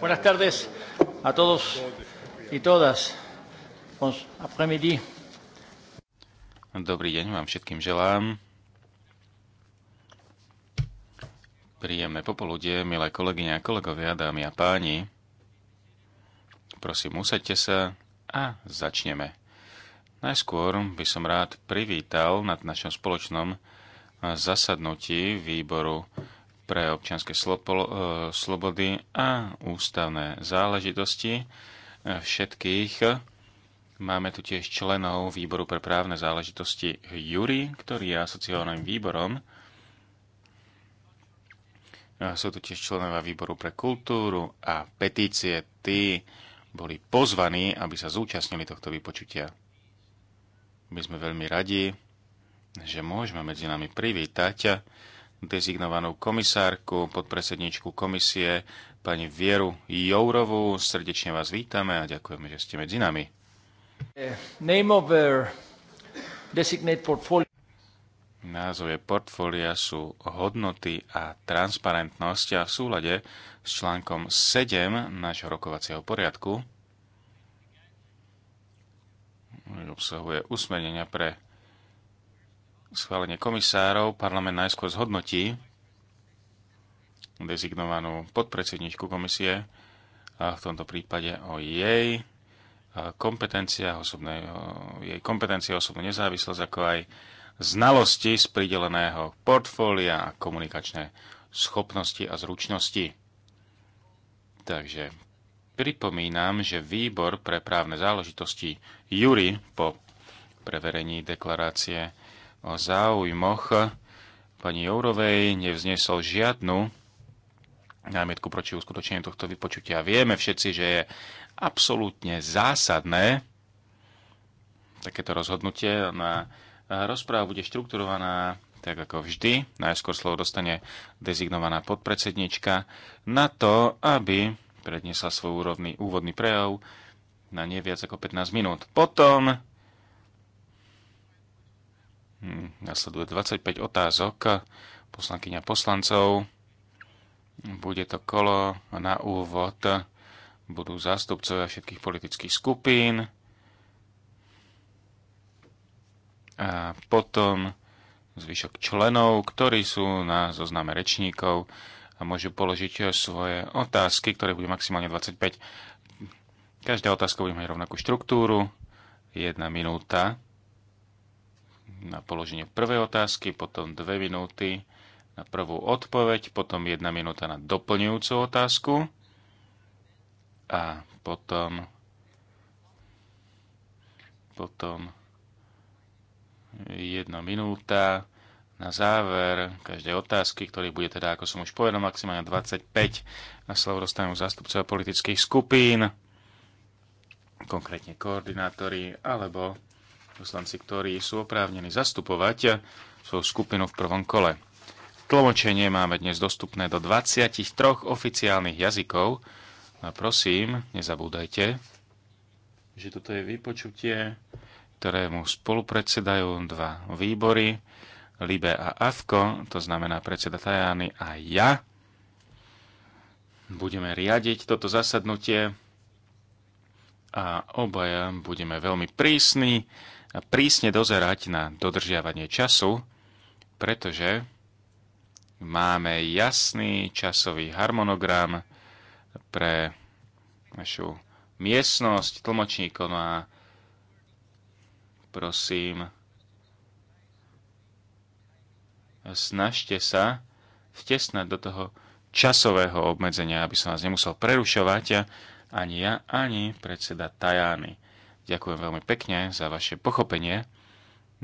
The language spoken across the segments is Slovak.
Buenas tardes a todos y todas. Dobrý deň vám všetkým želám. Príjemné popoludie, milé kolegyne a kolegovia, dámy a páni. Prosím, usaďte sa a začneme. Najskôr by som rád privítal na našom spoločnom zasadnutí výboru pre občianske e, slobody a ústavné záležitosti e, všetkých. Máme tu tiež členov výboru pre právne záležitosti Jury, ktorý je asociovaným výborom. E, sú tu tiež členovia výboru pre kultúru a petície. Tí boli pozvaní, aby sa zúčastnili tohto vypočutia. My sme veľmi radi, že môžeme medzi nami privítať dezignovanú komisárku, podpredsedničku komisie, pani Vieru Jourovú. Srdečne vás vítame a ďakujeme, že ste medzi nami. Názov je portfólia sú hodnoty a transparentnosť a v súlade s článkom 7 nášho rokovacieho poriadku obsahuje usmernenia pre schválenie komisárov parlament najskôr zhodnotí dezignovanú podpredsedničku komisie, a v tomto prípade o jej kompetencia, jej kompetencie, osobnú nezávislosť, ako aj znalosti z prideleného portfólia a komunikačné schopnosti a zručnosti. Takže pripomínam, že výbor pre právne záležitosti Jury po preverení deklarácie o záujmoch pani Jourovej nevznesol žiadnu námietku proti uskutočeniu tohto vypočutia. Vieme všetci, že je absolútne zásadné takéto rozhodnutie na rozpráva bude štrukturovaná tak ako vždy. Najskôr slovo dostane dezignovaná podpredsednička na to, aby predniesla svoj úrovný, úvodný prejav na nie viac ako 15 minút. Potom Hm, nasleduje 25 otázok poslankyňa poslancov. Bude to kolo na úvod. Budú zástupcovia všetkých politických skupín. A potom zvyšok členov, ktorí sú na zozname rečníkov a môžu položiť svoje otázky, ktoré bude maximálne 25. Každá otázka bude mať rovnakú štruktúru. Jedna minúta na položenie prvej otázky, potom dve minúty na prvú odpoveď, potom jedna minúta na doplňujúcu otázku a potom potom jedna minúta na záver každej otázky, ktorých bude teda, ako som už povedal, maximálne 25 na slovo dostanú zástupcovia politických skupín, konkrétne koordinátori alebo poslanci, ktorí sú oprávnení zastupovať svoju skupinu v prvom kole. Tlmočenie máme dnes dostupné do 23 oficiálnych jazykov. A prosím, nezabúdajte, že toto je vypočutie, ktorému spolupredsedajú dva výbory, Libe a Avko, to znamená predseda Tajany a ja. Budeme riadiť toto zasadnutie a obaja budeme veľmi prísni prísne dozerať na dodržiavanie času, pretože máme jasný časový harmonogram pre našu miestnosť tlmočníkov no a prosím, snažte sa vtesnať do toho časového obmedzenia, aby som vás nemusel prerušovať, ani ja, ani predseda Tajány. Ďakujem veľmi pekne za vaše pochopenie.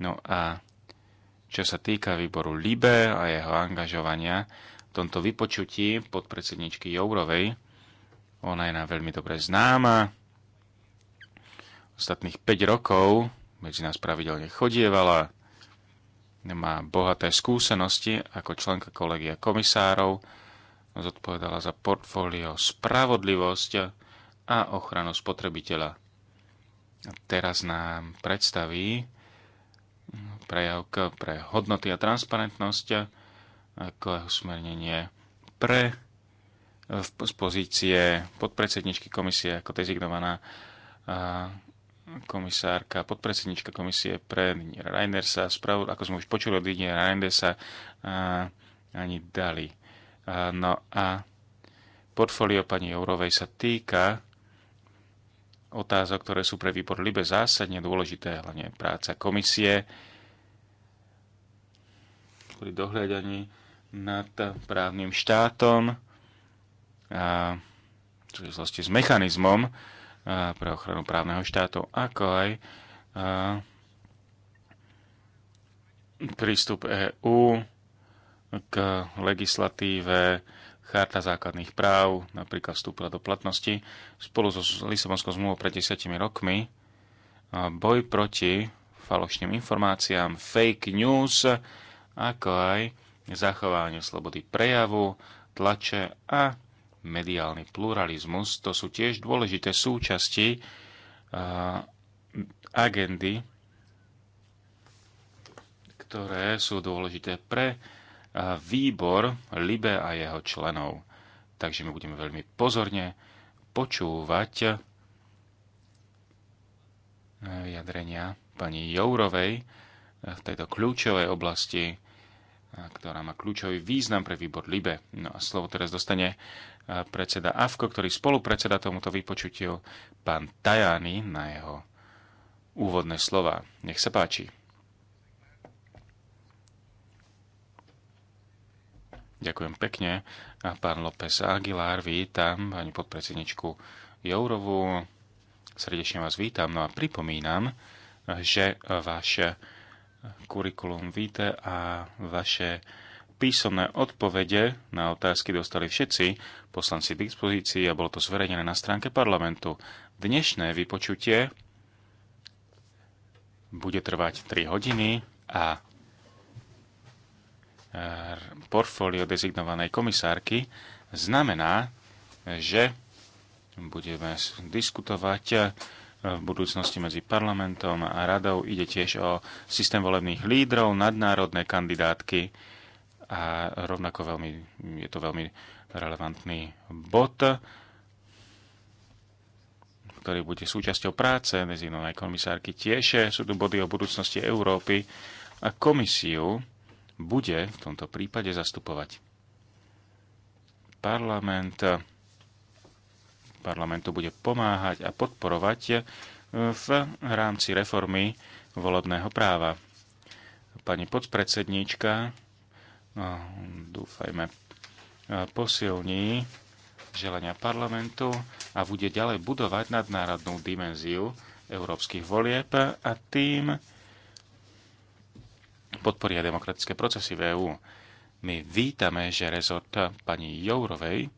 No a čo sa týka výboru LIBE a jeho angažovania, v tomto vypočutí podpredsedničky Jourovej, ona je nám veľmi dobre známa, ostatných 5 rokov medzi nás pravidelne chodievala, má bohaté skúsenosti ako členka kolegia komisárov, zodpovedala za portfólio spravodlivosť a ochranu spotrebiteľa teraz nám predstaví prejav pre hodnoty a transparentnosť ako usmernenie pre z pozície podpredsedničky komisie ako dezignovaná komisárka, podpredsednička komisie pre Reinersa, sprav, ako sme už počuli od Didier Reinersa, ani dali. No a portfólio pani Eurovej sa týka otázok, ktoré sú pre výbor LIBE zásadne dôležité, hlavne práca komisie pri dohľadaní nad právnym štátom a súvislosti s mechanizmom pre ochranu právneho štátu, ako aj prístup EÚ k legislatíve Charta základných práv napríklad vstúpila do platnosti spolu so Lisabonskou zmluvou pred desiatimi rokmi. Boj proti falošným informáciám, fake news, ako aj zachovanie slobody prejavu, tlače a mediálny pluralizmus. To sú tiež dôležité súčasti agendy, ktoré sú dôležité pre výbor Libe a jeho členov. Takže my budeme veľmi pozorne počúvať eh, vyjadrenia pani Jourovej eh, v tejto kľúčovej oblasti, eh, ktorá má kľúčový význam pre výbor LIBE. No a slovo teraz dostane predseda AFKO, ktorý spolupredseda tomuto vypočutiu, pán Tajani na jeho úvodné slova. Nech sa páči. Ďakujem pekne. A pán López Aguilar, vítam pani podpredsedničku Jourovú. Srdečne vás vítam. No a pripomínam, že vaše kurikulum víte a vaše písomné odpovede na otázky dostali všetci poslanci k dispozícii a bolo to zverejnené na stránke parlamentu. Dnešné vypočutie bude trvať 3 hodiny a Eh, portfólio dezignovanej komisárky znamená, že budeme diskutovať eh, v budúcnosti medzi parlamentom a radou. Ide tiež o systém volebných lídrov, nadnárodné kandidátky a rovnako veľmi, je to veľmi relevantný bod, ktorý bude súčasťou práce dezignovanej komisárky. Tiež eh, sú tu body o budúcnosti Európy a komisiu, bude v tomto prípade zastupovať. Parlament parlamentu bude pomáhať a podporovať v rámci reformy volebného práva. Pani podpredsedníčka, no, dúfajme, posilní želania parlamentu a bude ďalej budovať nadnárodnú dimenziu európskych volieb a tým podporia demokratické procesy v EÚ. My vítame, že rezort pani Jourovej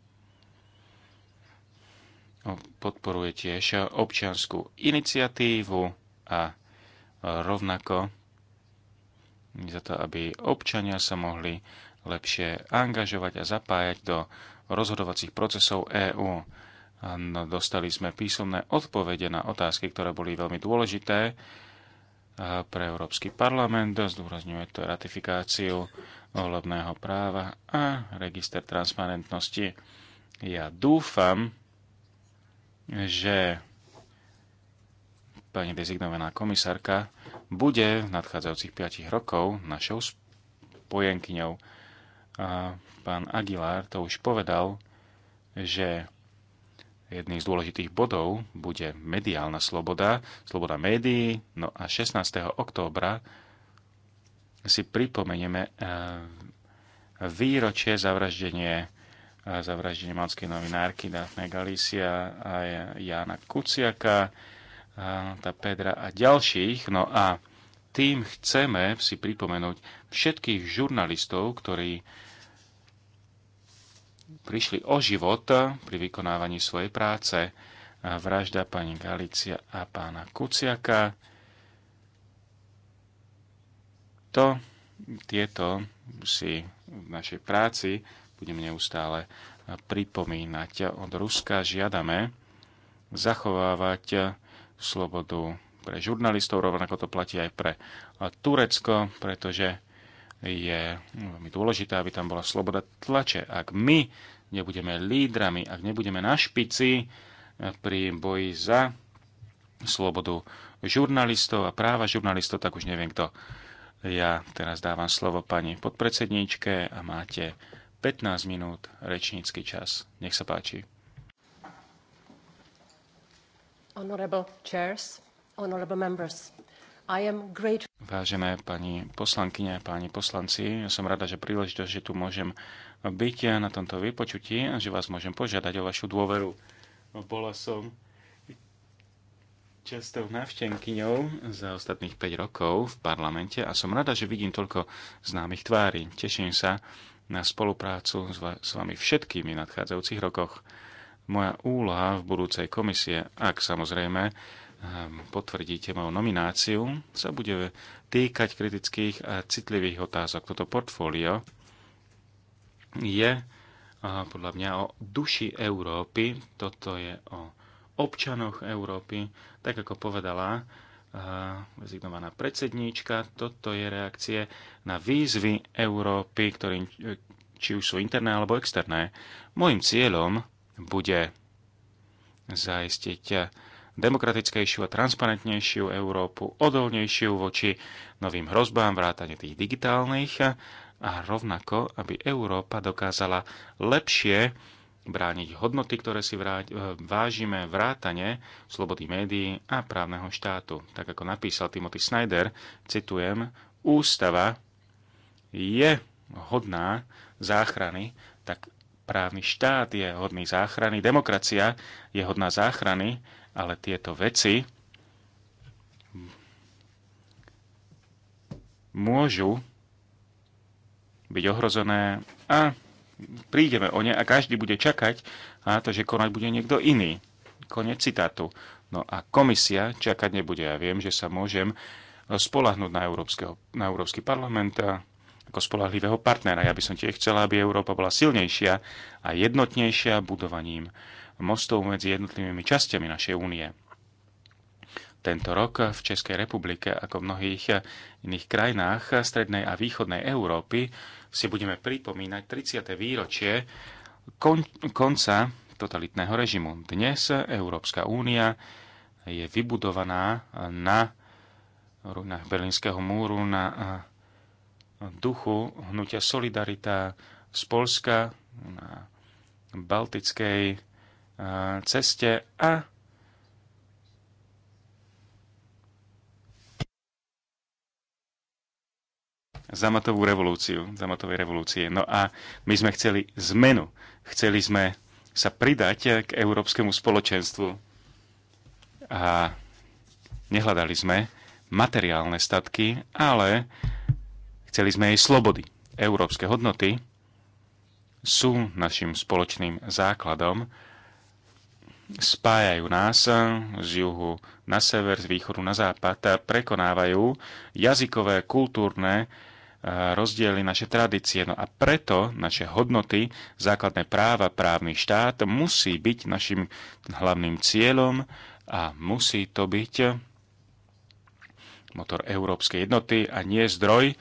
podporuje tiež občianskú iniciatívu a rovnako za to, aby občania sa mohli lepšie angažovať a zapájať do rozhodovacích procesov EÚ. No, dostali sme písomné odpovede na otázky, ktoré boli veľmi dôležité pre Európsky parlament, zdôrazňuje to ratifikáciu volebného práva a register transparentnosti. Ja dúfam, že pani dezignovaná komisárka bude v nadchádzajúcich 5 rokov našou spojenkyňou. A pán Aguilar to už povedal, že jedným z dôležitých bodov bude mediálna sloboda, sloboda médií. No a 16. októbra si pripomenieme eh, výročie zavraždenie eh, zavraždenie malskej novinárky Daphne Galícia a Jana Kuciaka, eh, tá Pedra a ďalších. No a tým chceme si pripomenúť všetkých žurnalistov, ktorí prišli o život pri vykonávaní svojej práce. Vražda pani Galicia a pána Kuciaka. To, tieto si v našej práci budeme neustále pripomínať od Ruska. Žiadame zachovávať slobodu pre žurnalistov, rovnako to platí aj pre Turecko, pretože je veľmi dôležité, aby tam bola sloboda tlače. Ak my nebudeme lídrami, ak nebudeme na špici eh, pri boji za slobodu žurnalistov a práva žurnalistov, tak už neviem kto. Ja teraz dávam slovo pani podpredsedníčke a máte 15 minút rečnícky čas. Nech sa páči. Honorable chairs, honorable members. Vážené pani poslankyne a páni poslanci, ja som rada, že príležitosť, že tu môžem byť na tomto vypočutí a že vás môžem požiadať o vašu dôveru. Bola som častou návštevkyňou za ostatných 5 rokov v parlamente a som rada, že vidím toľko známych tvári. Teším sa na spoluprácu s vami všetkými v nadchádzajúcich rokoch. Moja úloha v budúcej komisie, ak samozrejme Ehm, potvrdíte moju nomináciu, sa bude týkať kritických a citlivých otázok. Toto portfólio je podľa mňa o duši Európy, toto je o občanoch Európy, tak ako povedala rezignovaná predsedníčka, toto je reakcie na výzvy Európy, ktorým, či už sú interné alebo externé. Mojím cieľom bude zaistiť demokratickejšiu a transparentnejšiu Európu, odolnejšiu voči novým hrozbám, vrátane tých digitálnych a rovnako, aby Európa dokázala lepšie brániť hodnoty, ktoré si vráť, e, vážime, vrátane slobody médií a právneho štátu. Tak ako napísal Timothy Snyder, citujem, ústava je hodná záchrany, tak právny štát je hodný záchrany, demokracia je hodná záchrany ale tieto veci môžu byť ohrozené a prídeme o ne a každý bude čakať a to, že konať bude niekto iný. Konec citátu. No a komisia čakať nebude. Ja viem, že sa môžem spolahnúť na, na Európsky parlament a ako spolahlivého partnera. Ja by som tiež chcela, aby Európa bola silnejšia a jednotnejšia budovaním mostov medzi jednotlivými časťami našej únie. Tento rok v Českej republike, ako v mnohých iných krajinách strednej a východnej Európy, si budeme pripomínať 30. výročie kon- konca totalitného režimu. Dnes Európska únia je vybudovaná na runách Berlínskeho múru, na duchu hnutia Solidarita z Polska, na Baltickej ceste a zamatovú revolúciu, zamatovej revolúcie. No a my sme chceli zmenu. Chceli sme sa pridať k európskemu spoločenstvu. A nehľadali sme materiálne statky, ale chceli sme jej slobody. Európske hodnoty sú našim spoločným základom spájajú nás eh, z juhu na sever, z východu na západ a prekonávajú jazykové, kultúrne eh, rozdiely naše tradície. No a preto naše hodnoty, základné práva, právny štát musí byť našim hlavným cieľom a musí to byť eh, motor európskej jednoty a nie zdroj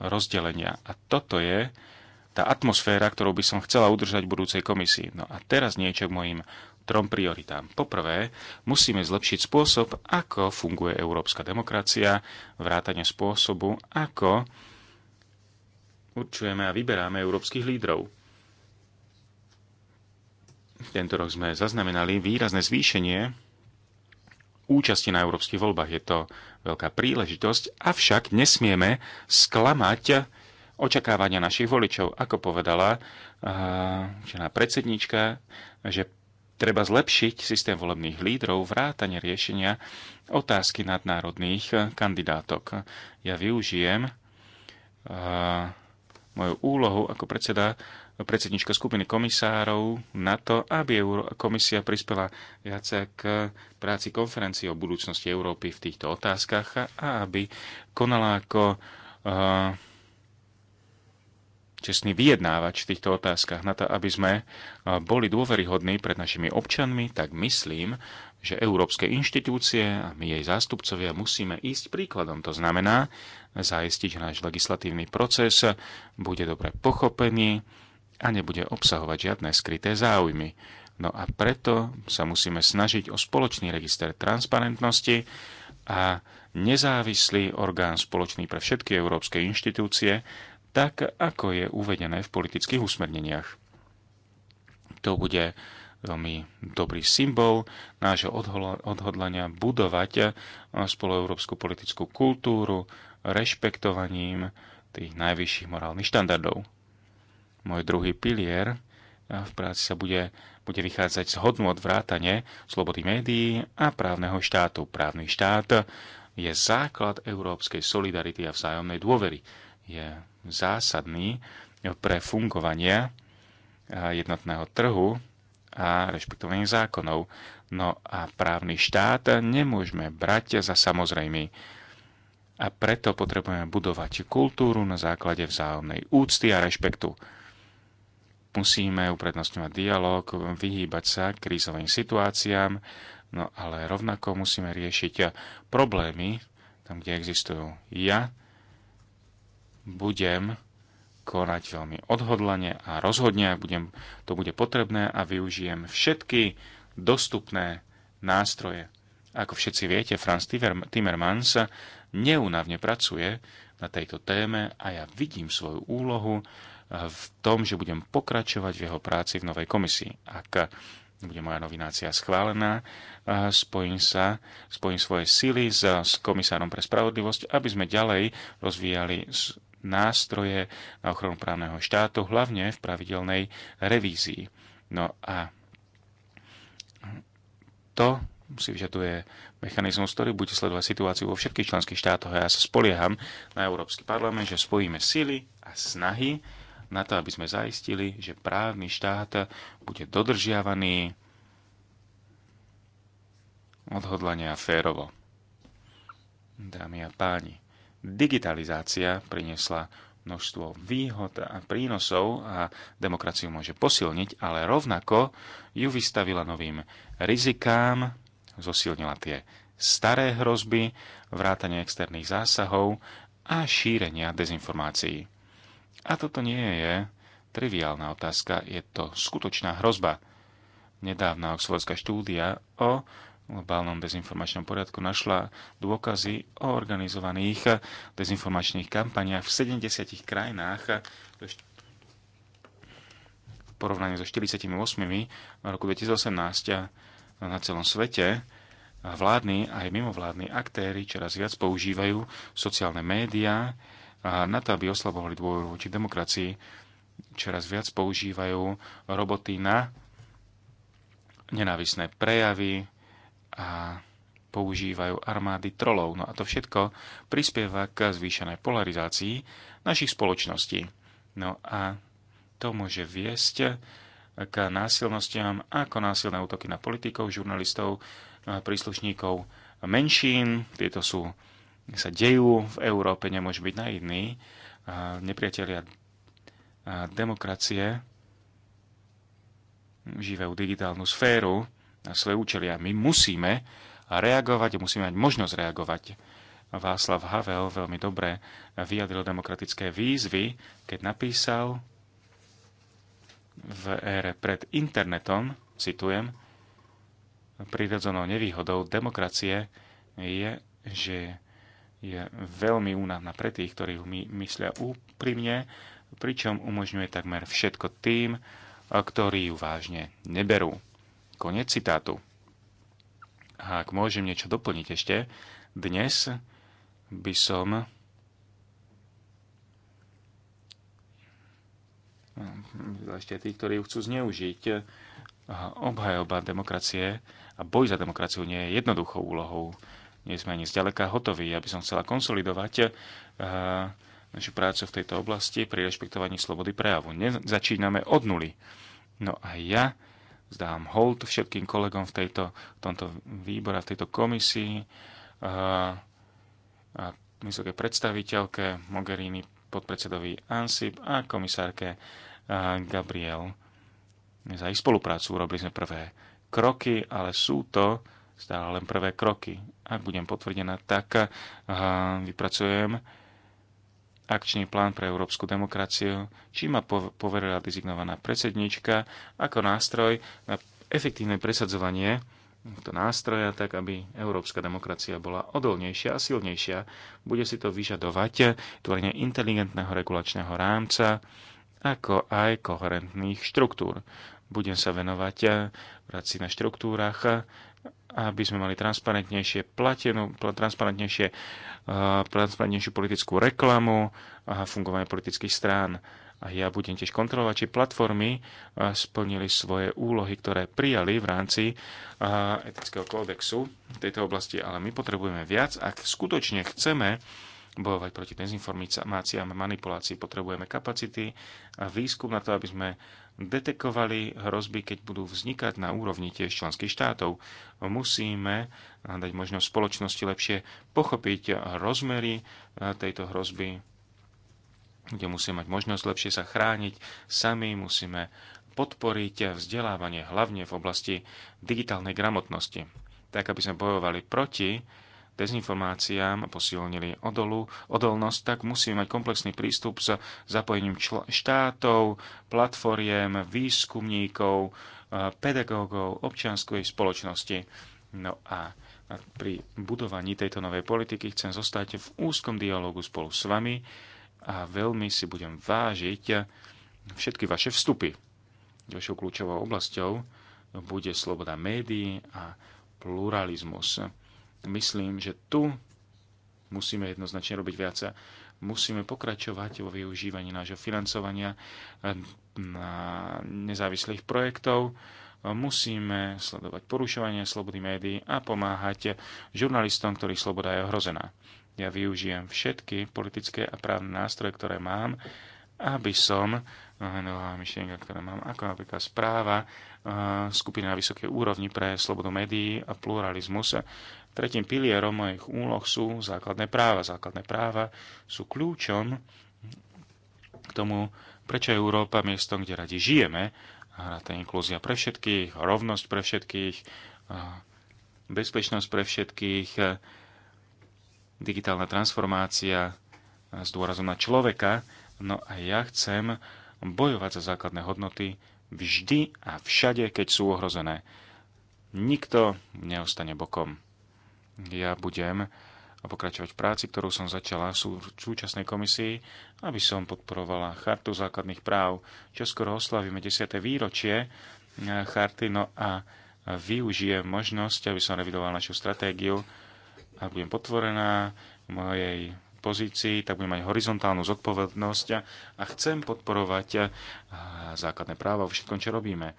rozdelenia. A toto je tá atmosféra, ktorú by som chcela udržať v budúcej komisii. No a teraz niečo k mojim trom prioritám. Poprvé, musíme zlepšiť spôsob, ako funguje európska demokracia, vrátane spôsobu, ako určujeme a vyberáme európskych lídrov. Tento rok sme zaznamenali výrazné zvýšenie účasti na európskych voľbách. Je to veľká príležitosť, avšak nesmieme sklamať očakávania našich voličov. Ako povedala eh, žena predsednička, že treba zlepšiť systém volebných lídrov, vrátane riešenia otázky nadnárodných eh, kandidátok. Ja využijem eh, moju úlohu ako predseda predsednička skupiny komisárov na to, aby komisia prispela viacej k práci konferencie o budúcnosti Európy v týchto otázkach a aby konala ako uh, čestný vyjednávač v týchto otázkach. Na to, aby sme boli dôveryhodní pred našimi občanmi, tak myslím, že európske inštitúcie a my jej zástupcovia musíme ísť príkladom. To znamená zaistiť, že náš legislatívny proces bude dobre pochopený a nebude obsahovať žiadne skryté záujmy. No a preto sa musíme snažiť o spoločný register transparentnosti a nezávislý orgán spoločný pre všetky európske inštitúcie, tak ako je uvedené v politických usmerneniach. To bude veľmi dobrý symbol nášho odhodlania budovať eh, spoloeurópsku politickú kultúru rešpektovaním tých najvyšších morálnych štandardov. Môj druhý pilier eh, v práci sa bude, bude vychádzať z hodnú odvrátane slobody médií a právneho štátu. Právny štát eh, je základ európskej solidarity a vzájomnej dôvery je zásadný pre fungovanie eh, jednotného trhu a rešpektovanie zákonov. No a právny štát nemôžeme brať za samozrejmy. A preto potrebujeme budovať kultúru na základe vzájomnej úcty a rešpektu. Musíme uprednostňovať dialog, vyhýbať sa krízovým situáciám, no ale rovnako musíme riešiť problémy tam, kde existujú. Ja budem konať veľmi odhodlane a rozhodne, ak budem, to bude potrebné a využijem všetky dostupné nástroje. Ako všetci viete, Franz Timmermans neúnavne pracuje na tejto téme a ja vidím svoju úlohu eh, v tom, že budem pokračovať v jeho práci v novej komisii. Ak bude moja novinácia schválená. Spojím sa, spojím svoje sily s, s komisárom pre spravodlivosť, aby sme ďalej rozvíjali nástroje na ochranu právneho štátu, hlavne v pravidelnej revízii. No a to si vyžaduje mechanizmus, ktorý bude sledovať situáciu vo všetkých členských štátoch. A ja sa spolieham na Európsky parlament, že spojíme sily a snahy na to, aby sme zaistili, že právny štát bude dodržiavaný odhodlania a férovo. Dámy a páni, digitalizácia priniesla množstvo výhod a prínosov a demokraciu môže posilniť, ale rovnako ju vystavila novým rizikám, zosilnila tie staré hrozby, vrátanie externých zásahov a šírenia dezinformácií. A toto nie je triviálna otázka, je to skutočná hrozba. Nedávna oxfordská štúdia o globálnom dezinformačnom poriadku našla dôkazy o organizovaných dezinformačných kampaniach v 70 krajinách v porovnaní so 48 v roku 2018 na celom svete. Vládni aj mimovládni aktéry čoraz viac používajú sociálne médiá a na to, aby oslabovali dôveru voči demokracii, čoraz viac používajú roboty na nenávisné prejavy a používajú armády trolov. No a to všetko prispieva k zvýšenej polarizácii našich spoločností. No a to môže viesť k násilnostiam ako násilné útoky na politikov, žurnalistov, no príslušníkov menšín. Tieto sú sa dejú v Európe, nemôže byť naivný. Nepriatelia demokracie žívajú digitálnu sféru na svoje účely a my musíme reagovať, musíme mať možnosť reagovať. Václav Havel veľmi dobre vyjadril demokratické výzvy, keď napísal v ére pred internetom, citujem, prirodzenou nevýhodou demokracie je, že je veľmi únavná pre tých, ktorí my, myslia úprimne, pričom umožňuje takmer všetko tým, ktorí ju vážne neberú. Konec citátu. A ak môžem niečo doplniť ešte, dnes by som ešte tí, ktorí ju chcú zneužiť, obhajoba demokracie a boj za demokraciu nie je jednoduchou úlohou nie sme ani zďaleka hotoví. Ja by som chcela konsolidovať eh, našu prácu v tejto oblasti pri rešpektovaní slobody prejavu. Nezačíname od nuly. No a ja zdám hold všetkým kolegom v, tejto, v tomto výbore, v tejto komisii a, eh, a vysoké predstaviteľke Mogherini, podpredsedovi ANSIP a komisárke a eh, Gabriel za ich spoluprácu. Urobili sme prvé kroky, ale sú to stále len prvé kroky. Ak budem potvrdená, tak eh, vypracujem akčný plán pre európsku demokraciu, či ma poverila dizignovaná predsednička ako nástroj na efektívne presadzovanie to nástroja, tak aby európska demokracia bola odolnejšia a silnejšia. Bude si to vyžadovať tvorenie inteligentného regulačného rámca, ako aj koherentných štruktúr. Budem sa venovať eh, práci na štruktúrach, aby sme mali transparentnejšie platenú, transparentnejšie, eh, transparentnejšiu politickú reklamu a fungovanie politických strán. A ja budem tiež kontrolovať, či platformy eh, splnili svoje úlohy, ktoré prijali v rámci eh, etického kódexu v tejto oblasti, ale my potrebujeme viac, ak skutočne chceme bojovať proti dezinformáciám a manipulácii. Potrebujeme kapacity a výskum na to, aby sme detekovali hrozby, keď budú vznikať na úrovni tiež členských štátov. Musíme dať možnosť spoločnosti lepšie pochopiť rozmery eh, tejto hrozby, kde musíme mať možnosť lepšie sa chrániť sami, musíme podporiť vzdelávanie hlavne v oblasti digitálnej gramotnosti, tak aby sme bojovali proti dezinformáciám posilnili odolu, odolnosť, tak musíme mať komplexný prístup s zapojením štátov, platformiem, výskumníkov, eh, pedagógov, občianskej spoločnosti. No a pri budovaní tejto novej politiky chcem zostať v úzkom dialogu spolu s vami a veľmi si budem vážiť všetky vaše vstupy. Ďalšou kľúčovou oblasťou bude sloboda médií a pluralizmus myslím, že tu musíme jednoznačne robiť viac. Musíme pokračovať vo využívaní nášho financovania eh, na nezávislých projektov. Musíme sledovať porušovanie slobody médií a pomáhať žurnalistom, ktorých sloboda je ohrozená. Ja využijem všetky politické a právne nástroje, ktoré mám, aby som eh, nová myšlienka, ktoré mám, ako napríklad správa eh, skupiny na vysokej úrovni pre slobodu médií a pluralizmus, Tretím pilierom mojich úloh sú základné práva. Základné práva sú kľúčom k tomu, prečo je Európa miestom, kde radi žijeme. A tá inklúzia pre všetkých, rovnosť pre všetkých, bezpečnosť pre všetkých, digitálna transformácia s dôrazom na človeka. No a ja chcem bojovať za základné hodnoty vždy a všade, keď sú ohrozené. Nikto neostane bokom. Ja budem pokračovať v práci, ktorú som začala v súčasnej komisii, aby som podporovala Chartu základných práv. Čo skoro oslavíme 10. výročie eh, Charty, no a využijem možnosť, aby som revidoval našu stratégiu, ak budem potvorená v mojej pozícii, tak budem mať horizontálnu zodpovednosť a chcem podporovať eh, základné práva vo všetkom, čo robíme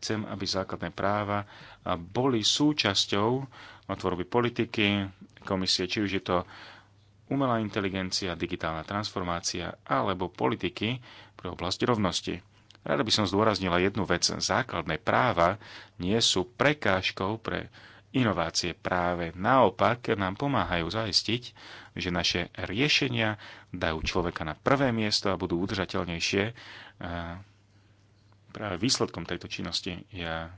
Chcem, aby základné práva boli súčasťou tvorby politiky komisie, či už je to umelá inteligencia, digitálna transformácia alebo politiky pre oblasti rovnosti. Rada by som zdôraznila jednu vec. Základné práva nie sú prekážkou pre inovácie práve. Naopak nám pomáhajú zaistiť, že naše riešenia dajú človeka na prvé miesto a budú udržateľnejšie práve výsledkom tejto činnosti. Ja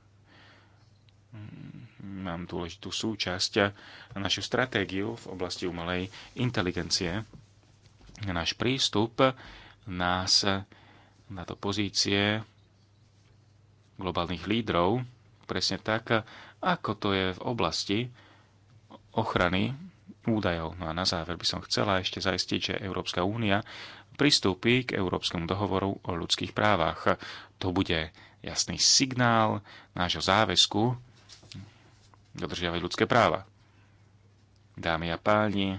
mm, mám dôležitú súčasť a našu stratégiu v oblasti umelej inteligencie. Náš prístup nás na to pozície globálnych lídrov, presne tak, ako to je v oblasti ochrany údajov. No a na záver by som chcela ešte zaistiť, že Európska únia pristúpi k Európskemu dohovoru o ľudských právach. To bude jasný signál nášho záväzku dodržiavať ľudské práva. Dámy a páni,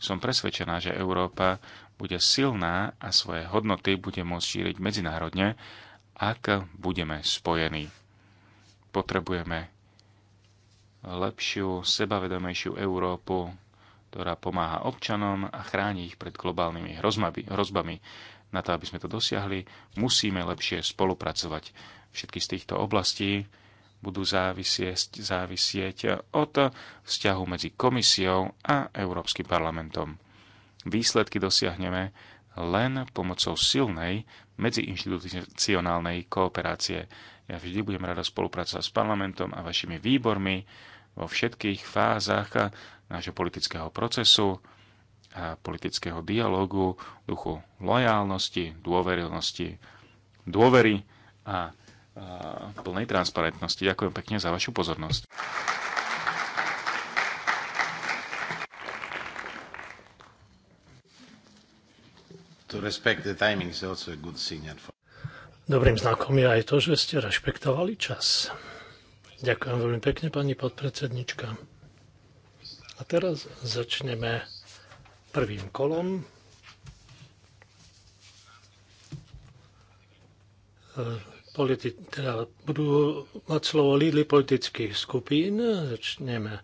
som presvedčená, že Európa bude silná a svoje hodnoty bude môcť šíriť medzinárodne, ak budeme spojení. Potrebujeme lepšiu, sebavedomejšiu Európu, ktorá pomáha občanom a chráni ich pred globálnymi hrozbami, hrozbami. Na to, aby sme to dosiahli, musíme lepšie spolupracovať. Všetky z týchto oblastí budú závisieť, závisieť od vzťahu medzi komisiou a Európskym parlamentom. Výsledky dosiahneme len pomocou silnej medziinštitucionálnej kooperácie. Ja vždy budem rada spolupracovať s parlamentom a vašimi výbormi vo všetkých fázach nášho politického procesu a politického dialogu, duchu lojálnosti, dôverilnosti, dôvery a, a plnej transparentnosti. Ďakujem pekne za vašu pozornosť. Dobrým znakom je aj to, že ste rešpektovali čas. Ďakujem veľmi pekne, pani podpredsednička. A teraz začneme prvým kolom. E, politi- teda budú mať slovo lídly politických skupín. Začneme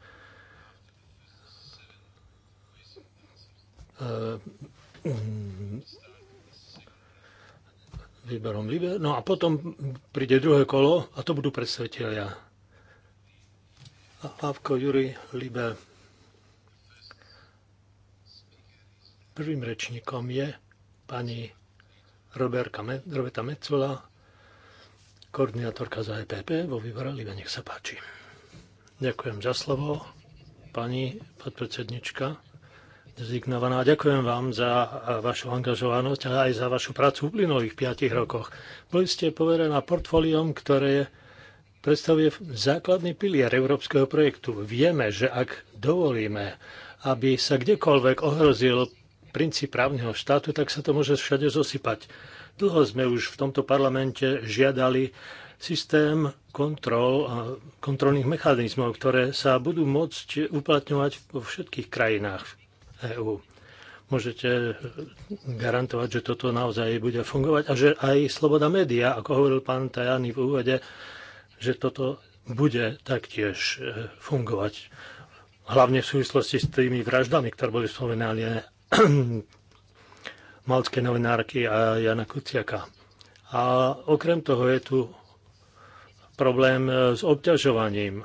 e, mm, výberom výber. No a potom príde druhé kolo a to budú predstaviteľia. Hlavko, Juri, Libe, Prvým rečníkom je pani Roberka, Roberta Metzola, koordinátorka za EPP vo výbore Liga. Nech sa páči. Ďakujem za slovo, pani podpredsednička dezignovaná. Ďakujem vám za vašu angažovanosť a aj za vašu prácu v uplynulých 5 rokoch. Boli ste poverená portfóliom, ktoré predstavuje základný pilier európskeho projektu. Vieme, že ak dovolíme, aby sa kdekoľvek ohrozil princíp právneho štátu, tak sa to môže všade zosypať. Dlho sme už v tomto parlamente žiadali systém kontrol a kontrolných mechanizmov, ktoré sa budú môcť uplatňovať vo všetkých krajinách EÚ. Môžete garantovať, že toto naozaj bude fungovať a že aj sloboda média, ako hovoril pán Tajani v úvode, že toto bude taktiež e, fungovať. Hlavne v súvislosti s tými vraždami, ktoré boli spomenané malckej novinárky a Jana Kuciaka. A okrem toho je tu problém e, s obťažovaním.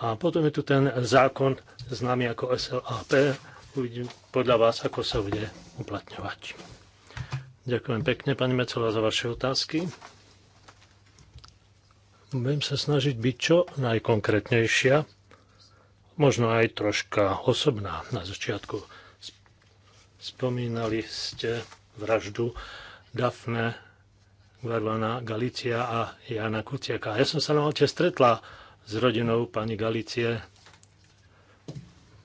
A potom je tu ten zákon známy ako SLAP. Uvidím podľa vás, ako sa bude uplatňovať. Ďakujem pekne, pani Mecola, za vaše otázky. Budem sa snažiť byť čo najkonkrétnejšia možno aj troška osobná na začiatku. Spomínali ste vraždu Dafne Varvana Galicia a Jana Kuciaka. Ja som sa na ote stretla s rodinou pani Galicie, e,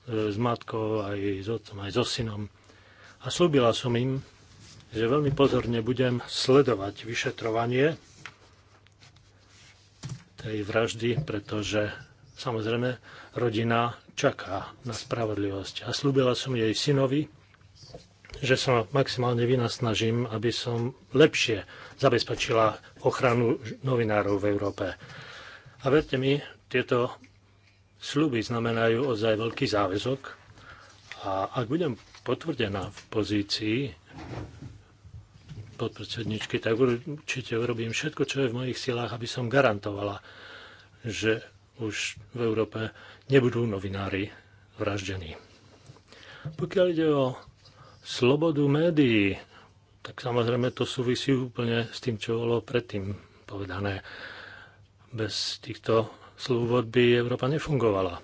s matkou, aj s otcom, aj so synom. A slúbila som im, že veľmi pozorne budem sledovať vyšetrovanie tej vraždy, pretože Samozrejme, rodina čaká na spravodlivosť. A slúbila som jej synovi, že sa maximálne vynasnažím, aby som lepšie zabezpečila ochranu novinárov v Európe. A verte mi, tieto sluby znamenajú ozaj veľký záväzok a ak budem potvrdená v pozícii podpredsedničky, tak určite urobím všetko, čo je v mojich silách, aby som garantovala, že už v Európe nebudú novinári vraždení. Pokiaľ ide o slobodu médií, tak samozrejme to súvisí úplne s tým, čo bolo predtým povedané. Bez týchto slúvod by Európa nefungovala.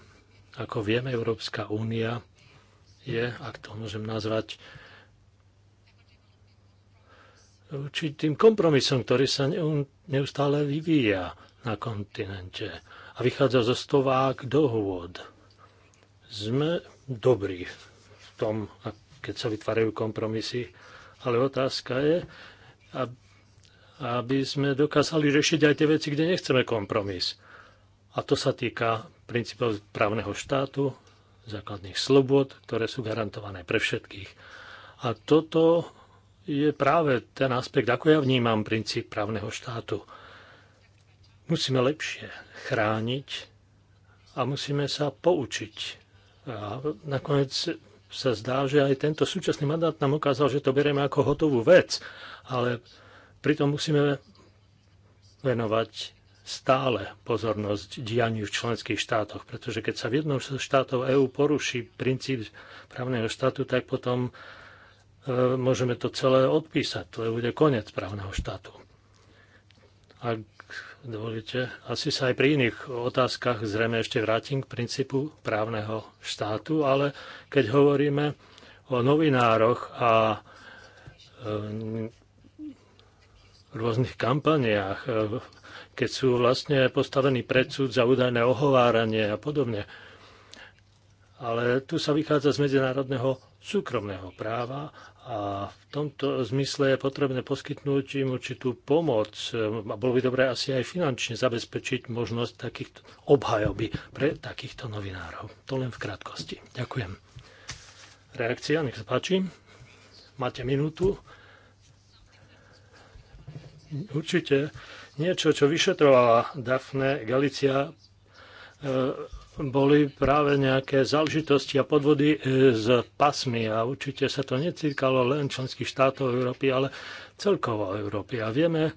Ako vieme, Európska únia je, ak to môžem nazvať, určitým kompromisom, ktorý sa neustále vyvíja na kontinente a vychádza zo stovák dohôd. Sme dobrí v tom, keď sa vytvárajú kompromisy, ale otázka je, aby sme dokázali riešiť aj tie veci, kde nechceme kompromis. A to sa týka princípov právneho štátu, základných slobod, ktoré sú garantované pre všetkých. A toto je práve ten aspekt, ako ja vnímam princíp právneho štátu Musíme lepšie chrániť a musíme sa poučiť. A nakoniec sa zdá, že aj tento súčasný mandát nám ukázal, že to berieme ako hotovú vec, ale pritom musíme venovať stále pozornosť dianiu v členských štátoch, pretože keď sa v jednom z štátov EÚ poruší princíp právneho štátu, tak potom e, môžeme to celé odpísať. To bude koniec právneho štátu. A Dovolite, asi sa aj pri iných otázkach zrejme ešte vrátim k princípu právneho štátu, ale keď hovoríme o novinároch a e, rôznych kampaniách, e, keď sú vlastne postavení predsud za údajné ohováranie a podobne. Ale tu sa vychádza z medzinárodného súkromného práva a v tomto zmysle je potrebné poskytnúť im určitú pomoc a bolo by dobré asi aj finančne zabezpečiť možnosť takýchto obhajoby pre takýchto novinárov. To len v krátkosti. Ďakujem. Reakcia, nech sa páči. Máte minútu. Určite niečo, čo vyšetrovala Dafne Galicia, e, boli práve nejaké záležitosti a podvody z e, pasmi a určite sa to netýkalo len členských štátov Európy, ale celkovo Európy. A vieme,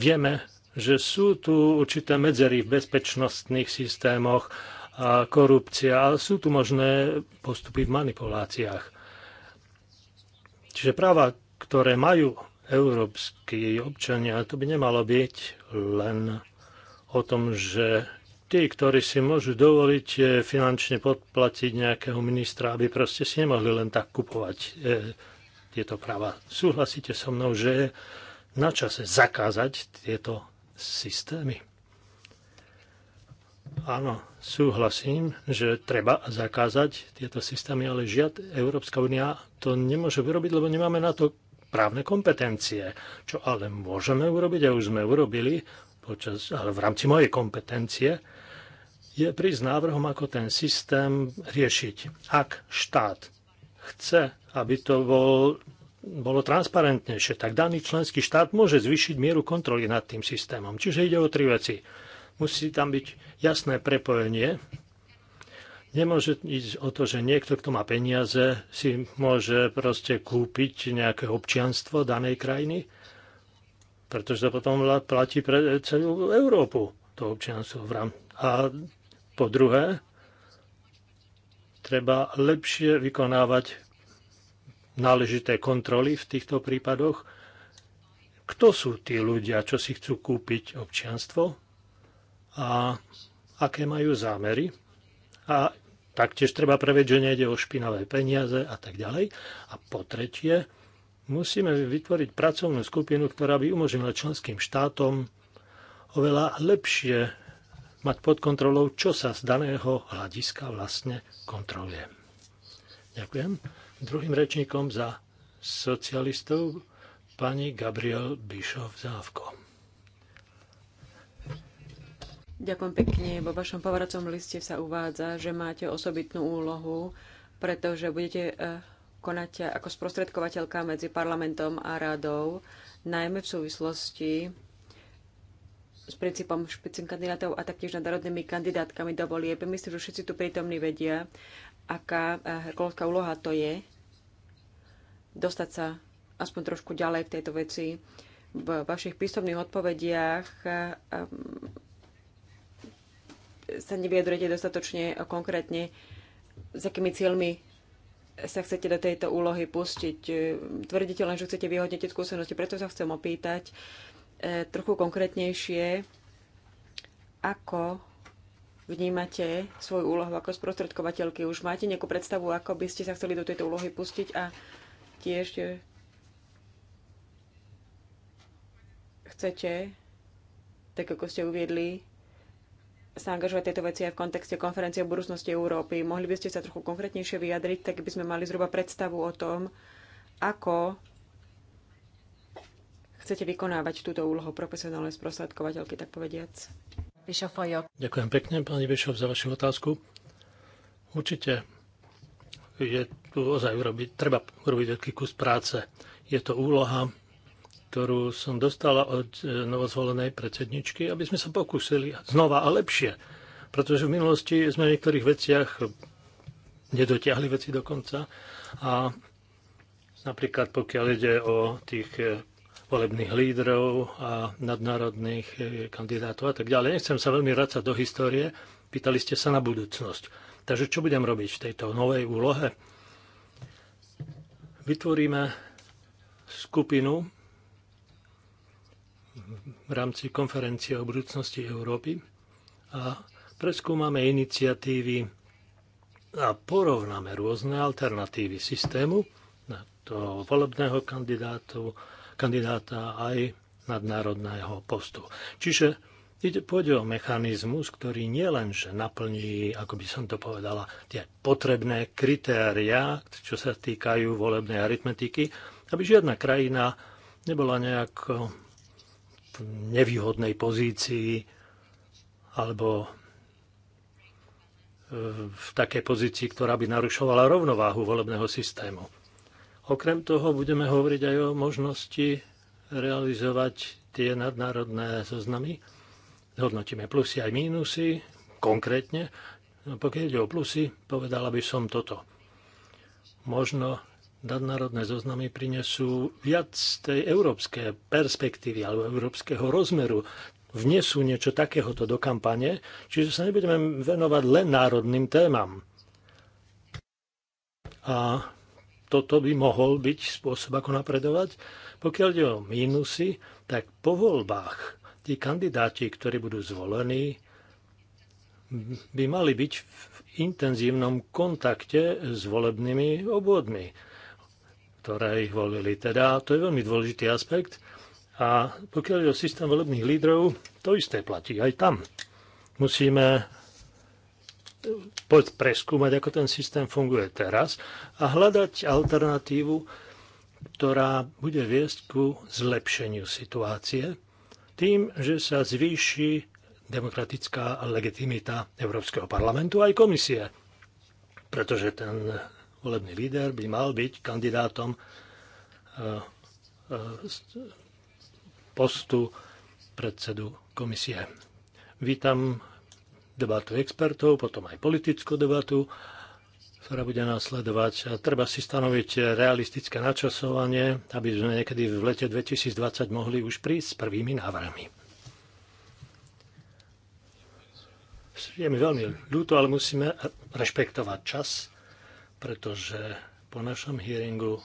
vieme, že sú tu určité medzery v bezpečnostných systémoch a korupcia a sú tu možné postupy v manipuláciách. Čiže práva, ktoré majú európsky občania, to by nemalo byť len o tom, že tí, ktorí si môžu dovoliť eh, finančne podplatiť nejakého ministra, aby proste si nemohli len tak kupovať eh, tieto práva. Súhlasíte so mnou, že je na čase zakázať tieto systémy? Áno, súhlasím, že treba zakázať tieto systémy, ale žiad Európska únia to nemôže vyrobiť, lebo nemáme na to právne kompetencie. Čo ale môžeme urobiť, a už sme urobili, počas, ale v rámci mojej kompetencie, je prísť návrhom, ako ten systém riešiť. Ak štát chce, aby to bol, bolo transparentnejšie, tak daný členský štát môže zvýšiť mieru kontroly nad tým systémom. Čiže ide o tri veci. Musí tam byť jasné prepojenie. Nemôže ísť o to, že niekto, kto má peniaze, si môže proste kúpiť nejaké občianstvo danej krajiny, pretože to potom platí pre celú Európu to občianstvo v rám. A po druhé, treba lepšie vykonávať náležité kontroly v týchto prípadoch. Kto sú tí ľudia, čo si chcú kúpiť občianstvo a aké majú zámery. A taktiež treba preveť, že nejde o špinavé peniaze a tak ďalej. A po tretie, musíme vytvoriť pracovnú skupinu, ktorá by umožnila členským štátom oveľa lepšie mať pod kontrolou, čo sa z daného hľadiska vlastne kontroluje. Ďakujem. Druhým rečníkom za socialistov pani Gabriel Bišov Závko. Ďakujem pekne. Vo vašom povracom liste sa uvádza, že máte osobitnú úlohu, pretože budete eh, konať ako sprostredkovateľka medzi parlamentom a radou, najmä v súvislosti s princípom špicin kandidátov a taktiež nad národnými kandidátkami do volieb. Myslím, že všetci tu prítomní vedia, aká herkulovská eh, úloha to je dostať sa aspoň trošku ďalej v tejto veci. V vašich písomných odpovediach ehm, sa nevyjadrujete dostatočne konkrétne, s akými cieľmi sa chcete do tejto úlohy pustiť. Tvrdíte len, že chcete vyhodnotiť skúsenosti, preto sa chcem opýtať, E, trochu konkrétnejšie, ako vnímate svoju úlohu ako sprostredkovateľky. Už máte nejakú predstavu, ako by ste sa chceli do tejto úlohy pustiť a tiež chcete, tak ako ste uviedli, sa angažovať tieto veci aj v kontexte konferencie o budúcnosti Európy. Mohli by ste sa trochu konkrétnejšie vyjadriť, tak by sme mali zhruba predstavu o tom, ako chcete vykonávať túto úlohu profesionálnej sprostredkovateľky, tak povediac? Ďakujem pekne, pani Bešov, za vašu otázku. Určite je tu ozaj urobiť, treba urobiť veľký kus práce. Je to úloha, ktorú som dostala od e, novozvolenej predsedničky, aby sme sa pokúsili znova a lepšie. Pretože v minulosti sme v niektorých veciach nedotiahli veci dokonca. A napríklad pokiaľ ide o tých e, volebných lídrov a nadnárodných e, kandidátov a tak ďalej. Nechcem sa veľmi vrácať do histórie. Pýtali ste sa na budúcnosť. Takže čo budem robiť v tejto novej úlohe? Vytvoríme skupinu v rámci konferencie o budúcnosti Európy a preskúmame iniciatívy a porovnáme rôzne alternatívy systému na to volebného kandidátu, kandidáta aj nadnárodného postu. Čiže ide, pôjde o mechanizmus, ktorý nielenže naplní, ako by som to povedala, tie potrebné kritériá, čo sa týkajú volebnej aritmetiky, aby žiadna krajina nebola nejako v nevýhodnej pozícii alebo e, v takej pozícii, ktorá by narušovala rovnováhu volebného systému. Okrem toho budeme hovoriť aj o možnosti realizovať tie nadnárodné zoznamy. Hodnotíme plusy aj mínusy, konkrétne. No, pokiaľ ide o plusy, povedala by som toto. Možno nadnárodné zoznamy prinesú viac tej európskej perspektívy alebo európskeho rozmeru. Vnesú niečo takéhoto do kampane, čiže sa nebudeme venovať len národným témam. A toto by mohol byť spôsob, ako napredovať. Pokiaľ ide o mínusy, tak po voľbách tí kandidáti, ktorí budú zvolení, by mali byť v intenzívnom kontakte s volebnými obvodmi, ktoré ich volili. Teda to je veľmi dôležitý aspekt. A pokiaľ je o systém volebných lídrov, to isté platí aj tam. Musíme preskúmať, ako ten systém funguje teraz a hľadať alternatívu, ktorá bude viesť ku zlepšeniu situácie tým, že sa zvýši demokratická legitimita Európskeho parlamentu aj komisie. Pretože ten volebný líder by mal byť kandidátom eh, eh, postu predsedu komisie. Vítam debatu expertov, potom aj politickú debatu, ktorá bude následovať. A treba si stanoviť realistické načasovanie, aby sme niekedy v lete 2020 mohli už prísť s prvými návrhmi. Je mi veľmi ľúto, ale musíme rešpektovať čas, pretože po našom hearingu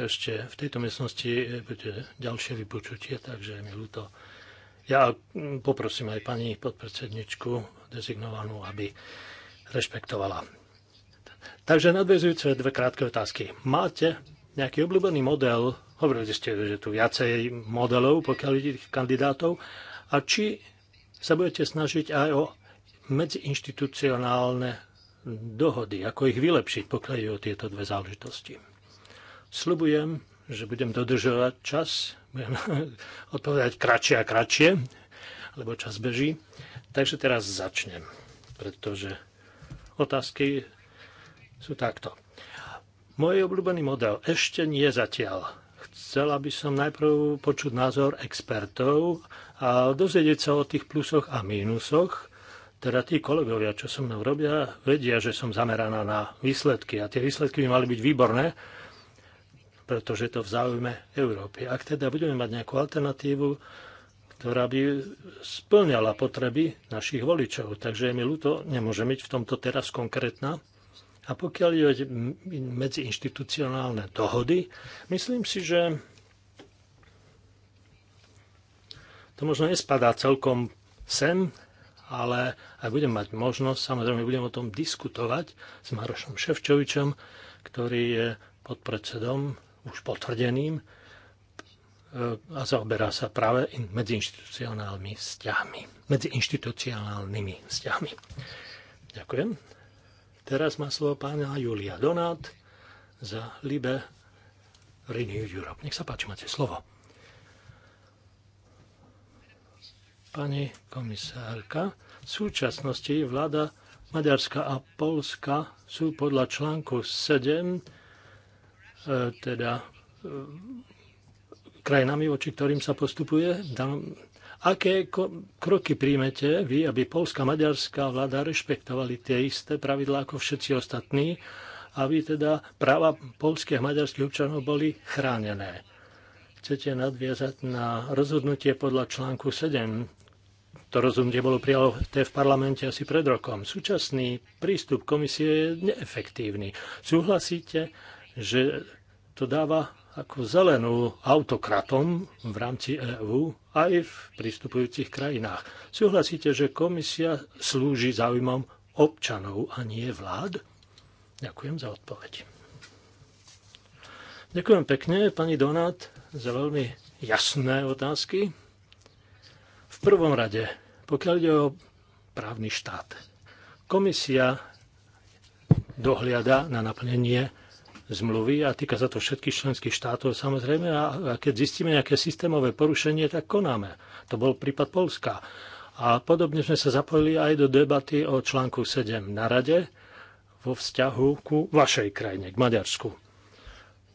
ešte v tejto miestnosti bude ďalšie vypočutie, takže je mi ľúto. Ja poprosím aj pani podpredsedničku dezignovanú, aby rešpektovala. Takže nadvezujúce dve krátke otázky. Máte nejaký obľúbený model? Hovorili ste, že tu viacej modelov, pokiaľ ide kandidátov. A či sa budete snažiť aj o medziinstitucionálne dohody, ako ich vylepšiť, pokiaľ ide o tieto dve záležitosti. Sľubujem, že budem dodržovať čas, budem odpovedať kratšie a kratšie, lebo čas beží. Takže teraz začnem, pretože otázky sú takto. Môj obľúbený model ešte nie zatiaľ. Chcela by som najprv počuť názor expertov a dozvedieť sa o tých plusoch a mínusoch, teda tí kolegovia, čo so mnou robia, vedia, že som zameraná na výsledky a tie výsledky by mali byť výborné, pretože je to v záujme Európy. Ak teda budeme mať nejakú alternatívu, ktorá by splňala potreby našich voličov. Takže je mi ľúto, nemôže byť v tomto teraz konkrétna. A pokiaľ je medziinstitucionálne dohody, myslím si, že to možno nespadá celkom sem, ale aj budem mať možnosť, samozrejme budem o tom diskutovať s Marošom Ševčovičom, ktorý je podpredsedom už potvrdeným e, a zaoberá sa práve inštitucionálnymi vzťahmi. inštitucionálnymi vzťahmi. Ďakujem. Teraz má slovo pána Julia Donát za Libe Renew Europe. Nech sa páči, máte slovo. Pani komisárka, v súčasnosti vláda Maďarska a Polska sú podľa článku 7 E, teda e, krajinami, voči ktorým sa postupuje. Aké kroky príjmete vy, aby polská maďarská vláda rešpektovali tie isté pravidlá ako všetci ostatní, aby teda práva polských a maďarských občanov boli chránené? Chcete nadviazať na rozhodnutie podľa článku 7? To rozhodnutie bolo prijaté v parlamente asi pred rokom. Súčasný prístup komisie je neefektívny. Súhlasíte že to dáva ako zelenú autokratom v rámci EÚ aj v pristupujúcich krajinách. Súhlasíte, že komisia slúži záujmom občanov a nie vlád? Ďakujem za odpoveď. Ďakujem pekne, pani Donát, za veľmi jasné otázky. V prvom rade, pokiaľ ide o právny štát, komisia dohliada na naplnenie zmluvy a týka sa to všetkých členských štátov samozrejme a keď zistíme nejaké systémové porušenie, tak konáme. To bol prípad Polska. A podobne sme sa zapojili aj do debaty o článku 7 na rade vo vzťahu ku vašej krajine, k Maďarsku.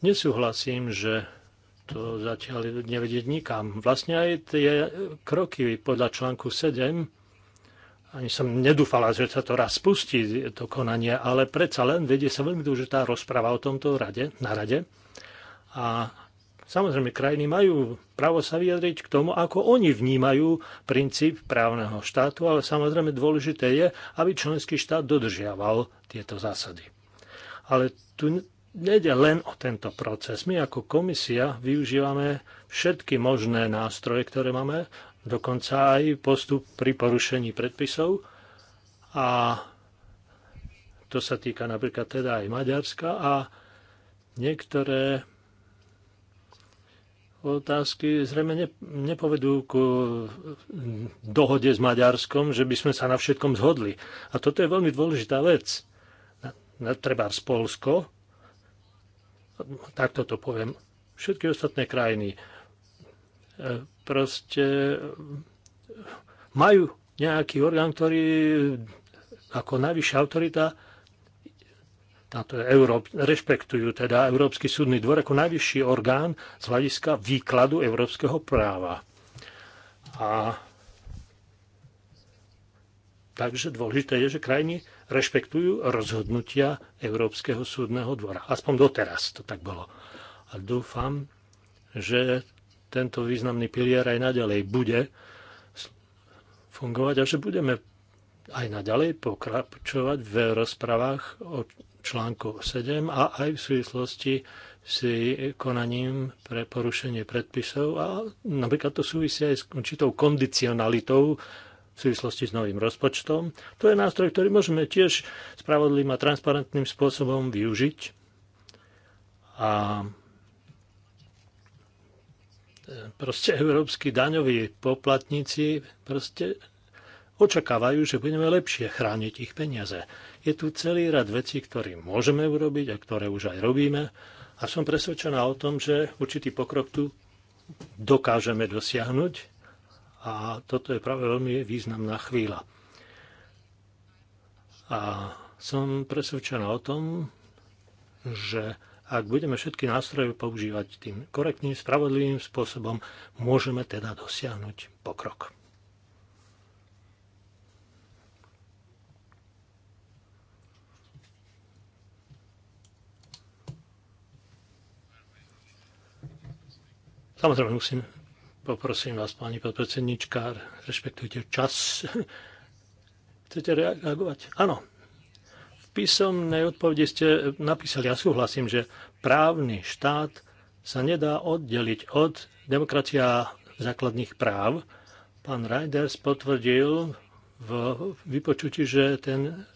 Nesúhlasím, že to zatiaľ nevedieť nikam. Vlastne aj tie kroky podľa článku 7 ani som nedúfala, že sa to raz spustí, to konanie, ale predsa len vedie sa veľmi dôležitá rozpráva o tomto rade, na rade. A samozrejme, krajiny majú právo sa vyjadriť k tomu, ako oni vnímajú princíp právneho štátu, ale samozrejme dôležité je, aby členský štát dodržiaval tieto zásady. Ale tu nejde len o tento proces. My ako komisia využívame všetky možné nástroje, ktoré máme dokonca aj postup pri porušení predpisov a to sa týka napríklad teda aj Maďarska a niektoré otázky zrejme nepovedú k dohode s Maďarskom, že by sme sa na všetkom zhodli. A toto je veľmi dôležitá vec. treba z Polsko, takto to poviem, všetky ostatné krajiny e, proste majú nejaký orgán, ktorý ako najvyššia autorita táto Európ, rešpektujú teda Európsky súdny dvor ako najvyšší orgán z hľadiska výkladu európskeho práva. A takže dôležité je, že krajiny rešpektujú rozhodnutia Európskeho súdneho dvora. Aspoň doteraz to tak bolo. A dúfam, že tento významný pilier aj naďalej bude fungovať a že budeme aj naďalej pokračovať v rozprávach o článku 7 a aj v súvislosti s konaním pre porušenie predpisov a napríklad to súvisí aj s určitou kondicionalitou v súvislosti s novým rozpočtom. To je nástroj, ktorý môžeme tiež spravodlivým a transparentným spôsobom využiť a proste európsky daňoví poplatníci proste očakávajú, že budeme lepšie chrániť ich peniaze. Je tu celý rad vecí, ktoré môžeme urobiť a ktoré už aj robíme. A som presvedčená o tom, že určitý pokrok tu dokážeme dosiahnuť. A toto je práve veľmi významná chvíľa. A som presvedčená o tom, že ak budeme všetky nástroje používať tým korektným, spravodlivým spôsobom, môžeme teda dosiahnuť pokrok. Samozrejme, musím, poprosím vás, pani podpredsednička, rešpektujte čas. Chcete reagovať? Áno, písomnej odpovedi ste eh, napísali, ja súhlasím, že právny štát sa nedá oddeliť od demokracia základných práv. Pán Reinders potvrdil v vypočutí, že ten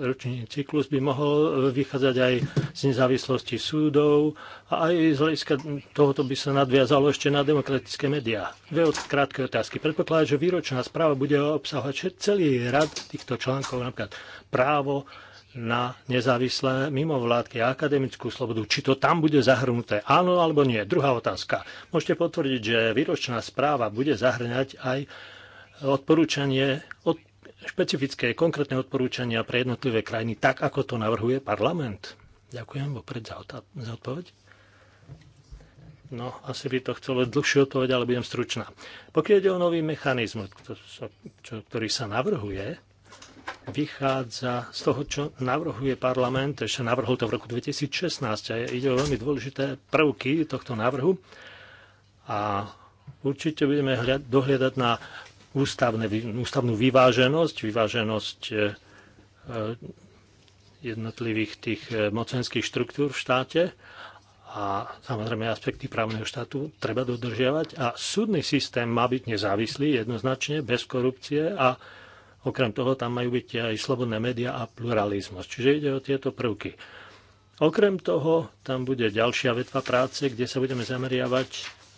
ročný cyklus by mohol vychádzať aj z nezávislosti súdov a aj z hľadiska tohoto by sa nadviazalo ešte na demokratické médiá. Dve od krátke otázky. Predpokladá, že výročná správa bude obsahovať celý rad týchto článkov, napríklad právo, na nezávislé mimovládky a akademickú slobodu. Či to tam bude zahrnuté? Áno alebo nie? Druhá otázka. Môžete potvrdiť, že výročná správa bude zahrňať aj odporúčanie, od, špecifické konkrétne odporúčania pre jednotlivé krajiny, tak ako to navrhuje parlament. Ďakujem vopred za, za odpoveď. No, asi by to chcelo dlhšie odpoveď, ale budem stručná. Pokiaľ ide o nový mechanizmus, ktorý sa navrhuje, vychádza z toho, čo navrhuje parlament, ešte navrhol to v roku 2016 a ide o veľmi dôležité prvky tohto návrhu a určite budeme hľad, dohľadať na ústavne, ústavnú vyváženosť, vyváženosť e, e, jednotlivých tých e, mocenských štruktúr v štáte a samozrejme aspekty právneho štátu treba dodržiavať a súdny systém má byť nezávislý jednoznačne, bez korupcie a Okrem toho tam majú byť aj slobodné médiá a pluralizmus. Čiže ide o tieto prvky. Okrem toho tam bude ďalšia vetva práce, kde sa budeme zameriavať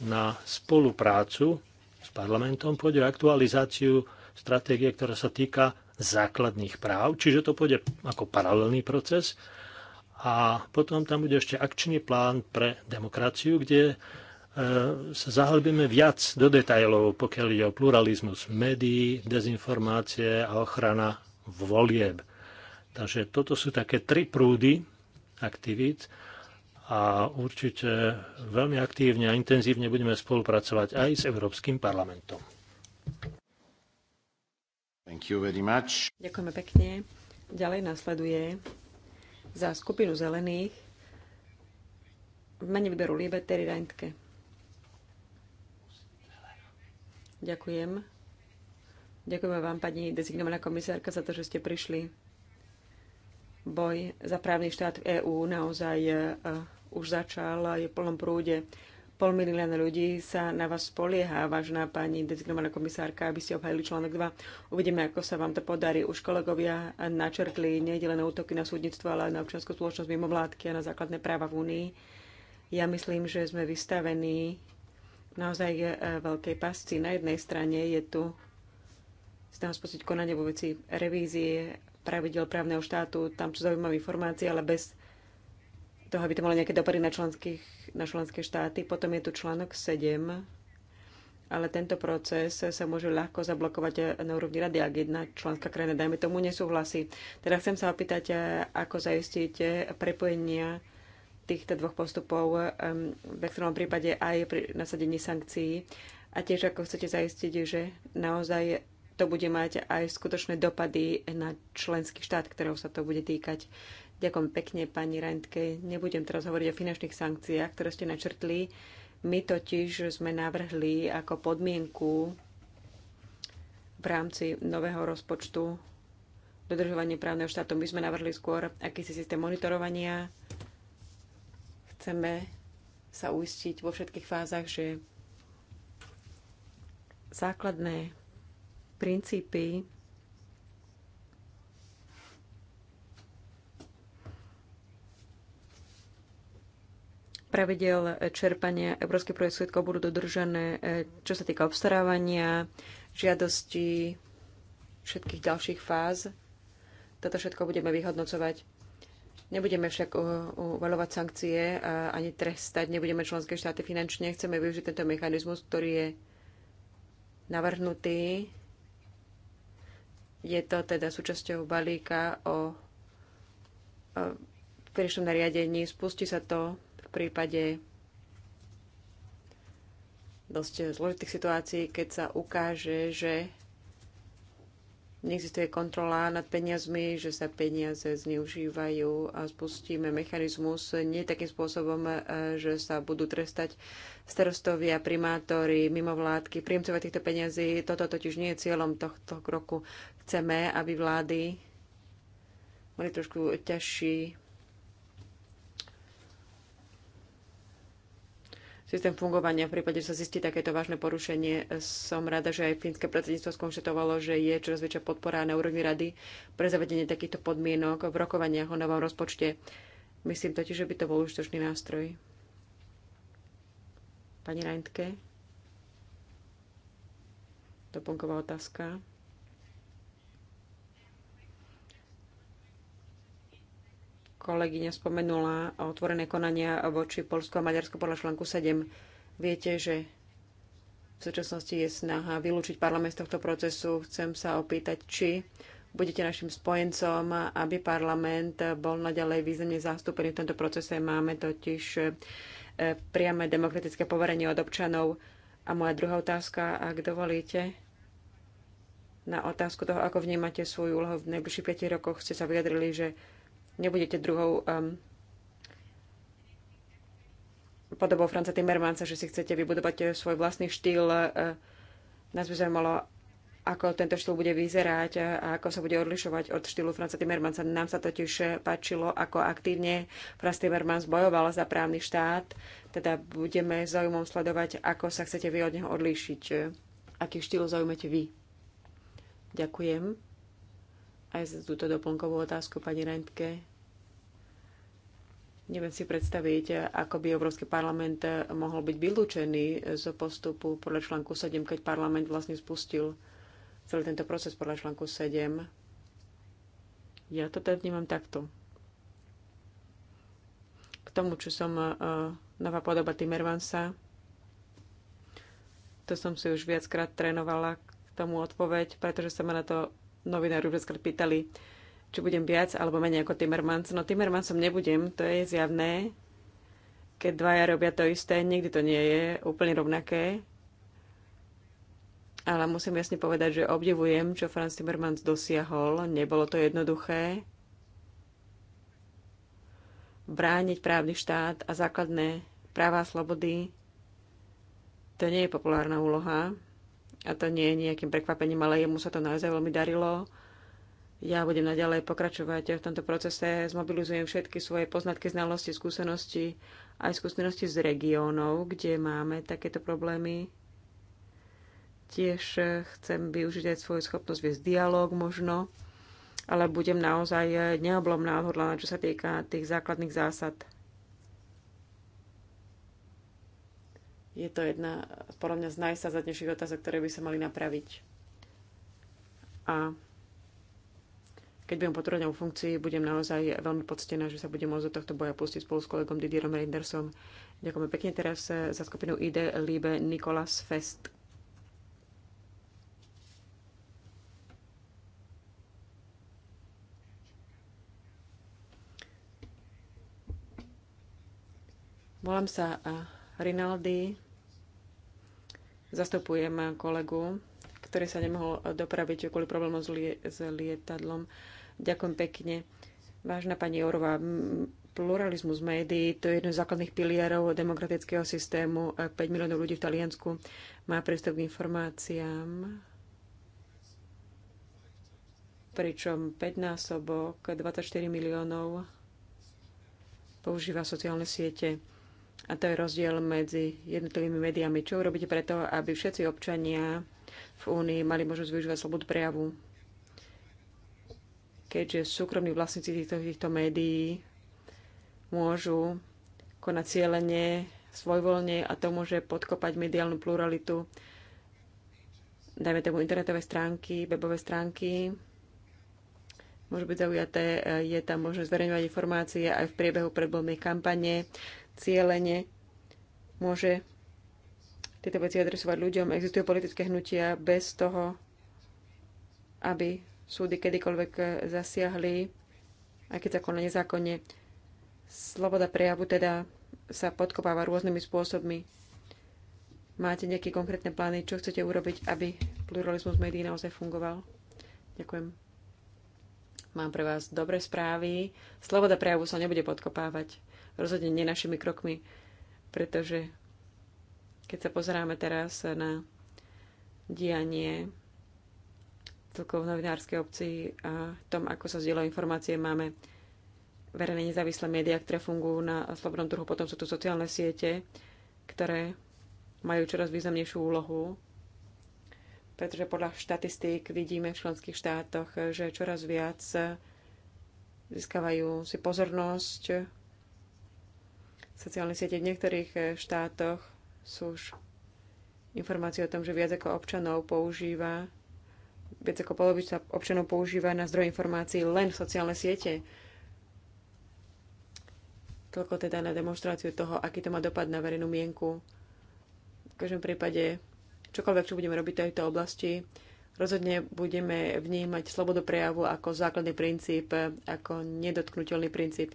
na spoluprácu s parlamentom, pôjde aktualizáciu stratégie, ktorá sa týka základných práv, čiže to pôjde ako paralelný proces. A potom tam bude ešte akčný plán pre demokraciu, kde E, sa zahlbíme viac do detajlov, pokiaľ ide o pluralizmus médií, dezinformácie a ochrana volieb. Takže toto sú také tri prúdy aktivít a určite veľmi aktívne a intenzívne budeme spolupracovať aj s Európskym parlamentom. Thank you very much. Ďakujeme pekne. Ďalej nasleduje za skupinu zelených v mene výberu Liebe Terry Reintke. Ďakujem. Ďakujeme vám, pani dezignovaná komisárka, za to, že ste prišli. Boj za právny štát v EÚ naozaj e, už začal, je v plnom prúde. Pol milióna ľudí sa na vás spolieha, vážená pani dezignovaná komisárka, aby ste obhajili článok 2. Uvidíme, ako sa vám to podarí. Už kolegovia načrtli nedelené útoky na súdnictvo, ale aj na občianskú spoločnosť mimo vládky a na základné práva v Únii. Ja myslím, že sme vystavení naozaj je e, veľkej pasci. Na jednej strane je tu snaha spôsobiť konanie vo veci revízie pravidel právneho štátu, tam sú zaujímavé informácie, ale bez toho, aby to malo nejaké dopady na, na členské štáty. Potom je tu článok 7, ale tento proces sa môže ľahko zablokovať e, na úrovni rady, ak jedna členská krajina, dajme tomu, nesúhlasí. Teda chcem sa opýtať, e, ako zaistíte prepojenia týchto dvoch postupov, v extrémnom prípade aj pri nasadení sankcií a tiež ako chcete zaistiť, že naozaj to bude mať aj skutočné dopady na členský štát, ktorého sa to bude týkať. Ďakujem pekne, pani Rentke. Nebudem teraz hovoriť o finančných sankciách, ktoré ste načrtli. My totiž sme navrhli ako podmienku v rámci nového rozpočtu dodržovanie právneho štátu. My sme navrhli skôr akýsi systém monitorovania Chceme sa uistiť vo všetkých fázach, že základné princípy pravidel čerpania európskych projektov budú dodržané, čo sa týka obstarávania, žiadosti, všetkých ďalších fáz. Toto všetko budeme vyhodnocovať. Nebudeme však uvalovať sankcie ani trestať, nebudeme členské štáty finančne. Chceme využiť tento mechanizmus, ktorý je navrhnutý. Je to teda súčasťou balíka o, o finančnom nariadení. Spustí sa to v prípade dosť zložitých situácií, keď sa ukáže, že neexistuje kontrola nad peniazmi, že sa peniaze zneužívajú a spustíme mechanizmus nie takým spôsobom, e, že sa budú trestať starostovia, primátori, mimovládky, príjemcovia týchto peniazí. Toto totiž nie je cieľom tohto kroku. Chceme, aby vlády mali trošku ťažší systém fungovania v prípade, že sa zistí takéto vážne porušenie. Som rada, že aj fínske predsedníctvo skonštatovalo, že je čoraz väčšia podpora na úrovni rady pre zavedenie takýchto podmienok v rokovaniach o novom rozpočte. Myslím totiž, že by to bol užitočný nástroj. Pani Reintke? Doplnková otázka. kolegyňa spomenula otvorené konania voči Polsku a Maďarsku podľa článku 7. Viete, že v súčasnosti je snaha vylúčiť parlament z tohto procesu. Chcem sa opýtať, či budete našim spojencom, aby parlament bol naďalej významne zastúpený v tomto procese. Máme totiž eh, priame demokratické poverenie od občanov. A moja druhá otázka, ak dovolíte, na otázku toho, ako vnímate svoju úlohu v najbližších 5 rokoch, ste sa vyjadrili, že nebudete druhou um, podobou Franca Timmermansa, že si chcete vybudovať eh, svoj vlastný štýl. Eh, nás by zaujímalo, ako tento štýl bude vyzerať eh, a ako sa bude odlišovať od štýlu Franca Timmermansa. Nám sa totiž páčilo, ako aktívne Franca Timmermans bojoval za právny štát, teda budeme zaujímavom sledovať, ako sa chcete vy od neho odlíšiť. Aký štýl zaujmete vy? Ďakujem aj za túto doplnkovú otázku, pani Rentke. Neviem si predstaviť, ako by Európsky parlament mohol byť vylúčený z postupu podľa článku 7, keď parlament vlastne spustil celý tento proces podľa článku 7. Ja to teda vnímam takto. K tomu, čo som uh, nová podoba Timmermansa, to som si už viackrát trénovala k tomu odpoveď, pretože sa ma na to novinári už pýtali, či budem viac alebo menej ako Timmermans. No Timmermansom nebudem, to je zjavné. Keď dvaja robia to isté, nikdy to nie je úplne rovnaké. Ale musím jasne povedať, že obdivujem, čo Franz Timmermans dosiahol. Nebolo to jednoduché. Brániť právny štát a základné práva a slobody, to nie je populárna úloha. A to nie je nejakým prekvapením, ale jemu sa to naozaj veľmi darilo. Ja budem naďalej pokračovať v tomto procese, zmobilizujem všetky svoje poznatky, znalosti, skúsenosti, aj skúsenosti z regiónov, kde máme takéto problémy. Tiež eh, chcem využiť aj svoju schopnosť viesť dialog možno, ale budem naozaj eh, neoblomná odhodlaná, čo sa týka tých základných zásad Je to jedna podľa mňa z najsazadnejších otázok, ktoré by sa mali napraviť. A keď budem potvrdená o funkcii, budem naozaj veľmi poctená, že sa budem môcť do tohto boja pustiť spolu s kolegom Didierom Reindersom. Ďakujeme pekne teraz eh, za skupinu ID Liebe Nikolas Fest. Volám sa eh, Rinaldi. Zastupujem kolegu, ktorý sa nemohol dopraviť kvôli problémom s, lie- s lietadlom. Ďakujem pekne. Vážna pani Jorová, pluralizmus médií, to je jeden z základných pilierov demokratického systému. 5 miliónov ľudí v Taliansku má prístup k informáciám, pričom 5 násobok, 24 miliónov používa sociálne siete. A to je rozdiel medzi jednotlivými médiami. Čo urobíte preto, aby všetci občania v Únii mali možnosť využívať slobodu prejavu? Keďže súkromní vlastníci týchto, týchto médií môžu konať cieľene, svojvoľne a to môže podkopať mediálnu pluralitu, dajme tomu internetové stránky, webové stránky, môžu byť zaujaté, je tam možnosť zverejňovať informácie aj v priebehu predvoľnej kampane cieľene môže tieto veci adresovať ľuďom. Existujú politické hnutia bez toho, aby súdy kedykoľvek zasiahli, aj keď sa koná nezákonne. Sloboda prejavu teda sa podkopáva rôznymi spôsobmi. Máte nejaké konkrétne plány, čo chcete urobiť, aby pluralizmus médií naozaj fungoval? Ďakujem. Mám pre vás dobré správy. Sloboda prejavu sa nebude podkopávať rozhodne nie našimi krokmi, pretože keď sa pozeráme teraz na dianie celkovo v novinárskej obci a tom, ako sa zdieľajú informácie, máme verejné nezávislé médiá, ktoré fungujú na slobodnom trhu, potom sú tu sociálne siete, ktoré majú čoraz významnejšiu úlohu, pretože podľa štatistík vidíme v členských štátoch, že čoraz viac získavajú si pozornosť Sociálne siete v niektorých eh, štátoch sú už informácie o tom, že viac ako občanov používa, viac ako polovica občanov používa na zdroj informácií len sociálne siete. Toľko teda na demonstráciu toho, aký to má dopad na verejnú mienku. V každom prípade, čokoľvek, čo budeme robiť v tejto oblasti, rozhodne budeme vnímať slobodu prejavu ako základný princíp, ako nedotknutelný princíp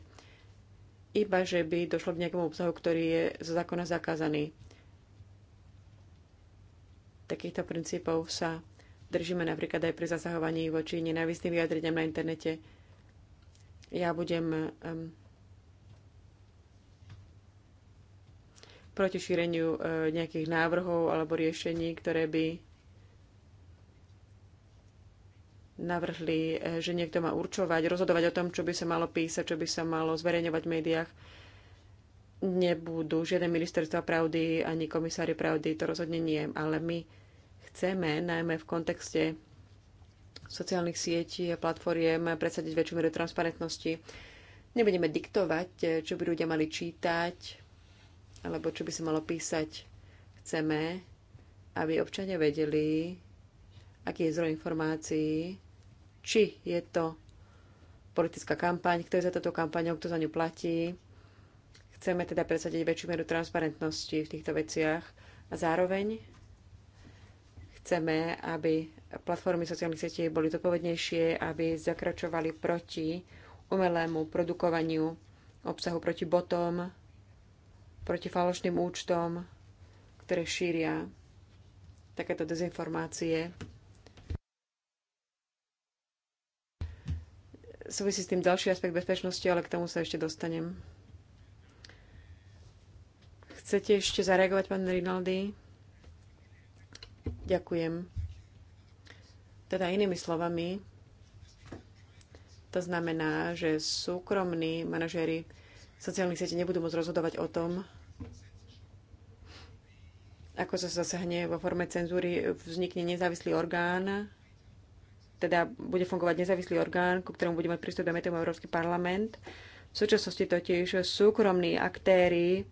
iba že by došlo k nejakému obsahu, ktorý je z zákona zakázaný. Takýchto princípov sa držíme napríklad aj pri zasahovaní voči nenávistným vyjadreniam na internete. Ja budem um, proti šíreniu uh, nejakých návrhov alebo riešení, ktoré by navrhli, eh, že niekto má určovať, rozhodovať o tom, čo by sa malo písať, čo by sa malo zverejňovať v médiách. Nebudú žiadne ministerstva pravdy ani komisári pravdy, to rozhodne nie, ale my chceme, najmä v kontexte sociálnych sietí a platformiem, presadiť väčšiu mieru transparentnosti. Nebudeme diktovať, eh, čo by ľudia mali čítať, alebo čo by sa malo písať. Chceme, aby občania vedeli, aký je zdroj informácií, či je to politická kampaň, kto je za toto kampaňou, kto za ňu platí. Chceme teda presadiť väčšiu mieru transparentnosti v týchto veciach a zároveň chceme, aby platformy sociálnych sietí boli zodpovednejšie, aby zakračovali proti umelému produkovaniu obsahu proti botom, proti falošným účtom, ktoré šíria takéto dezinformácie. súvisí s tým ďalší aspekt bezpečnosti, ale k tomu sa ešte dostanem. Chcete ešte zareagovať, pán Rinaldi? Ďakujem. Teda inými slovami, to znamená, že súkromní manažéri sociálnych sietí nebudú môcť rozhodovať o tom, ako sa zasahne vo forme cenzúry, vznikne nezávislý orgán, teda bude fungovať nezávislý orgán, ku ktorému bude mať prístup, dajme tomu Európsky parlament. V súčasnosti totiž súkromní aktéry,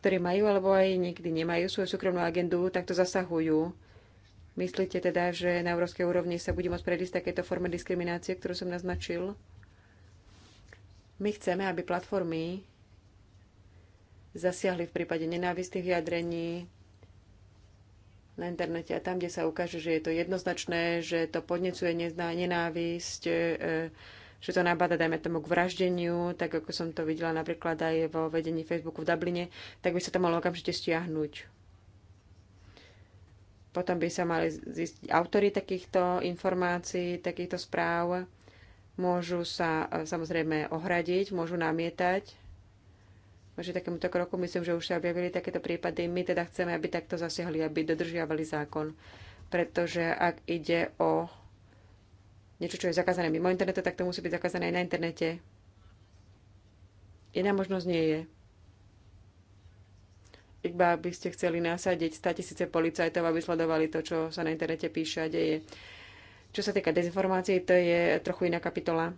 ktorí majú alebo aj nikdy nemajú svoju súkromnú agendu, takto zasahujú. Myslíte teda, že na európskej úrovni sa bude môcť predísť takéto forme diskriminácie, ktorú som naznačil? My chceme, aby platformy zasiahli v prípade nenávistných vyjadrení, na internete a tam, kde sa ukáže, že je to jednoznačné, že to podnecuje nezná nenávisť, e, že to nabáda, dajme tomu, k vraždeniu, tak ako som to videla napríklad aj vo vedení Facebooku v Dubline, tak by sa to malo okamžite stiahnuť. Potom by sa mali zistiť autory takýchto informácií, takýchto správ. Môžu sa e, samozrejme ohradiť, môžu namietať, že takémuto kroku. Myslím, že už sa objavili takéto prípady. My teda chceme, aby takto zasiahli, aby dodržiavali zákon. Pretože ak ide o niečo, čo je zakázané mimo internetu, tak to musí byť zakázané aj na internete. Iná možnosť nie je. Iba by ste chceli nasadiť 100 tisíce policajtov, aby sledovali to, čo sa na internete píše a deje. Čo sa týka dezinformácií, to je trochu iná kapitola.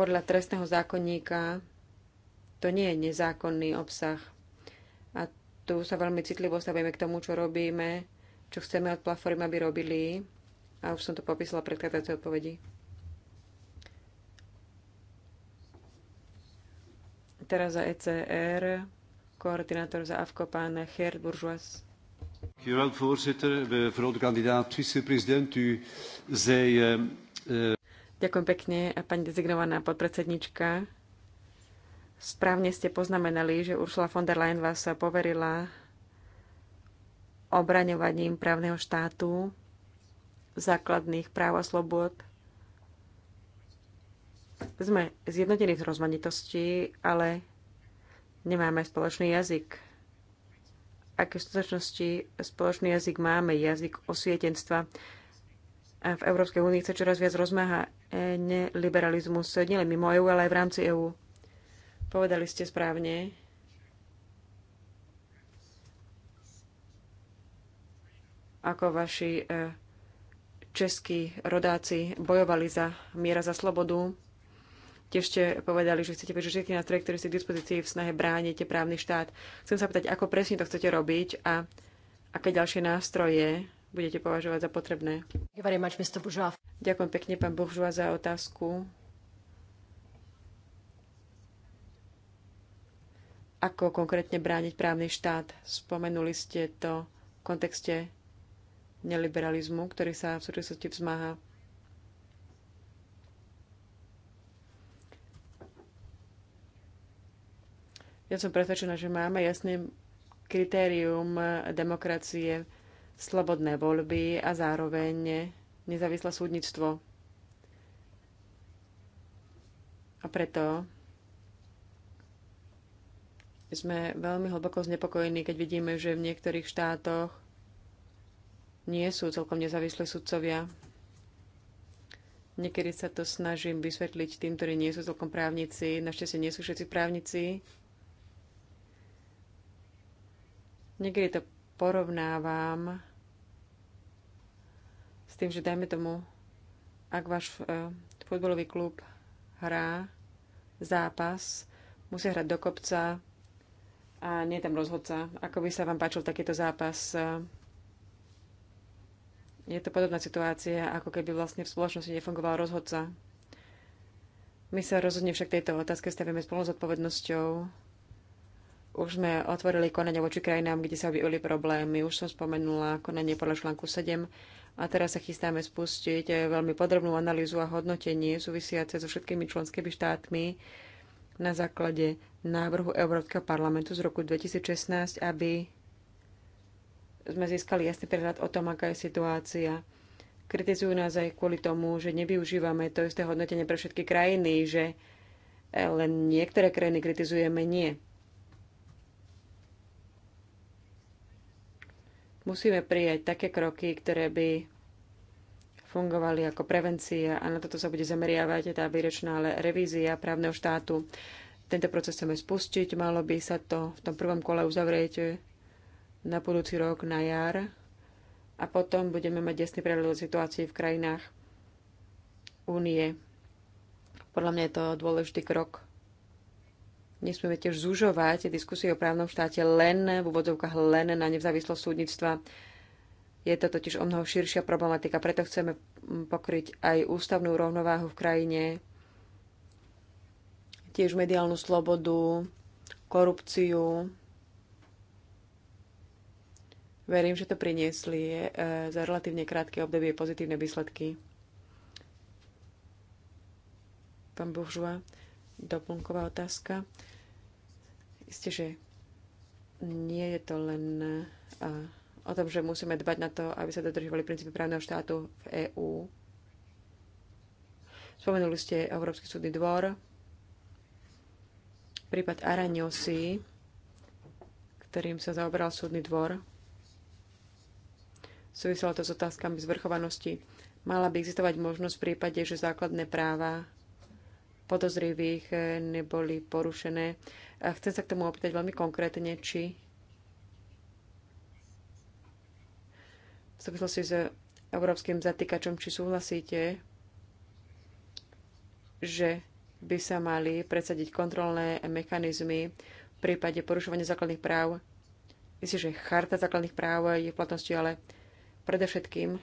Podľa trestného zákonníka to nie je nezákonný obsah. A tu sa veľmi citlivo stavujeme k tomu, čo robíme, čo chceme od platformy, aby robili. A už som to popísala v odpovedi. Teraz za ECR, koordinátor za AFKO, pán Herr Bourgeois. Dank u wel, voorzitter. Mevrouw de kandidaat vicepresident, Ďakujem pekne, pani dezignovaná podpredsednička. Správne ste poznamenali, že Ursula von der Leyen vás poverila obraňovaním právneho štátu, základných práv a slobod. Sme zjednotení v rozmanitosti, ale nemáme spoločný jazyk. Aké v skutočnosti spoločný jazyk máme? Jazyk osvietenstva. A v Európskej únii sa čoraz viac rozmáha neliberalizmus nielen mimo EÚ, ale aj v rámci EÚ. Povedali ste správne. Ako vaši e, českí rodáci bojovali za miera za slobodu. Tiež ste povedali, že chcete využiť všetky nástroje, ktoré ste k dispozícii v snahe brániť právny štát. Chcem sa pýtať, ako presne to chcete robiť a aké ďalšie nástroje budete považovať za potrebné. Ďakujem pekne, pán Bourgeois, za otázku. Ako konkrétne brániť právny štát? Spomenuli ste to v kontexte neliberalizmu, ktorý sa v súčasnosti vzmáha. Ja som presvedčená, že máme jasný kritérium demokracie, slobodné voľby a zároveň nezávislé súdnictvo. A preto sme veľmi hlboko znepokojení, keď vidíme, že v niektorých štátoch nie sú celkom nezávislé sudcovia. Niekedy sa to snažím vysvetliť tým, ktorí nie sú celkom právnici. Našťastie nie sú všetci právnici. Niekedy to porovnávam tým, že dajme tomu, ak váš e, futbalový klub hrá zápas, musia hrať do kopca a nie je tam rozhodca. Ako by sa vám páčil takýto zápas? E, je to podobná situácia, ako keby vlastne v spoločnosti nefungoval rozhodca. My sa rozhodne však tejto otázke stavíme spolu s odpovednosťou. Už sme otvorili konanie voči krajinám, kde sa objavili problémy. Už som spomenula konanie podľa článku 7 a teraz sa chystáme spustiť eh, veľmi podrobnú analýzu a hodnotenie súvisiace so všetkými členskými štátmi na základe návrhu Európskeho parlamentu z roku 2016, aby sme získali jasný prehľad o tom, aká je situácia. Kritizujú nás aj kvôli tomu, že nevyužívame to isté hodnotenie pre všetky krajiny, že eh, len niektoré krajiny kritizujeme, nie. Musíme prijať také kroky, ktoré by fungovali ako prevencia a na toto sa bude zameriavať tá výročná revízia právneho štátu. Tento proces chceme spustiť, malo by sa to v tom prvom kole uzavrieť na budúci rok, na jar a potom budeme mať desný prehľad o situácii v krajinách únie. Podľa mňa je to dôležitý krok Nesmieme tiež zužovať diskusie o právnom štáte len v úvodzovkách len na nezávislosť súdnictva. Je to totiž o mnoho širšia problematika, preto chceme pokryť aj ústavnú rovnováhu v krajine, tiež mediálnu slobodu, korupciu. Verím, že to priniesli e, za relatívne krátke obdobie pozitívne výsledky. Pán Buržua, doplnková otázka. Isté, že nie je to len o tom, že musíme dbať na to, aby sa dodržovali princípy právneho štátu v EÚ. Spomenuli ste Európsky súdny dvor, prípad Araniosi, ktorým sa zaoberal súdny dvor. Súviselo to s otázkami zvrchovanosti. Mala by existovať možnosť v prípade, že základné práva podozrivých eh, neboli porušené. A chcem sa k tomu opýtať veľmi konkrétne, či v súvislosti s európskym zatýkačom, či súhlasíte, že by sa mali predsadiť kontrolné mechanizmy v prípade porušovania základných práv. Myslím, že charta základných práv je v platnosti, ale predovšetkým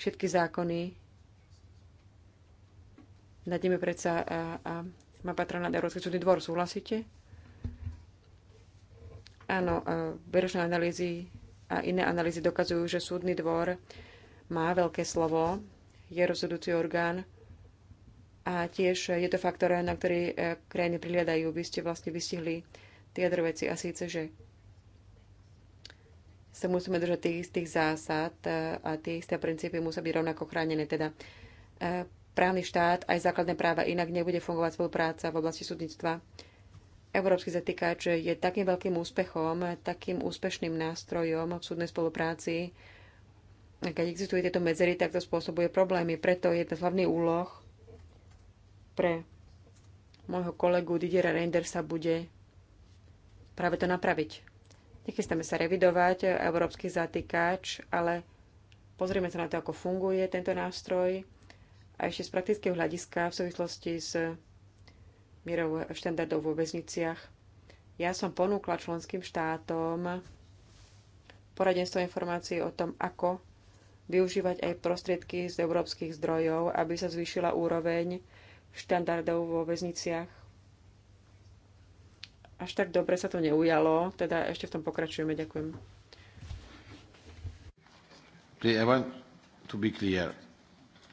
všetky zákony Dajme predsa a, a má patronát Európsky súdny dvor. Súhlasíte? Áno, beročné analýzy a iné analýzy dokazujú, že súdny dvor má veľké slovo, je rozhodujúci orgán a tiež je to faktor, na ktorý e, krajiny priliadajú. Vy ste vlastne vystihli tie jadro veci a síce, že sa musíme držať tých istých zásad e, a tie isté princípy musia byť rovnako chránené. Teda e, právny štát aj základné práva, inak nebude fungovať spolupráca v oblasti súdnictva. Európsky zatýkač je takým veľkým úspechom, takým úspešným nástrojom v súdnej spolupráci. Keď existujú tieto medzery, tak to spôsobuje problémy. Preto je to hlavný úloh pre môjho kolegu Didiera Reindersa bude práve to napraviť. Nechystáme sa revidovať európsky zatýkač, ale pozrieme sa na to, ako funguje tento nástroj a ešte z praktického hľadiska v súvislosti s mierou štandardov vo väzniciach. Ja som ponúkla členským štátom poradenstvo informácií o tom, ako využívať aj prostriedky z európskych zdrojov, aby sa zvýšila úroveň štandardov vo väzniciach. Až tak dobre sa to neujalo, teda ešte v tom pokračujeme. Ďakujem. I want to be clear.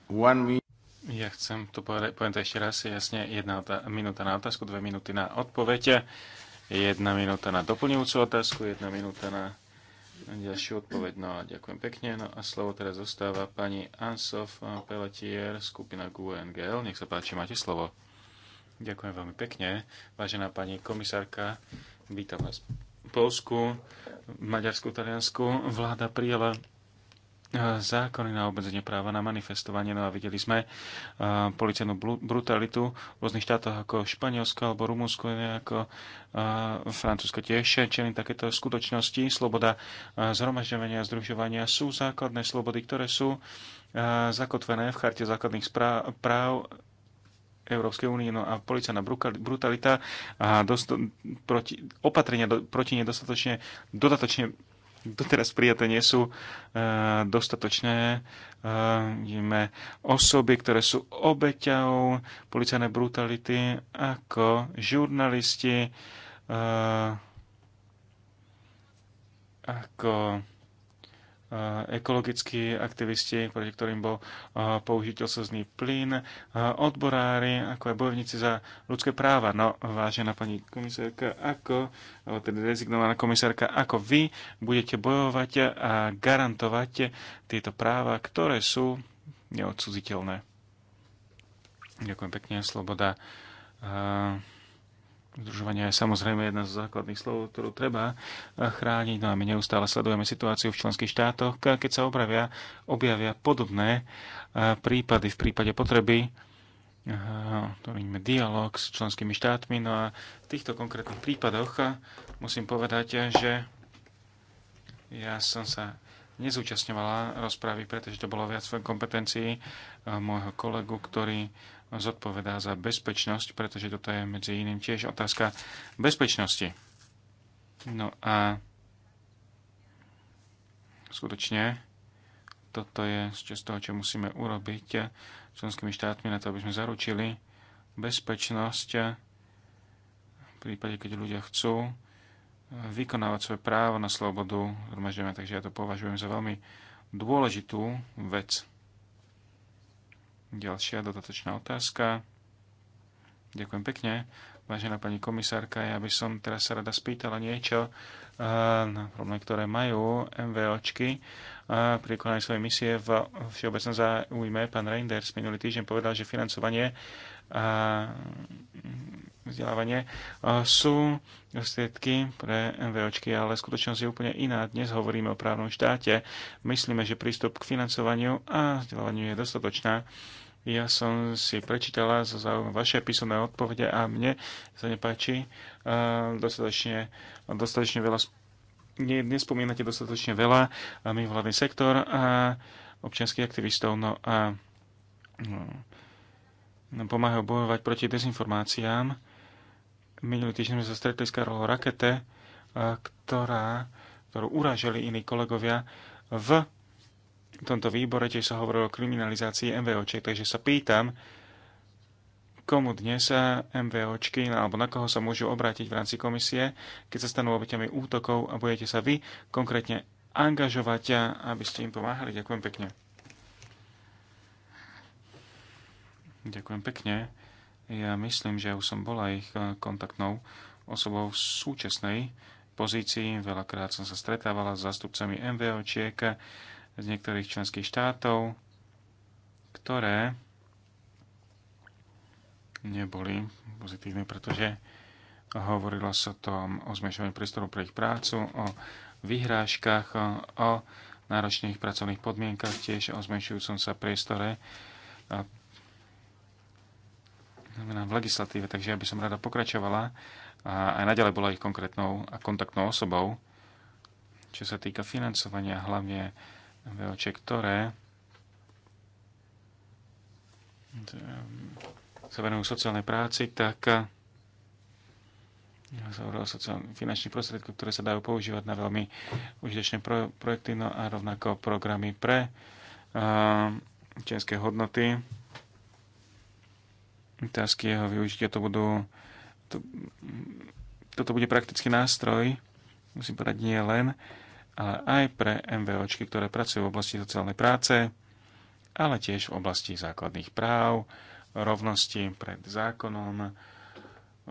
One ja chcem to povedať, poviem to ešte raz, jasne, jedna minúta na otázku, dve minúty na odpoveď, jedna minúta na doplňujúcu otázku, jedna minúta na ďalšiu odpoveď. No a ďakujem pekne. No a slovo teraz zostáva pani Ansof Pelletier, skupina GUNGL. Nech sa páči, máte slovo. Ďakujem veľmi pekne. Vážená pani komisárka, vítam vás v Polsku, v Maďarsku, Taliansku. Vláda prijela Eh, zákony na obmedzenie práva na manifestovanie. No a videli sme eh, policajnú brutalitu v rôznych štátoch ako Španielsko alebo Rumunsko, ako eh, Francúzsko tiež čelí takéto skutočnosti. Sloboda zhromažďovania a združovania sú základné slobody, ktoré sú zakotvené v charte základných práv Európskej únie, no a policajná brutalita a proti, opatrenia do, proti nedostatočne dodatočne doteraz prijaté nie sú e, dostatočné. E, vidíme osoby, ktoré sú obeťou policajnej brutality, ako žurnalisti, e, ako ekologickí aktivisti, proti ktorým bol použiteľ slzný plyn, odborári, ako aj bojovníci za ľudské práva. No, vážená pani komisárka, ako, alebo teda rezignovaná komisárka, ako vy budete bojovať a garantovať tieto práva, ktoré sú neodsúziteľné. Ďakujem pekne, Sloboda. Uh Združovanie je samozrejme jedna z základných slov, ktorú treba chrániť. No a my neustále sledujeme situáciu v členských štátoch, keď sa objavia, objavia podobné eh, prípady v prípade potreby. Eh, to vidíme dialog s členskými štátmi. No a v týchto konkrétnych prípadoch eh, musím povedať, že ja som sa nezúčastňovala rozpravy, pretože to bolo viac v kompetencií môjho kolegu, ktorý zodpovedá za bezpečnosť, pretože toto je medzi iným tiež otázka bezpečnosti. No a skutočne toto je z toho, čo musíme urobiť členskými štátmi na to, aby sme zaručili bezpečnosť v prípade, keď ľudia chcú vykonávať svoje právo na slobodu zhromažďovania. Takže ja to považujem za veľmi dôležitú vec. Ďalšia dodatočná otázka. Ďakujem pekne. Vážená pani komisárka, ja by som teraz sa rada spýtala niečo eh, na problémy, ktoré majú MVOčky eh, pri konaní svojej misie v všeobecnom záujme. Pán Reinders minulý týždeň povedal, že financovanie a mm, vzdelávanie sú prostriedky pre MVOčky, ale skutočnosť je úplne iná. Dnes hovoríme o právnom štáte. Myslíme, že prístup k financovaniu a vzdelávaniu je dostatočná. Ja som si prečítala za záujmu vaše písomné odpovede a mne sa nepáči dostatočne, dostatočne veľa nespomínate dostatočne veľa mimovládny sektor a občianských aktivistov. No a no, nám pomáhajú bojovať proti dezinformáciám. Minulý týždeň sme sa stretli s Karolou Rakete, eh, ktorá, ktorú uražili iní kolegovia v tomto výbore, tiež sa hovorilo o kriminalizácii MVOčiek, takže sa pýtam, komu dnes sa MVOčky no, alebo na koho sa môžu obrátiť v rámci komisie, keď sa stanú obeťami útokov a budete sa vy konkrétne angažovať, aby ste im pomáhali. Ďakujem pekne. Ďakujem pekne. Ja myslím, že už som bola ich eh, kontaktnou osobou v súčasnej pozícii. Veľakrát som sa stretávala s zastupcami MVOčiek z niektorých členských štátov, ktoré neboli pozitívne, pretože hovorilo sa tom o zmenšovaní priestoru pre ich prácu, o vyhrážkach, o náročných pracovných podmienkach, tiež o zmenšujúcom sa priestore znamená v legislatíve, takže ja by som rada pokračovala a aj naďalej bola ich konkrétnou a kontaktnou osobou, čo sa týka financovania hlavne VOČ, ktoré ehm, sa venujú sociálnej práci, tak finančných prostriedkov, ktoré sa dajú používať na veľmi užitečné pro, projekty no a rovnako programy pre uh, ehm, čenské hodnoty otázky jeho využitia to budú to, toto bude praktický nástroj, musím povedať nie len, ale aj pre MVOčky, ktoré pracujú v oblasti sociálnej práce, ale tiež v oblasti základných práv, rovnosti pred zákonom,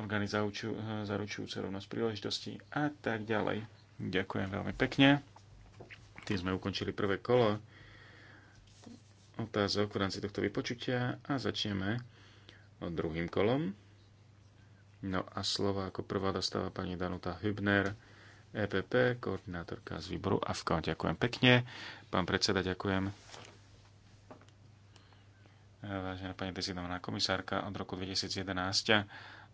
orgány zaručujúce rovnosť príležitosti a tak ďalej. Ďakujem veľmi pekne. Tým sme ukončili prvé kolo otázok v rámci tohto vypočutia a začneme druhým kolom. No a slova ako prvá dostáva pani Danuta Hübner, EPP, koordinátorka z výboru AFKO. Ďakujem pekne. Pán predseda, ďakujem. Vážená pani dezidovaná komisárka, od roku 2011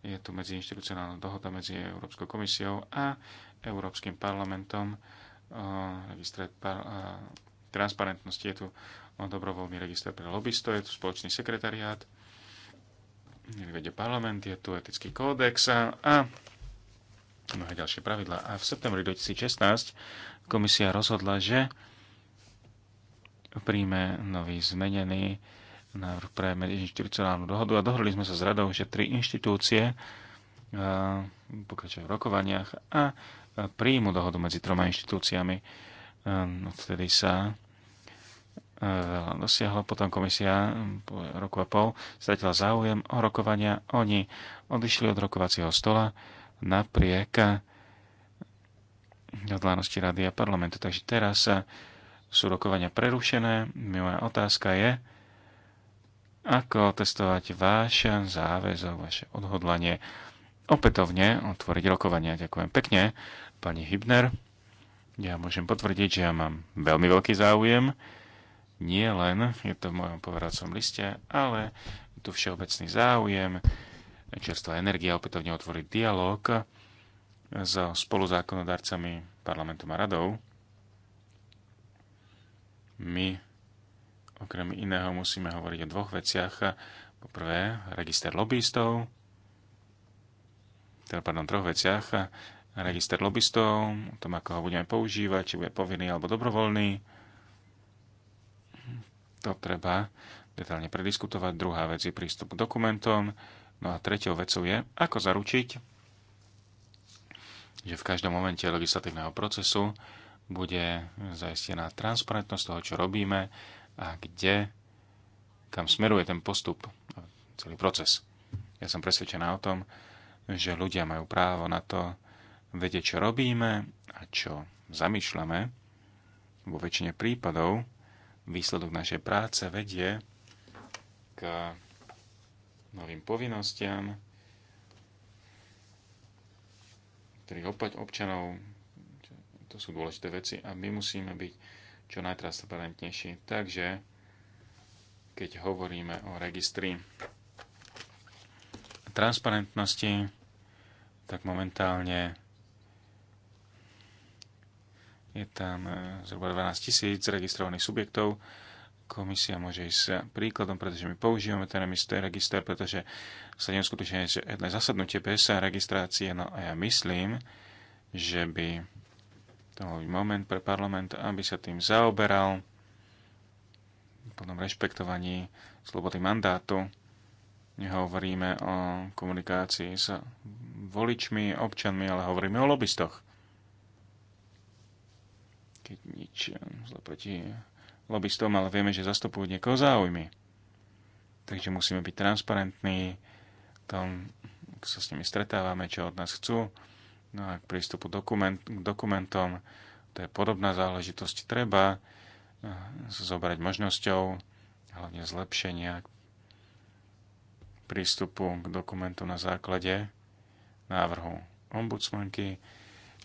je tu medziinstitucionálna dohoda medzi Európskou komisiou a Európskym parlamentom registre par- transparentnosti. Je tu dobrovoľný register pre lobbystov, je tu spoločný sekretariát vedie parlament, je tu etický kódex a, a mnohé ďalšie pravidlá. A v septembri 2016 komisia rozhodla, že príjme nový zmenený návrh pre medziinstitucionálnu dohodu a dohodli sme sa s radou, že tri inštitúcie pokračujú v rokovaniach a príjmu dohodu medzi troma inštitúciami. Odtedy sa Eh, dosiahla Potom komisia hm, po roku a pol stratila záujem o rokovania. Oni odišli od rokovacieho stola napriek odlánosti rady a parlamentu. Takže teraz sú rokovania prerušené. Moja otázka je, ako testovať váš záväzok, vaše odhodlanie opätovne otvoriť rokovania. Ďakujem pekne, pani Hybner. Ja môžem potvrdiť, že ja mám veľmi veľký záujem nie len, je to v mojom poveracom liste, ale je tu všeobecný záujem, čerstvá energia opätovne otvoriť dialog so spoluzákonodarcami parlamentu a radov. My okrem iného musíme hovoriť o dvoch veciach. Poprvé register lobbystov, teda pardon, troch veciach. Register lobbystov, o tom, ako ho budeme používať, či bude povinný alebo dobrovoľný to treba detálne prediskutovať. Druhá vec je prístup k dokumentom. No a tretou vecou je, ako zaručiť, že v každom momente legislatívneho procesu bude zaistená transparentnosť toho, čo robíme a kde, kam smeruje ten postup, celý proces. Ja som presvedčená o tom, že ľudia majú právo na to vedieť, čo robíme a čo zamýšľame. Vo väčšine prípadov výsledok našej práce vedie k novým povinnostiam, ktorých opäť občanov, to sú dôležité veci a my musíme byť čo najtransparentnejší. Takže, keď hovoríme o registri transparentnosti, tak momentálne je tam e, zhruba 12 tisíc registrovaných subjektov. Komisia môže ísť príkladom, pretože my používame ten register, pretože sa neuskutočne jedné zasadnutie bez registrácie. No a ja myslím, že by to bol moment pre parlament, aby sa tým zaoberal v plnom rešpektovaní slobody mandátu. Nehovoríme o komunikácii s voličmi, občanmi, ale hovoríme o lobbystoch keď nič hm, zle proti lobbystom, ale vieme, že zastupujú niekoho záujmy. Takže musíme byť transparentní v tom, ak sa s nimi stretávame, čo od nás chcú. No a k prístupu dokument, k dokumentom, to je podobná záležitosť, treba sa hm, zobrať možnosťou, hlavne zlepšenia prístupu k dokumentu na základe návrhu ombudsmanky,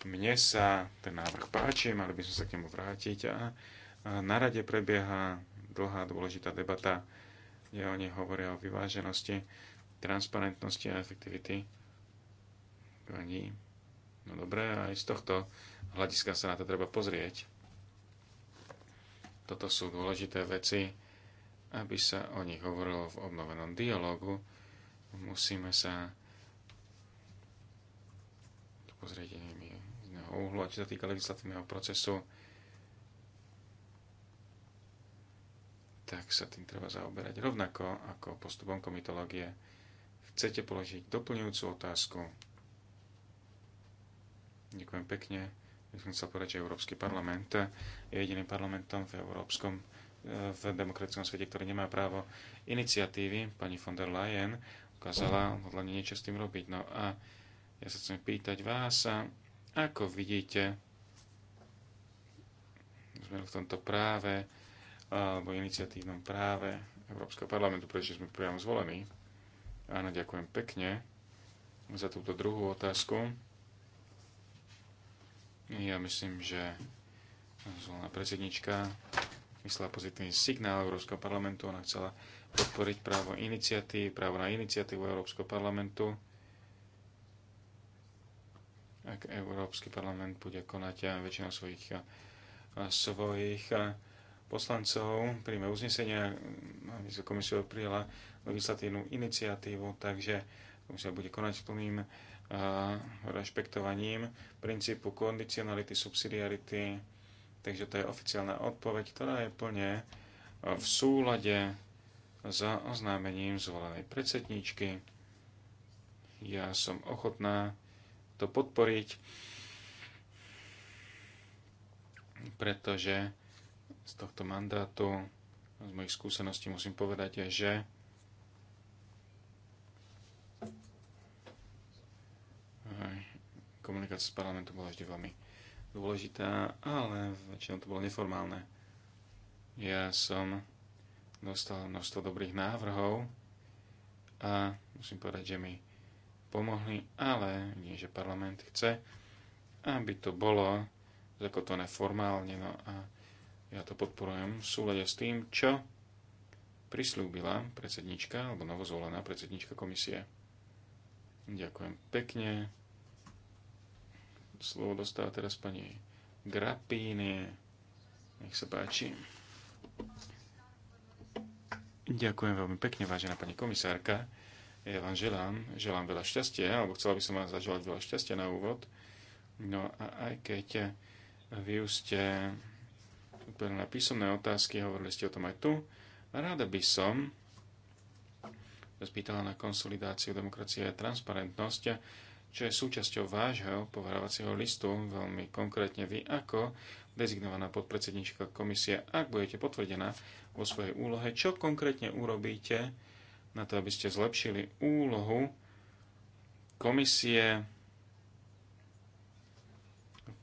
mne sa ten návrh páči, mali by sme sa k nemu vrátiť a na rade prebieha dlhá dôležitá debata, kde oni hovoria o vyváženosti, transparentnosti a efektivity. Pani, no dobré, aj z tohto hľadiska sa na to treba pozrieť. Toto sú dôležité veci, aby sa o nich hovorilo v obnovenom dialogu. Musíme sa pozrieť inými uhlu, a čo sa týka legislatívneho procesu, tak sa tým treba zaoberať rovnako ako postupom komitológie. Chcete položiť doplňujúcu otázku? Ďakujem pekne. Ja som chcel povedať, že Európsky parlament je jediným parlamentom v európskom v demokratickom svete, ktorý nemá právo iniciatívy. Pani von der Leyen ukázala odhľadne niečo s tým robiť. No a ja sa chcem pýtať vás, ako vidíte, sme v tomto práve alebo iniciatívnom práve Európskeho parlamentu, prečo sme priamo zvolení. Áno, ďakujem pekne za túto druhú otázku. Ja myslím, že zvolená predsednička myslela pozitívny signál Európskeho parlamentu. Ona chcela podporiť právo iniciatív, právo na iniciatívu Európskeho parlamentu ak Európsky parlament bude konať eh, väčšinou svojich, eh, svojich eh, poslancov, príjme uznesenia, aby sa komisia prijela legislatívnu iniciatívu, takže komisia bude konať plným rešpektovaním princípu kondicionality, subsidiarity. Takže to je oficiálna odpoveď, ktorá je plne v súlade za oznámením zvolenej predsedničky. Ja som ochotná to podporiť, pretože z tohto mandátu, z mojich skúseností musím povedať, že komunikácia s parlamentom bola vždy veľmi dôležitá, ale väčšinou to bolo neformálne. Ja som dostal množstvo dobrých návrhov a musím povedať, že mi pomohli, ale nie že parlament chce, aby to bolo zakotvené formálne. No a ja to podporujem v súlade s tým, čo prislúbila predsednička alebo novozvolená predsednička komisie. Ďakujem pekne. Slovo dostáva teraz pani Grapíny. Nech sa páči. Ďakujem veľmi pekne, vážená pani komisárka. Ja vám želám, želám veľa šťastia, alebo chcela by som vám zaželať veľa šťastia na úvod. No a aj keď vy už ste úplne na písomné otázky, hovorili ste o tom aj tu, ráda by som spýtala na konsolidáciu demokracie a transparentnosť, čo je súčasťou vášho povarovacieho listu, veľmi konkrétne vy ako dezignovaná podpredsednička komisie, ak budete potvrdená vo svojej úlohe, čo konkrétne urobíte, na to, aby ste zlepšili úlohu komisie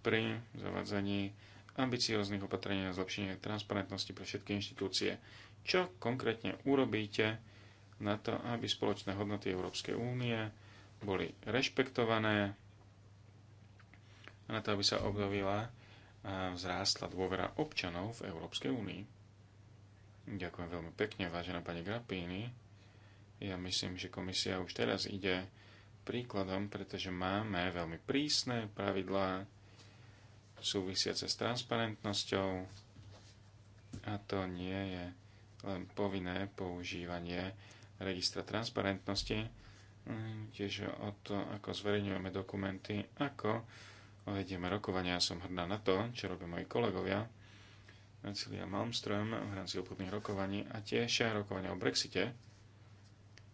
pri zavádzaní ambicióznych opatrení na zlepšenie transparentnosti pre všetky inštitúcie. Čo konkrétne urobíte na to, aby spoločné hodnoty Európskej únie boli rešpektované a na to, aby sa obnovila a vzrástla dôvera občanov v Európskej únii. Ďakujem veľmi pekne, vážená pani Grapíny. Ja myslím, že komisia už teraz ide príkladom, pretože máme veľmi prísne pravidlá súvisiace s transparentnosťou a to nie je len povinné používanie registra transparentnosti, tiež o to, ako zverejňujeme dokumenty, ako vedieme rokovania. Som hrdá na to, čo robia moji kolegovia, Cecilia Malmström v rámci obchodných rokovaní a tiež rokovania o Brexite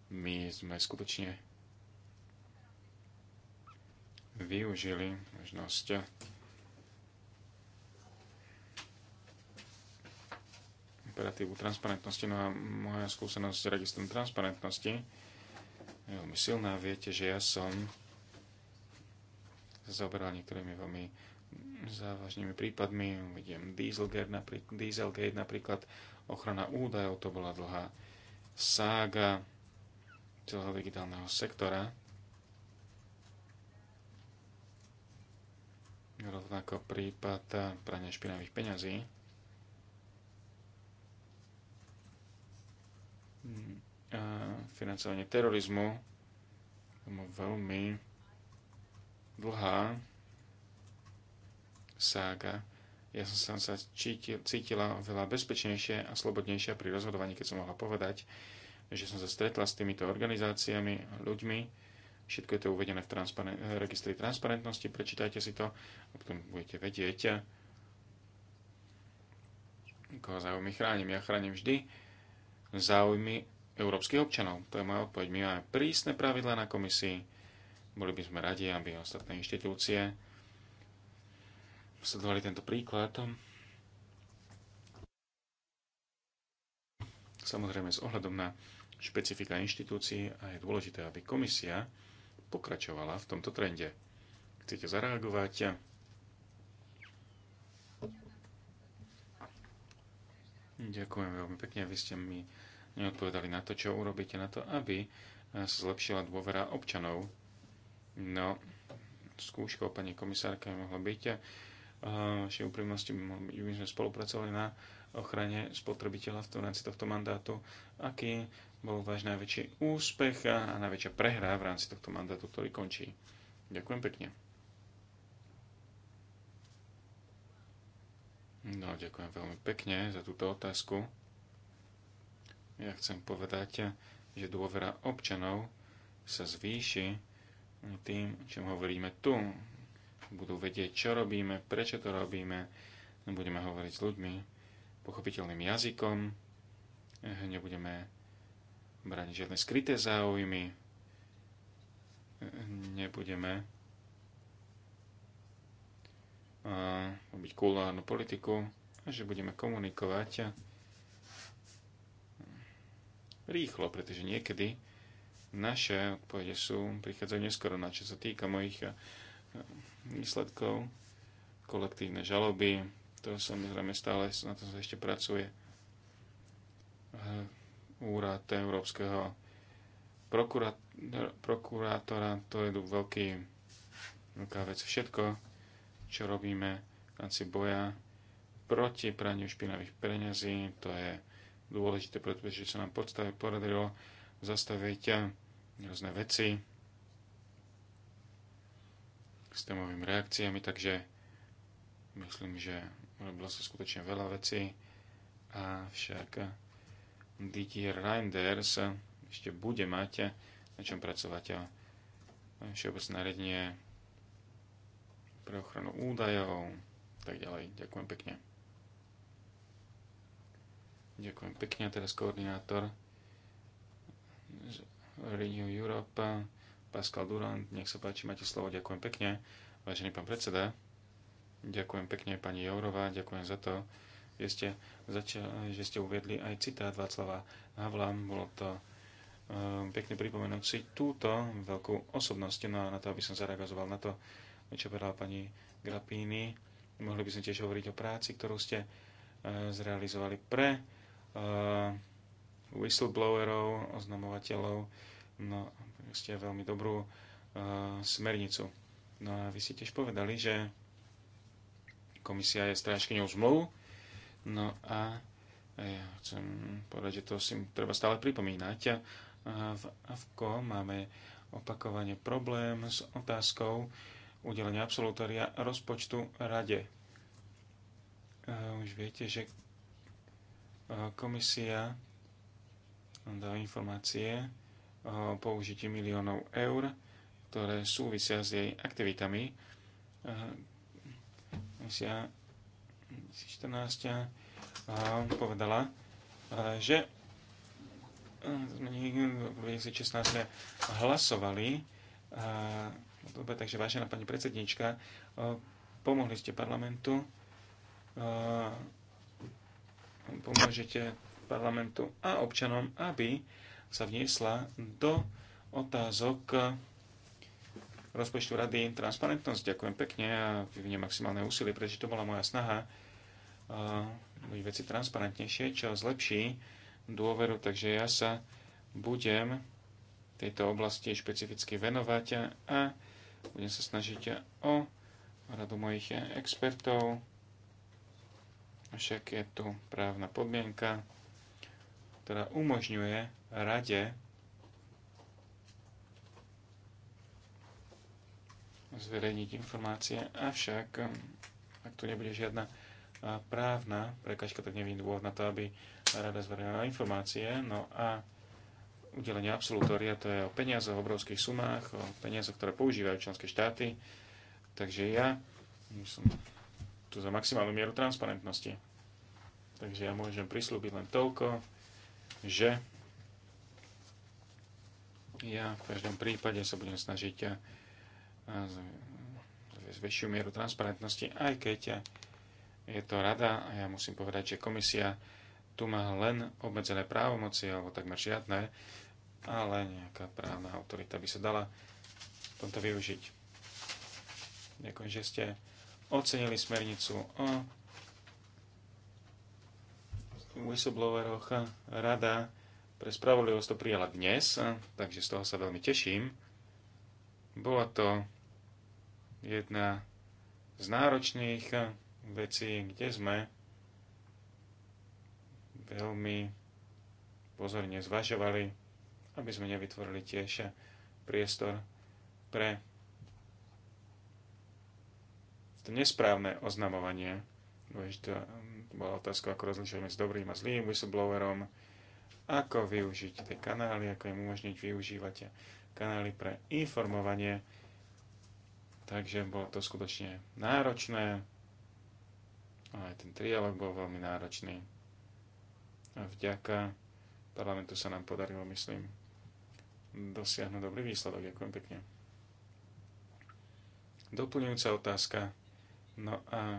my sme skutočne využili možnosť operatívu transparentnosti. No a moja skúsenosť s registrom transparentnosti je veľmi silná. Viete, že ja som sa zaoberal niektorými veľmi závažnými prípadmi. Vidím Dieselgate, napríklad, Dieselgate napríklad, ochrana údajov, to bola dlhá sága celého digitálneho sektora. Rovnako prípad prania špinavých peňazí. A financovanie terorizmu tomu veľmi dlhá sága. Ja som sa cítila veľa bezpečnejšie a slobodnejšia pri rozhodovaní, keď som mohla povedať, že som sa stretla s týmito organizáciami, ľuďmi. Všetko je to uvedené v transparen- registri transparentnosti, prečítajte si to a potom budete vedieť, koho záujmy chránim. Ja chránim vždy záujmy európskych občanov. To je moja odpoveď. My máme prísne pravidla na komisii. Boli by sme radi, aby ostatné inštitúcie sledovali tento príklad. Samozrejme s ohľadom na špecifika inštitúcií a je dôležité, aby komisia pokračovala v tomto trende. Chcete zareagovať? Ďakujem veľmi pekne. Vy ste mi neodpovedali na to, čo urobíte na to, aby sa zlepšila dôvera občanov. No, skúškou pani komisárka mohla byť eh, vašej úprimnosti by sme spolupracovali na ochrane spotrebiteľa v rámci tohto mandátu, aký bol váš najväčší úspech a najväčšia prehra v rámci tohto mandátu, ktorý končí. Ďakujem pekne. No, ďakujem veľmi pekne za túto otázku. Ja chcem povedať, že dôvera občanov sa zvýši tým, čo hovoríme tu. Budú vedieť, čo robíme, prečo to robíme, budeme hovoriť s ľuďmi pochopiteľným jazykom, nebudeme brániť žiadne skryté záujmy, nebudeme robiť kulárnu politiku a že budeme komunikovať rýchlo, pretože niekedy naše odpovede sú, prichádzajú neskoro na no čo sa týka mojich výsledkov, kolektívne žaloby, to samozrejme stále na to sa ešte pracuje úrad Európskeho prokurátora, to je veľký, veľká vec. Všetko, čo robíme v rámci boja proti praniu špinavých peňazí, to je dôležité, pretože sa nám podstave podarilo zastaviť rôzne veci s témovými reakciami, takže myslím, že robilo sa skutočne veľa vecí, avšak Didier Reinders ešte bude mať na čom pracovať všeobecné nariadenie pre ochranu údajov tak ďalej. Ďakujem pekne. Ďakujem pekne. teraz koordinátor Renew Europe, Pascal Durand. Nech sa páči, máte slovo. Ďakujem pekne. Vážený pán predseda, ďakujem pekne pani Jourová, ďakujem za to, že ste, že ste uviedli aj citát Václava Havla. Bolo to ehm, pekne pripomenúť si túto veľkú osobnosť. No a na to, aby som zareagoval na to, čo povedala pani Grapíny, mohli by sme tiež hovoriť o práci, ktorú ste e, zrealizovali pre e, whistleblowerov, oznamovateľov. No, ste veľmi dobrú e, smernicu. No a vy ste tiež povedali, že komisia je strážkyňou zmluv No a e, ja chcem povedať, že to si treba stále pripomínať. V AFKO máme opakovane problém s otázkou udelenia absolutória rozpočtu rade. E, už viete, že e, komisia dá informácie o použití miliónov eur, ktoré súvisia s jej aktivitami. Komisia 2014 povedala, e, že e, v 2016 hlasovali, e, dobe, takže vážená pani predsednička, pomohli ste parlamentu, pomôžete parlamentu a občanom, aby sa vniesla do otázok rozpočtu rady transparentnosť. Ďakujem pekne a vyviniem maximálne úsilie, pretože to bola moja snaha uh, veci transparentnejšie, čo zlepší dôveru, takže ja sa budem tejto oblasti špecificky venovať a, a budem sa snažiť o radu mojich expertov. Však je tu právna podmienka, ktorá umožňuje rade zverejniť informácie, avšak um, ak tu nebude žiadna právna prekažka, tak nevím dôvod na to, aby rada zverejnila informácie. No a udelenie absolutória, to je o peniazoch, o obrovských sumách, o peniazoch, ktoré používajú členské štáty. Takže ja som tu za maximálnu mieru transparentnosti. Takže ja môžem prislúbiť len toľko, že ja v každom prípade sa budem snažiť s väčšiu mieru transparentnosti, aj keď je to rada a ja musím povedať, že komisia tu má len obmedzené právomoci, alebo takmer žiadne, ale nejaká právna autorita by sa dala v tomto využiť. Ďakujem, že ste ocenili smernicu o whistlebloweroch. Rada pre spravodlivosť to prijala dnes, takže z toho sa veľmi teším. Bolo to jedna z náročných vecí, kde sme veľmi pozorne zvažovali, aby sme nevytvorili tiež priestor pre to nesprávne oznamovanie. Dôležitá bola otázka, ako rozlišujeme s dobrým a zlým whistleblowerom, ako využiť tie kanály, ako im umožniť využívať kanály pre informovanie Takže bolo to skutočne náročné. Aj ten trialog bol veľmi náročný. A vďaka parlamentu sa nám podarilo, myslím, dosiahnuť dobrý výsledok. Ďakujem pekne. Doplňujúca otázka. No a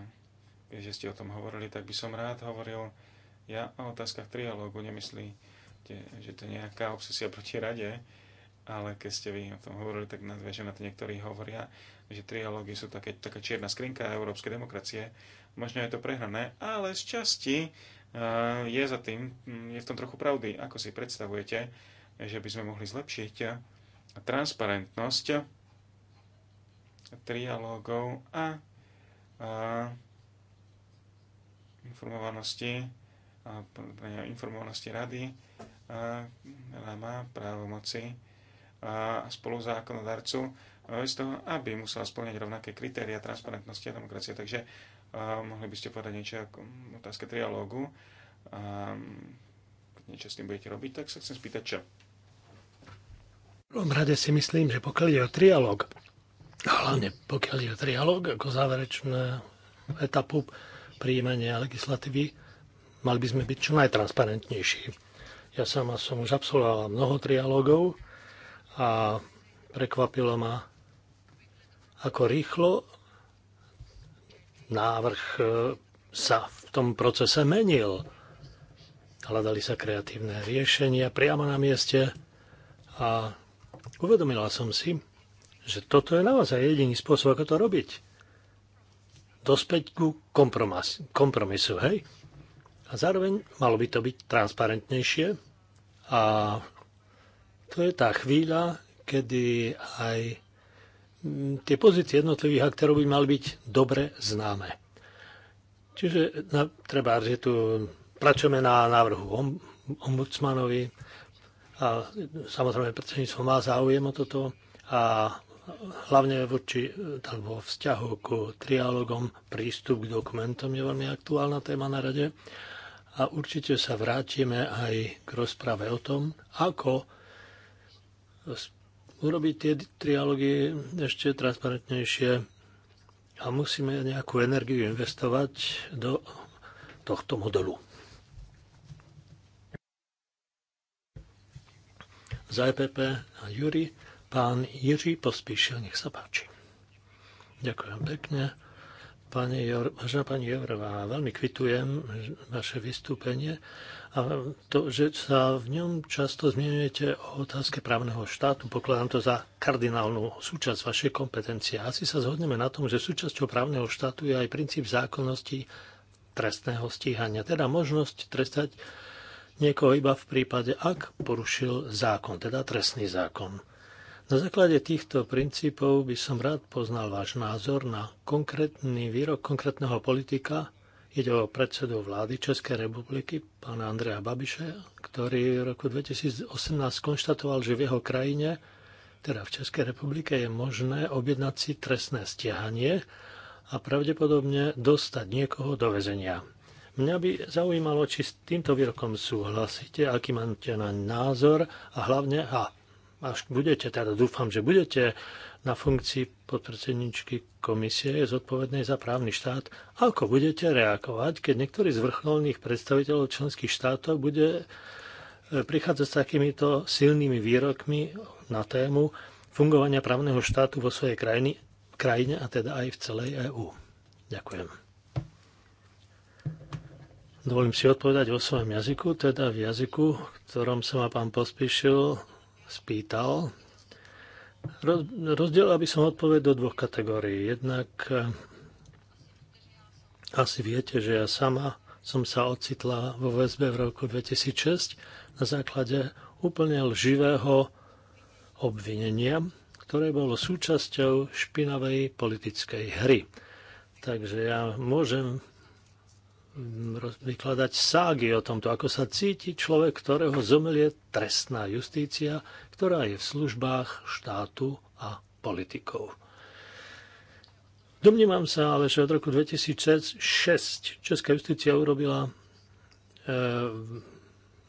keďže ste o tom hovorili, tak by som rád hovoril ja o otázkach trialógu. Nemyslíte, že to je nejaká obsesia proti rade, ale keď ste vy o tom hovorili, tak nadviažem na to niektorí hovoria že trialógy sú také, taká čierna skrinka európskej demokracie. Možno je to prehrané, ale z časti eh, je za tým, hm, je v tom trochu pravdy. Ako si predstavujete, že by sme mohli zlepšiť transparentnosť trialógov a, uh, informovanosti a informovanosti rady a, má právomoci a spoluzákonodarcu z toho, aby musela splňať rovnaké kritéria transparentnosti a demokracie. Takže mohli by ste povedať niečo ako otázka trialógu. Keď niečo s tým budete robiť, tak sa chcem spýtať, čo? V prvom rade si myslím, že pokiaľ je o trialóg, hlavne pokiaľ je o trialóg ako záverečnú etapu príjmania legislatívy, mali by sme byť čo najtransparentnejší. Ja sama som už absolvovala mnoho trialógov a prekvapilo ma, ako rýchlo návrh e, sa v tom procese menil. Hľadali sa kreatívne riešenia priamo na mieste a uvedomila som si, že toto je naozaj jediný spôsob, ako to robiť. Dospäť ku kompromis, kompromisu, hej? A zároveň malo by to byť transparentnejšie a to je tá chvíľa, kedy aj Mm, tie pozície jednotlivých aktérov by mali byť dobre známe. Čiže na, treba, že tu pracujeme na návrhu ombudsmanovi a samozrejme predsedníctvo má záujem o toto a hlavne voči, vo vzťahu k trialogom prístup k dokumentom je veľmi aktuálna téma na rade a určite sa vrátime aj k rozprave o tom, ako urobiť tie trialógy ešte transparentnejšie a musíme nejakú energiu investovať do tohto modelu. Za EPP a Juri, pán Jiří Pospíšil, nech sa páči. Ďakujem pekne. Pani Jor, vážená pani Jorová, veľmi kvitujem vaše vystúpenie. A to, že sa v ňom často zmienujete o otázke právneho štátu, pokladám to za kardinálnu súčasť vašej kompetencie. Asi sa zhodneme na tom, že súčasťou právneho štátu je aj princíp zákonnosti trestného stíhania, teda možnosť trestať niekoho iba v prípade, ak porušil zákon, teda trestný zákon. Na základe týchto princípov by som rád poznal váš názor na konkrétny výrok konkrétneho politika Ide o predsedu vlády Českej republiky, pána Andreja Babiše, ktorý v roku 2018 konštatoval, že v jeho krajine, teda v Českej republike, je možné objednať si trestné stiahanie a pravdepodobne dostať niekoho do väzenia. Mňa by zaujímalo, či s týmto výrokom súhlasíte, aký máte na názor a hlavne, a až budete, teda dúfam, že budete na funkcii podpredsedničky komisie je zodpovednej za právny štát, ako budete reagovať, keď niektorý z vrcholných predstaviteľov členských štátov bude e, prichádzať s takýmito silnými výrokmi na tému fungovania právneho štátu vo svojej krajine, krajine a teda aj v celej EÚ. Ďakujem. Dovolím si odpovedať vo svojom jazyku, teda v jazyku, v ktorom sa ma pán pospíšil spýtal. Rozdiel, aby som odpovedal do dvoch kategórií. Jednak eh, asi viete, že ja sama som sa ocitla vo VSB v roku 2006 na základe úplne lživého obvinenia, ktoré bolo súčasťou špinavej politickej hry. Takže ja môžem vykladať ságy o tomto, ako sa cíti človek, ktorého zomelie trestná justícia, ktorá je v službách štátu a politikov. Domnívam sa ale, že od roku 2006 Česká justícia urobila e,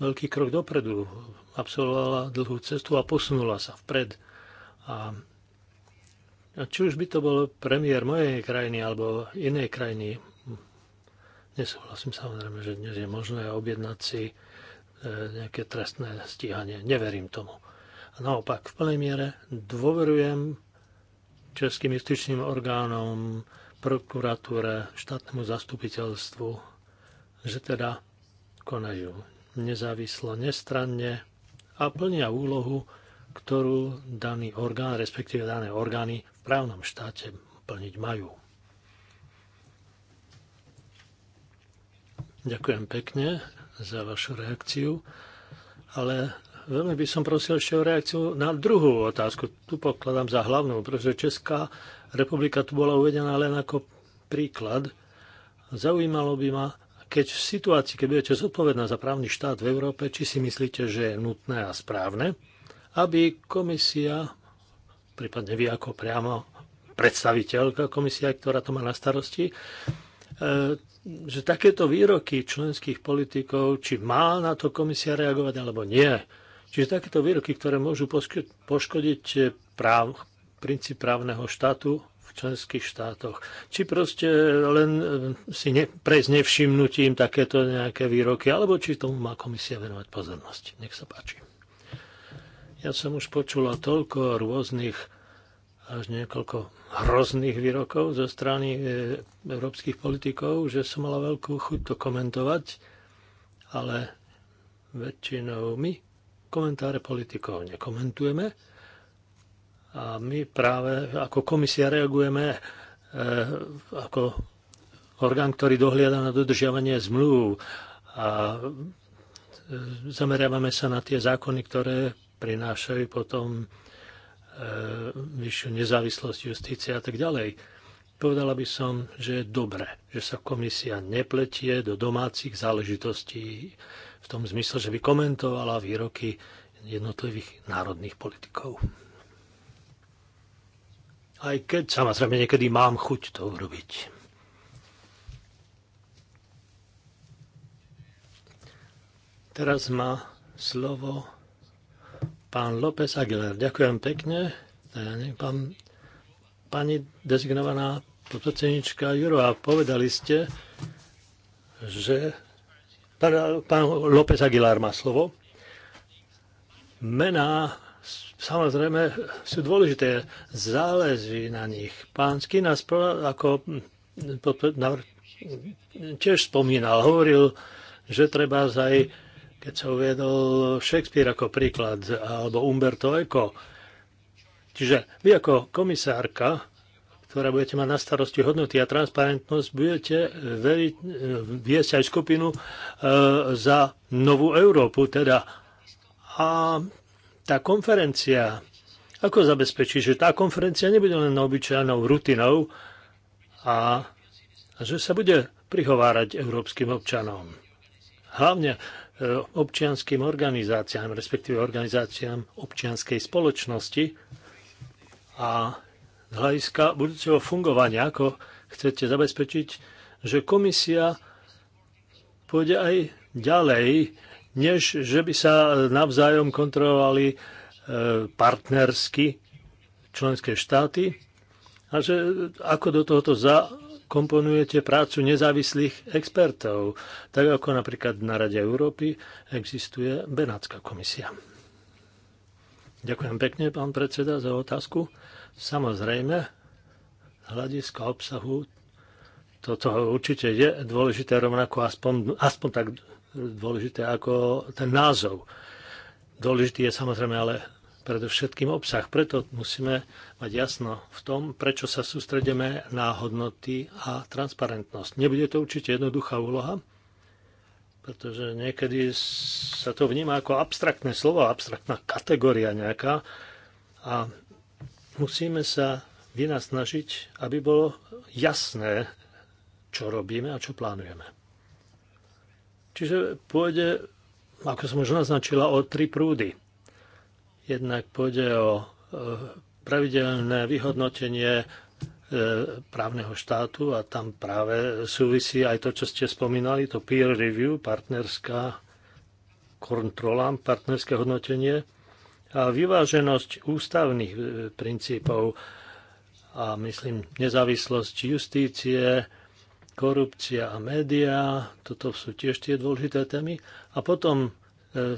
veľký krok dopredu, absolvovala dlhú cestu a posunula sa vpred. A, a či už by to bol premiér mojej krajiny alebo inej krajiny, Nesúhlasím samozrejme, že dnes je možné objednať si e, nejaké trestné stíhanie. Neverím tomu. A naopak, v plnej miere dôverujem českým justičným orgánom, prokuratúre, štátnemu zastupiteľstvu, že teda konajú nezávislo, nestranne a plnia úlohu, ktorú daný orgán, respektíve dané orgány v právnom štáte plniť majú. Ďakujem pekne za vašu reakciu, ale veľmi by som prosil ešte o reakciu na druhú otázku. Tu pokladám za hlavnú, pretože Česká republika tu bola uvedená len ako príklad. Zaujímalo by ma, keď v situácii, keď budete zodpovedná za právny štát v Európe, či si myslíte, že je nutné a správne, aby komisia, prípadne vy ako priamo predstaviteľka komisia, ktorá to má na starosti, E, že takéto výroky členských politikov, či má na to komisia reagovať alebo nie. Čiže takéto výroky, ktoré môžu poškodiť práv, princíp právneho štátu v členských štátoch. Či proste len e, si ne, prejsť nevšimnutím takéto nejaké výroky, alebo či tomu má komisia venovať pozornosť. Nech sa páči. Ja som už počula toľko rôznych až niekoľko hrozných výrokov zo strany e, európskych politikov, že som mala veľkú chuť to komentovať, ale väčšinou my komentáre politikov nekomentujeme a my práve ako komisia reagujeme e, ako orgán, ktorý dohliada na dodržiavanie zmluv a e, zameriavame sa na tie zákony, ktoré prinášajú potom E, vyššiu nezávislosť justície a tak ďalej. Povedala by som, že je dobré, že sa komisia nepletie do domácich záležitostí v tom zmysle, že by komentovala výroky jednotlivých národných politikov. Aj keď samozrejme niekedy mám chuť to urobiť. Teraz má slovo Pán López Aguilar, ďakujem pekne. Pán, pani dezignovaná podpredsednička Jurová, povedali ste, že pán, pán López Aguilar má slovo. Mená samozrejme sú dôležité, záleží na nich. Pán Skina ako tiež spomínal, hovoril, že treba aj keď sa uviedol Shakespeare ako príklad, alebo Umberto Eco. Čiže vy ako komisárka, ktorá budete mať na starosti hodnoty a transparentnosť, budete veriť, viesť aj skupinu e, za novú Európu. Teda. A tá konferencia, ako zabezpečí, že tá konferencia nebude len obyčajnou rutinou a, a že sa bude prihovárať európskym občanom. Hlavne E, občianským organizáciám, respektíve organizáciám občianskej spoločnosti a z hľadiska budúceho fungovania, ako chcete zabezpečiť, že komisia pôjde aj ďalej, než že by sa navzájom kontrolovali e, partnersky členské štáty a že ako do tohoto za, komponujete prácu nezávislých expertov, tak ako napríklad na Rade Európy existuje Benátska komisia. Ďakujem pekne, pán predseda, za otázku. Samozrejme, z hľadiska obsahu toto určite je dôležité, rovnako aspoň, aspoň tak dôležité ako ten názov. Dôležitý je samozrejme ale predovšetkým obsah. Preto musíme mať jasno v tom, prečo sa sústredíme na hodnoty a transparentnosť. Nebude to určite jednoduchá úloha, pretože niekedy sa to vníma ako abstraktné slovo, abstraktná kategória nejaká a musíme sa vynasnažiť, aby bolo jasné, čo robíme a čo plánujeme. Čiže pôjde, ako som už naznačila, o tri prúdy – Jednak pôjde o e, pravidelné vyhodnotenie e, právneho štátu a tam práve súvisí aj to, čo ste spomínali, to peer review, partnerská kontrola, partnerské hodnotenie a vyváženosť ústavných e, princípov a myslím nezávislosť justície, korupcia a médiá, toto sú tiež tie dôležité témy. A potom E,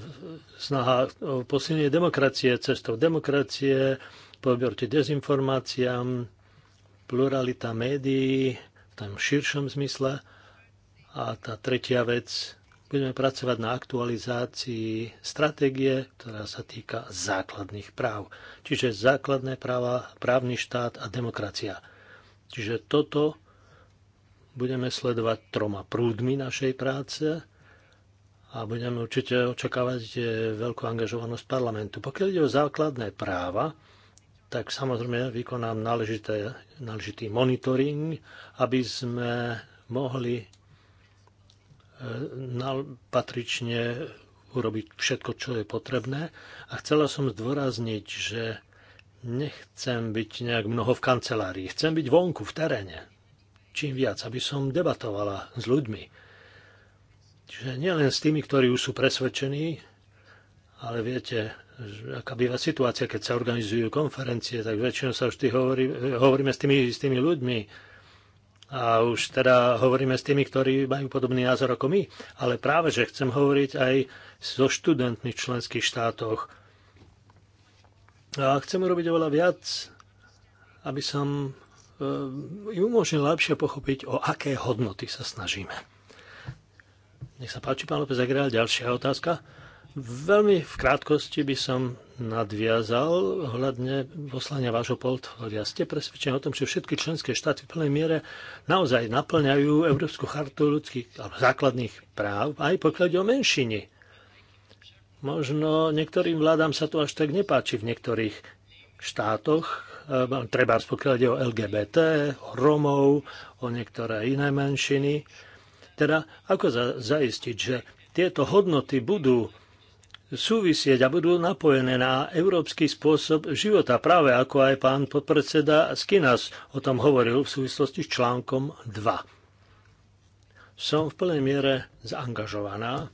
snaha o posilnenie demokracie cestou demokracie, boj proti dezinformáciám, pluralita médií v tom širšom zmysle. A tá tretia vec, budeme pracovať na aktualizácii stratégie, ktorá sa týka základných práv. Čiže základné práva, právny štát a demokracia. Čiže toto budeme sledovať troma prúdmi našej práce a budeme určite očakávať veľkú angažovanosť parlamentu. Pokiaľ ide o základné práva, tak samozrejme vykonám náležité, náležitý monitoring, aby sme mohli e, patrične urobiť všetko, čo je potrebné. A chcela som zdôrazniť, že nechcem byť nejak mnoho v kancelárii. Chcem byť vonku, v teréne. Čím viac, aby som debatovala s ľuďmi Čiže nielen s tými, ktorí už sú presvedčení, ale viete, aká býva situácia, keď sa organizujú konferencie, tak väčšinou sa vždy hovorí, hovoríme s tými, s tými ľuďmi. A už teda hovoríme s tými, ktorí majú podobný názor ako my. Ale práve, že chcem hovoriť aj so študentmi v členských štátoch. A chcem urobiť oveľa viac, aby som e, im umožnil lepšie pochopiť, o aké hodnoty sa snažíme. Nech sa páči, pán López Agrál, ďalšia otázka. Veľmi v krátkosti by som nadviazal hľadne poslania vášho portfólia. Ste presvedčení o tom, že všetky členské štáty v plnej miere naozaj naplňajú Európsku chartu ľudských alebo základných práv, aj pokiaľ ide o menšiny. Možno niektorým vládám sa to až tak nepáči v niektorých štátoch, eh, treba pokiaľ ide o LGBT, o Romov, o niektoré iné menšiny. Teda ako za, zaistiť, že tieto hodnoty budú súvisieť a budú napojené na európsky spôsob života, práve ako aj pán podpredseda Skinas o tom hovoril v súvislosti s článkom 2. Som v plnej miere zaangažovaná,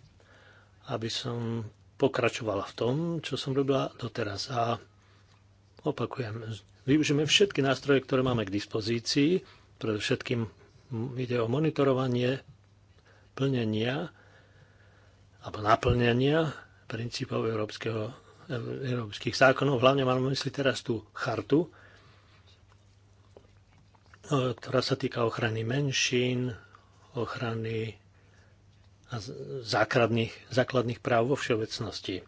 aby som pokračovala v tom, čo som robila doteraz. A opakujem, využijeme všetky nástroje, ktoré máme k dispozícii, predovšetkým ide o monitorovanie plnenia alebo naplnenia princípov európskeho, európskych zákonov. Hlavne mám mysli teraz tú chartu, ktorá sa týka ochrany menšín, ochrany základných, základných práv vo všeobecnosti.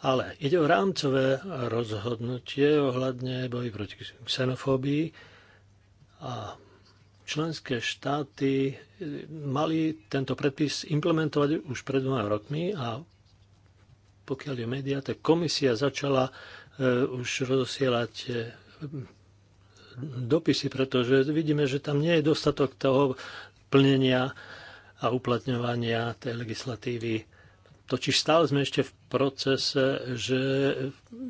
Ale ide o rámcové rozhodnutie ohľadne boji proti xenofóbii a členské štáty eh, mali tento predpis implementovať už pred dvoma rokmi a pokiaľ je média, tak komisia začala eh, už rozosielať eh, dopisy, pretože vidíme, že tam nie je dostatok toho plnenia a uplatňovania tej legislatívy. Totiž stále sme ešte v procese, že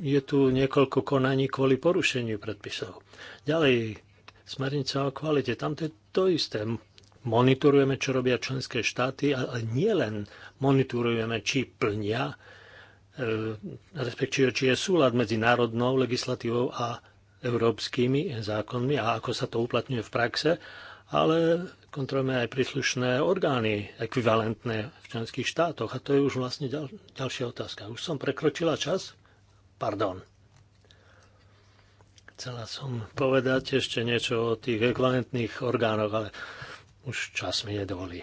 je tu niekoľko konaní kvôli porušeniu predpisov. Ďalej smernica o kvalite. Tam to je to isté. Monitorujeme, čo robia členské štáty, ale nie len monitorujeme, či plnia, e, respektíve, či je súlad medzi národnou legislatívou a európskymi zákonmi a ako sa to uplatňuje v praxe, ale kontrolujeme aj príslušné orgány ekvivalentné v členských štátoch. A to je už vlastne ďal, ďalšia otázka. Už som prekročila čas? Pardon. Chcela som povedať ešte niečo o tých ekvivalentných orgánoch, ale už čas mi nedovolí.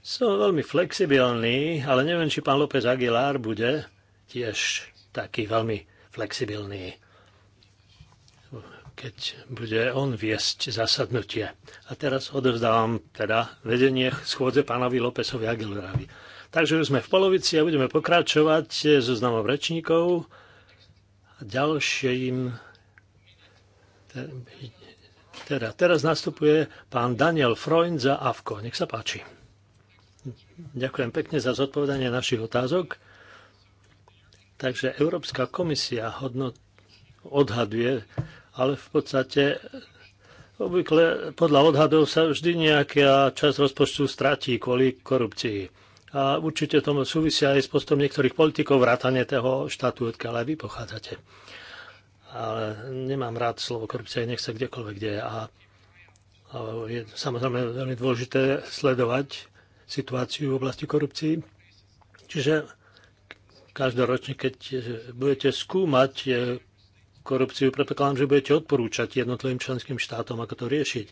Som veľmi flexibilný, ale neviem, či pán López Aguilar bude tiež taký veľmi flexibilný, keď bude on viesť zasadnutie. A teraz odovzdávam teda vedenie schôdze pánovi Lópezovi Aguilarovi. Takže už sme v polovici a budeme pokračovať so znamom rečníkov. Ďalším teda, teraz nastupuje pán Daniel Freund za AVKO. Nech sa páči. Ďakujem pekne za zodpovedanie našich otázok. Takže Európska komisia hodnot odhaduje, ale v podstate obvykle podľa odhadov sa vždy nejaká časť rozpočtu stratí kvôli korupcii. A určite tomu súvisia aj s postom niektorých politikov vrátane toho štátu, odkiaľ aj vy pochádzate ale nemám rád slovo korupcia, nech sa kdekoľvek deje. A, a je samozrejme veľmi dôležité sledovať situáciu v oblasti korupcií. Čiže každoročne, keď budete skúmať eh, korupciu, predpokladám, že budete odporúčať jednotlivým členským štátom, ako to riešiť.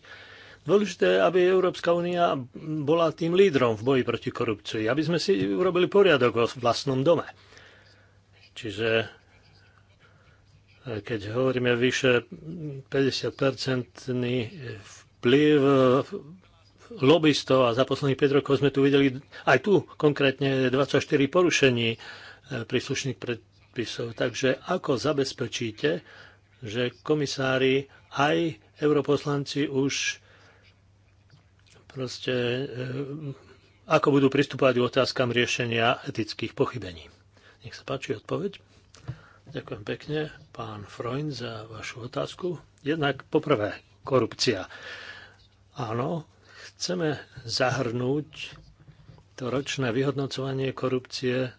Dôležité, aby Európska únia bola tým lídrom v boji proti korupcii, aby sme si urobili poriadok vo vlastnom dome. Čiže keď hovoríme vyše 50-percentný vplyv lobbystov a za posledných 5 rokov sme tu videli aj tu konkrétne 24 porušení eh, príslušných predpisov. Takže ako zabezpečíte, že komisári aj europoslanci už proste eh, ako budú pristupovať k otázkam riešenia etických pochybení? Nech sa páči odpoveď. Ďakujem pekne, pán Freund, za vašu otázku. Jednak poprvé, korupcia. Áno, chceme zahrnúť to ročné vyhodnocovanie korupcie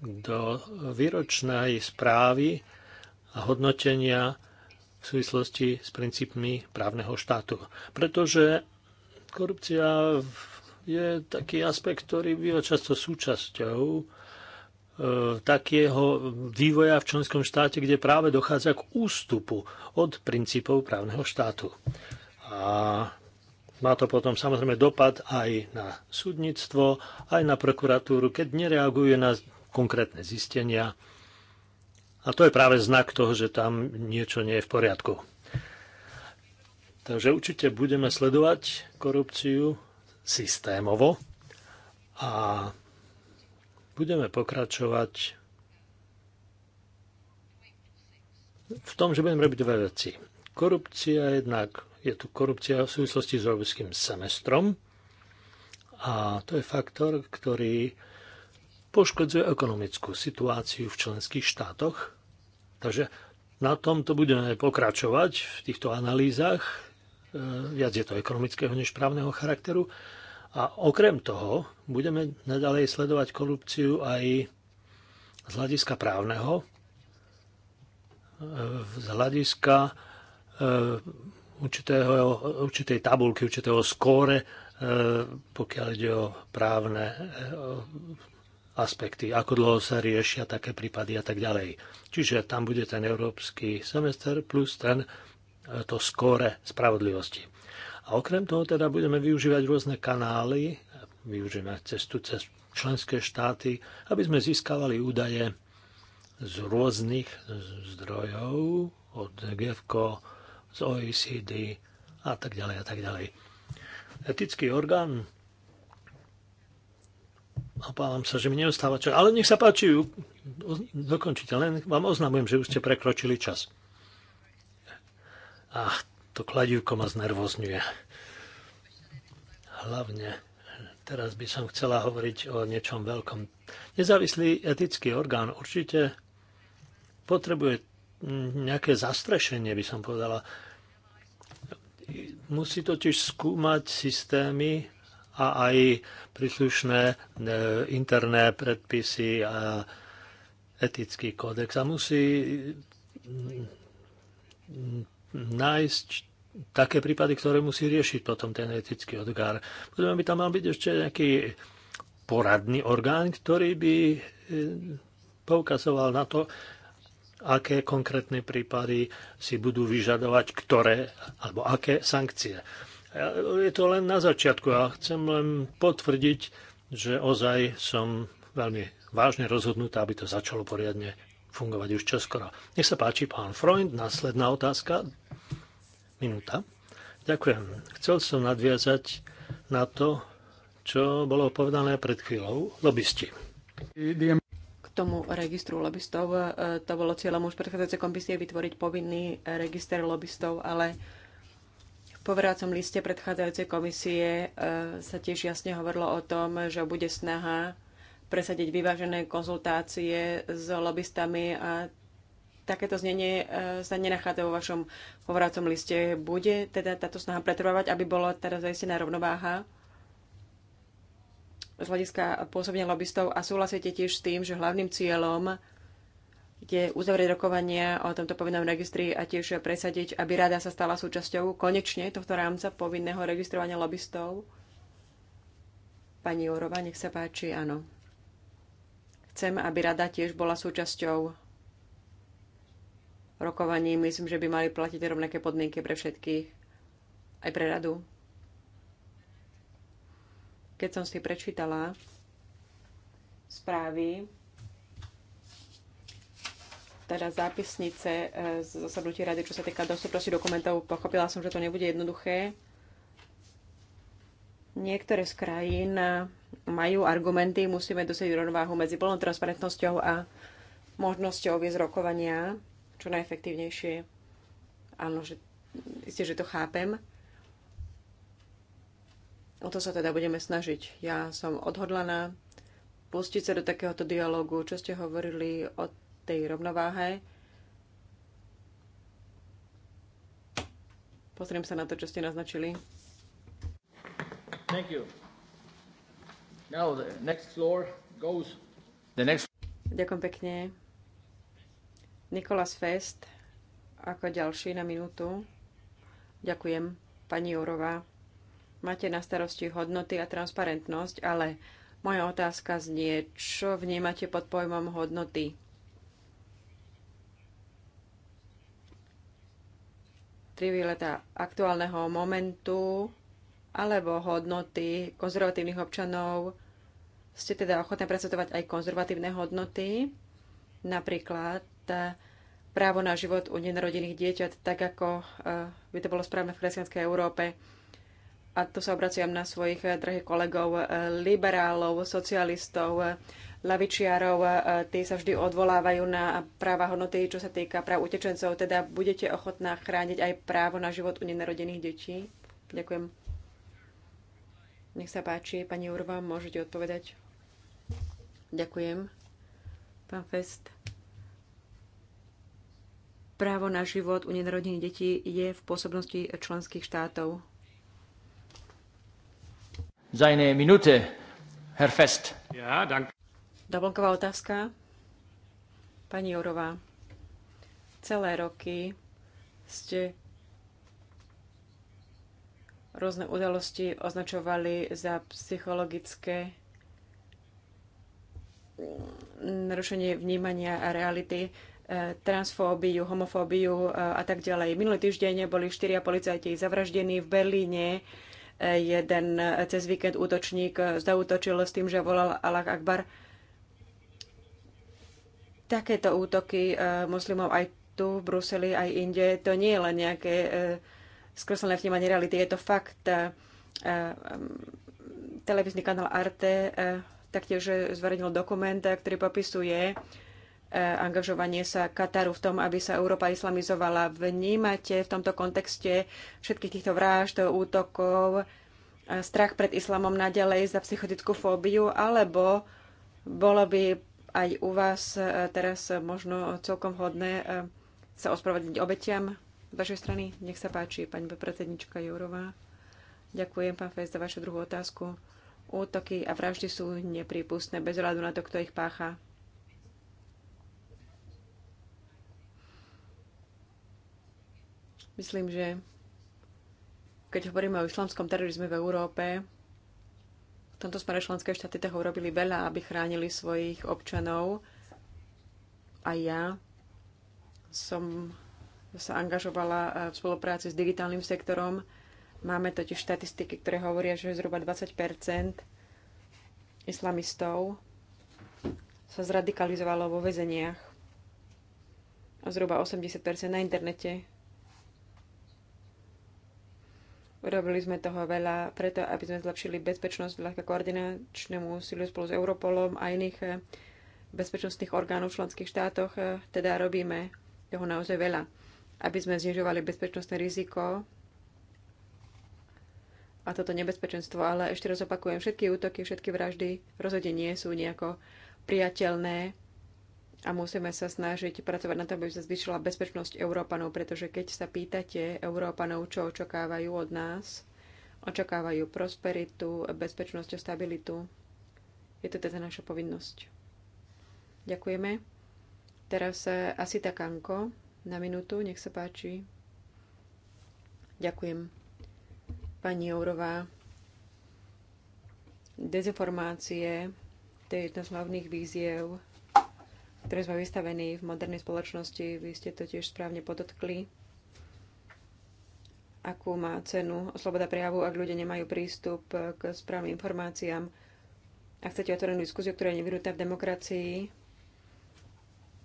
do výročnej správy a hodnotenia v súvislosti s princípmi právneho štátu. Pretože korupcia je taký aspekt, ktorý býva často súčasťou takého vývoja v členskom štáte, kde práve dochádza k ústupu od princípov právneho štátu. A má to potom samozrejme dopad aj na súdnictvo, aj na prokuratúru, keď nereaguje na konkrétne zistenia. A to je práve znak toho, že tam niečo nie je v poriadku. Takže určite budeme sledovať korupciu systémovo a budeme pokračovať v tom, že budeme robiť dve veci. Korupcia jednak, je tu korupcia v súvislosti s európskym semestrom a to je faktor, ktorý poškodzuje ekonomickú situáciu v členských štátoch. Takže na tomto budeme pokračovať v týchto analýzach. E, viac je to ekonomického než právneho charakteru. A okrem toho budeme nadalej sledovať korupciu aj z hľadiska právneho, e, z hľadiska e, určitého, určitej tabulky, určitého skóre, e, pokiaľ ide o právne aspekty, ako dlho sa riešia také prípady a tak ďalej. Čiže tam bude ten európsky semester plus ten, to skóre spravodlivosti. A okrem toho teda budeme využívať rôzne kanály, využívať cestu cez členské štáty, aby sme získavali údaje z rôznych zdrojov, od GFK, z OECD a tak ďalej a tak ďalej. Etický orgán Opávam sa, že mi neostáva čas. Ale nech sa páči, dokončite. Len vám oznamujem, že už ste prekročili čas. A to kladivko ma znervozňuje. Hlavne teraz by som chcela hovoriť o niečom veľkom. Nezávislý etický orgán určite potrebuje nejaké zastrešenie, by som povedala. Musí totiž skúmať systémy a aj príslušné e, interné predpisy a etický kódex a musí nájsť také prípady, ktoré musí riešiť potom ten etický odgár. Potom by tam mal byť ešte nejaký poradný orgán, ktorý by e, poukazoval na to, aké konkrétne prípady si budú vyžadovať, ktoré alebo aké sankcie. Je to len na začiatku a chcem len potvrdiť, že ozaj som veľmi vážne rozhodnutá, aby to začalo poriadne fungovať už čoskoro. Nech sa páči, pán Freund, následná otázka. Minúta. Ďakujem. Chcel som nadviazať na to, čo bolo povedané pred chvíľou. Lobbysti. K tomu registru lobbystov e, to bolo cieľom už predchádzajúcej komisie vytvoriť povinný register lobbystov, ale v povracom liste predchádzajúcej komisie e, sa tiež jasne hovorilo o tom, že bude snaha presadiť vyvážené konzultácie s lobbystami a takéto znenie e, sa nenachádza vo vašom povracom liste. Bude teda táto snaha pretrvávať, aby bola teda zaistená rovnováha z hľadiska pôsobenia lobbystov a súhlasíte tiež s tým, že hlavným cieľom je uzavrieť rokovania o tomto povinnom registri a tiež presadiť, aby rada sa stala súčasťou konečne tohto rámca povinného registrovania lobbystov. Pani Jourova, nech sa páči, áno. Chcem, aby rada tiež bola súčasťou rokovaní. Myslím, že by mali platiť rovnaké podmienky pre všetkých, aj pre radu. Keď som si prečítala správy, teda zápisnice eh, z zasadnutí rady, čo sa týka dostupnosti dokumentov, pochopila som, že to nebude jednoduché Niektoré z krajín majú argumenty, musíme dosiať rovnováhu medzi plnou transparentnosťou a možnosťou viesť rokovania čo najefektívnejšie. Áno, že, isté, že to chápem. O to sa teda budeme snažiť. Ja som odhodlaná pustiť sa do takéhoto dialogu, čo ste hovorili o tej rovnováhe. Pozriem sa na to, čo ste naznačili. Thank you. Now the next floor goes... The next... Ďakujem pekne. Nikolas Fest ako ďalší na minútu. Ďakujem, pani Jurová. Máte na starosti hodnoty a transparentnosť, ale moja otázka znie, čo vnímate pod pojmom hodnoty? Tri aktuálneho momentu alebo hodnoty konzervatívnych občanov. Ste teda ochotné pracovať aj konzervatívne hodnoty, napríklad e, právo na život u nenarodených dieťat, tak ako e, by to bolo správne v kresťanskej Európe. A tu sa obraciam na svojich e, drahých kolegov, liberálov, socialistov, lavičiarov. Tí sa vždy odvolávajú na práva hodnoty, čo sa týka práv utečencov. Teda budete ochotná chrániť aj právo na život u nenarodených detí? Ďakujem. Nech sa páči, pani Urva, môžete odpovedať. Ďakujem. Pán Fest. Právo na život u nenarodených detí je v pôsobnosti členských štátov. iné minúte, Herr Fest. Ja, dank. Doplnková otázka. Pani Jourová, celé roky ste rôzne udalosti označovali za psychologické narušenie vnímania a reality, e, transfóbiu, homofóbiu e, a tak ďalej. Minulý týždeň boli štyria policajti zavraždení v Berlíne. E, jeden cez víkend útočník zautočil s tým, že volal Allah Akbar. Takéto útoky muslimov aj tu v Bruseli, aj inde, to nie je len nejaké skreslené vnímanie reality. Je to fakt. Mm, televízny kanál Arte taktiež zverejnil dokument, ktorý popisuje angažovanie sa Kataru v tom, aby sa Európa islamizovala. Vnímate v tomto kontexte všetkých týchto vražd, útokov, strach pred islamom naďalej za psychotickú fóbiu, alebo bolo by aj u vás teraz možno celkom hodné sa ospravedlniť obetiam? Z vašej strany, nech sa páči, pani predsednička Jourová. Ďakujem, pán Fest, za vašu druhú otázku. Útoky a vraždy sú neprípustné bez hľadu na to, kto ich pácha. Myslím, že keď hovoríme o islamskom terorizme v Európe, v tomto smere členské štáty toho urobili veľa, aby chránili svojich občanov. A ja som sa angažovala eh, v spolupráci s digitálnym sektorom. Máme totiž štatistiky, ktoré hovoria, že zhruba 20 islamistov sa zradikalizovalo vo väzeniach a zhruba 80 na internete. Urobili sme toho veľa preto, aby sme zlepšili bezpečnosť vďaka koordinačnému úsiliu spolu s Europolom a iných eh, bezpečnostných orgánov v členských štátoch. Eh, teda robíme toho naozaj veľa aby sme znižovali bezpečnostné riziko a toto nebezpečenstvo. Ale ešte raz opakujem, všetky útoky, všetky vraždy rozhodne nie sú nejako priateľné a musíme sa snažiť pracovať na to, aby sa zvyšila bezpečnosť Európanov, pretože keď sa pýtate Európanov, čo očakávajú od nás, očakávajú prosperitu, bezpečnosť a stabilitu. Je to teda naša povinnosť. Ďakujeme. Teraz eh, asi takanko na minútu, nech sa páči. Ďakujem. Pani Jourová, dezinformácie, to je jedna z hlavných víziev, ktoré sme vystavení v modernej spoločnosti. Vy ste to tiež správne podotkli, akú má cenu sloboda prejavu, ak ľudia nemajú prístup k správnym informáciám. Ak chcete otvorenú diskusiu, ktorá je nevyhnutá v demokracii,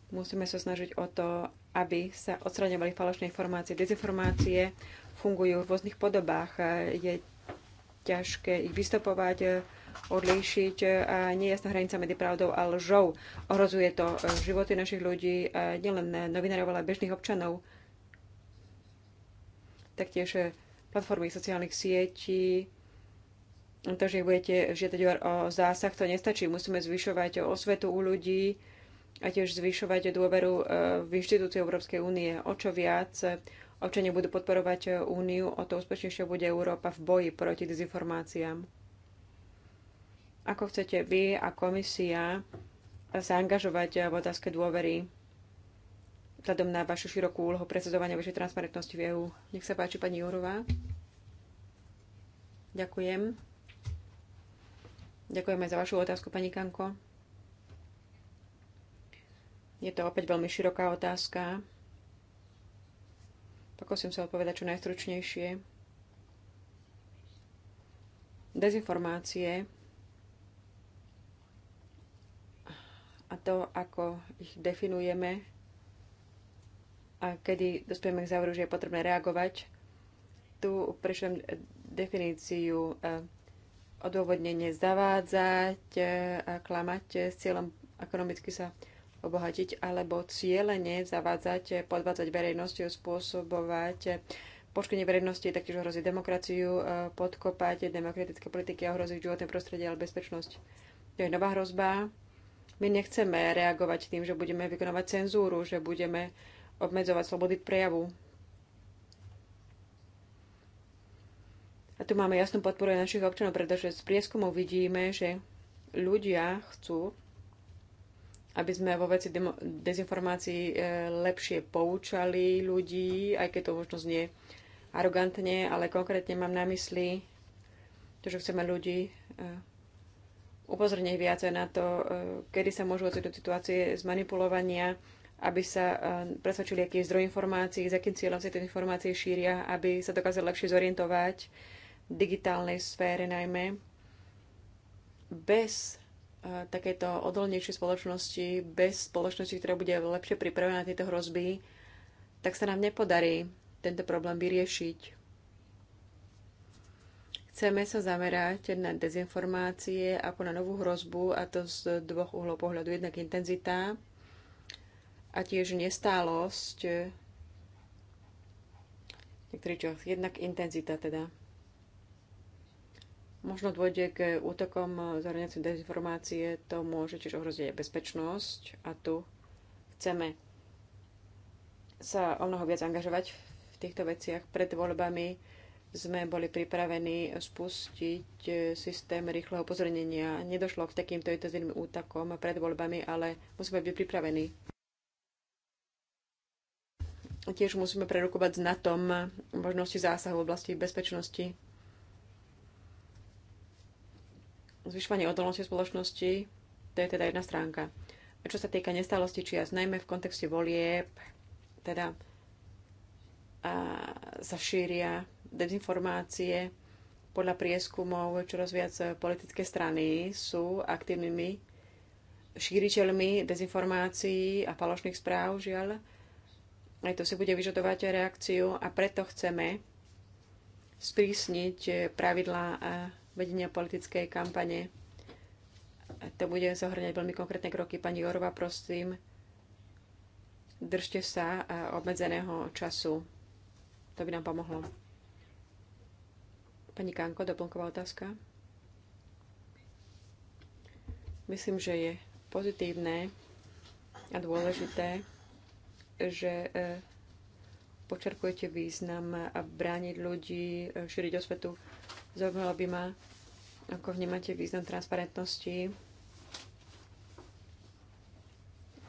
Musíme sa snažiť o to, aby sa odstraňovali falošné informácie, dezinformácie, fungujú v rôznych podobách. Je ťažké ich vystupovať, odlíšiť a nie jasná hranica medzi pravdou a lžou. Ohrozuje to eh, životy našich ľudí, eh, nielen novinárov, ale bežných občanov. Taktiež eh, platformy sociálnych sietí, to, že budete žiadať o zásah, to nestačí. Musíme zvyšovať osvetu u ľudí, a tiež zvyšovať dôveru e, v inštitúcie Európskej únie. O čo viac e, občania budú podporovať e, úniu, o to úspešnejšia bude Európa v boji proti dezinformáciám. Ako chcete vy a komisia sa angažovať v otázke dôvery vzhľadom na vašu širokú úlohu predsedovania vašej transparentnosti v EÚ. Nech sa páči, pani Jurová. Ďakujem. Ďakujeme za vašu otázku, pani Kanko. Je to opäť veľmi široká otázka. Pokúsim sa odpovedať čo najstručnejšie. Dezinformácie a to, ako ich definujeme a kedy dospieme k záveru, že je potrebné reagovať. Tu prešlem definíciu e, odôvodnenie zavádzať e, a klamať e, s cieľom ekonomicky sa obohatiť, alebo cieľene zavádzať, podvádzať verejnosť, spôsobovať poškodenie verejnosti, taktiež ohroziť demokraciu, e, podkopať demokratické politiky a ohroziť životné prostredie alebo bezpečnosť. To je nová hrozba. My nechceme reagovať tým, že budeme vykonávať cenzúru, že budeme obmedzovať slobody prejavu. A tu máme jasnú podporu našich občanov, pretože z prieskumov vidíme, že ľudia chcú aby sme vo veci dezinformácií e, lepšie poučali ľudí, aj keď to možno znie arogantne, ale konkrétne mám na mysli to, že chceme ľudí e, upozorniť viacej na to, e, kedy sa môžu ocitnúť situácie zmanipulovania, aby sa presvedčili, aký je zdroj informácií, s akým cieľom sa tie informácie šíria, aby sa dokázali lepšie zorientovať v digitálnej sfére najmä, bez E, takéto odolnejšie spoločnosti bez spoločnosti, ktorá bude lepšie pripravená na tieto hrozby, tak sa nám nepodarí tento problém vyriešiť. Chceme sa zamerať na dezinformácie ako na novú hrozbu a to z dvoch uhlov pohľadu. Jednak intenzita a tiež nestálosť Jednak intenzita teda možno dôjde k útokom eh, zahraniacim dezinformácie, to môže tiež ohroziť aj bezpečnosť a tu chceme sa o mnoho viac angažovať v týchto veciach. Pred voľbami sme boli pripravení spustiť eh, systém rýchleho pozornenia. Nedošlo k takýmto intenzívnym útakom pred voľbami, ale musíme byť pripravení. Tiež musíme prerukovať s NATO eh, možnosti zásahu v oblasti bezpečnosti Zvyšovanie odolnosti spoločnosti, to je teda jedna stránka. A čo sa týka nestálosti čias, najmä v kontexte volieb, teda a sa šíria dezinformácie. Podľa prieskumov čoraz viac politické strany sú aktívnymi šíriteľmi dezinformácií a falošných správ, žiaľ. Aj to si bude vyžadovať reakciu a preto chceme sprísniť pravidlá vedenia politickej kampane. To bude zohrňať veľmi konkrétne kroky. Pani Jorova, prosím, držte sa e, obmedzeného času. To by nám pomohlo. Pani Kanko, doplnková otázka. Myslím, že je pozitívne a dôležité, že e, počerkujete význam a brániť ľudí, e, šíriť osvetu Zaujímalo by ma, ako vnímate význam transparentnosti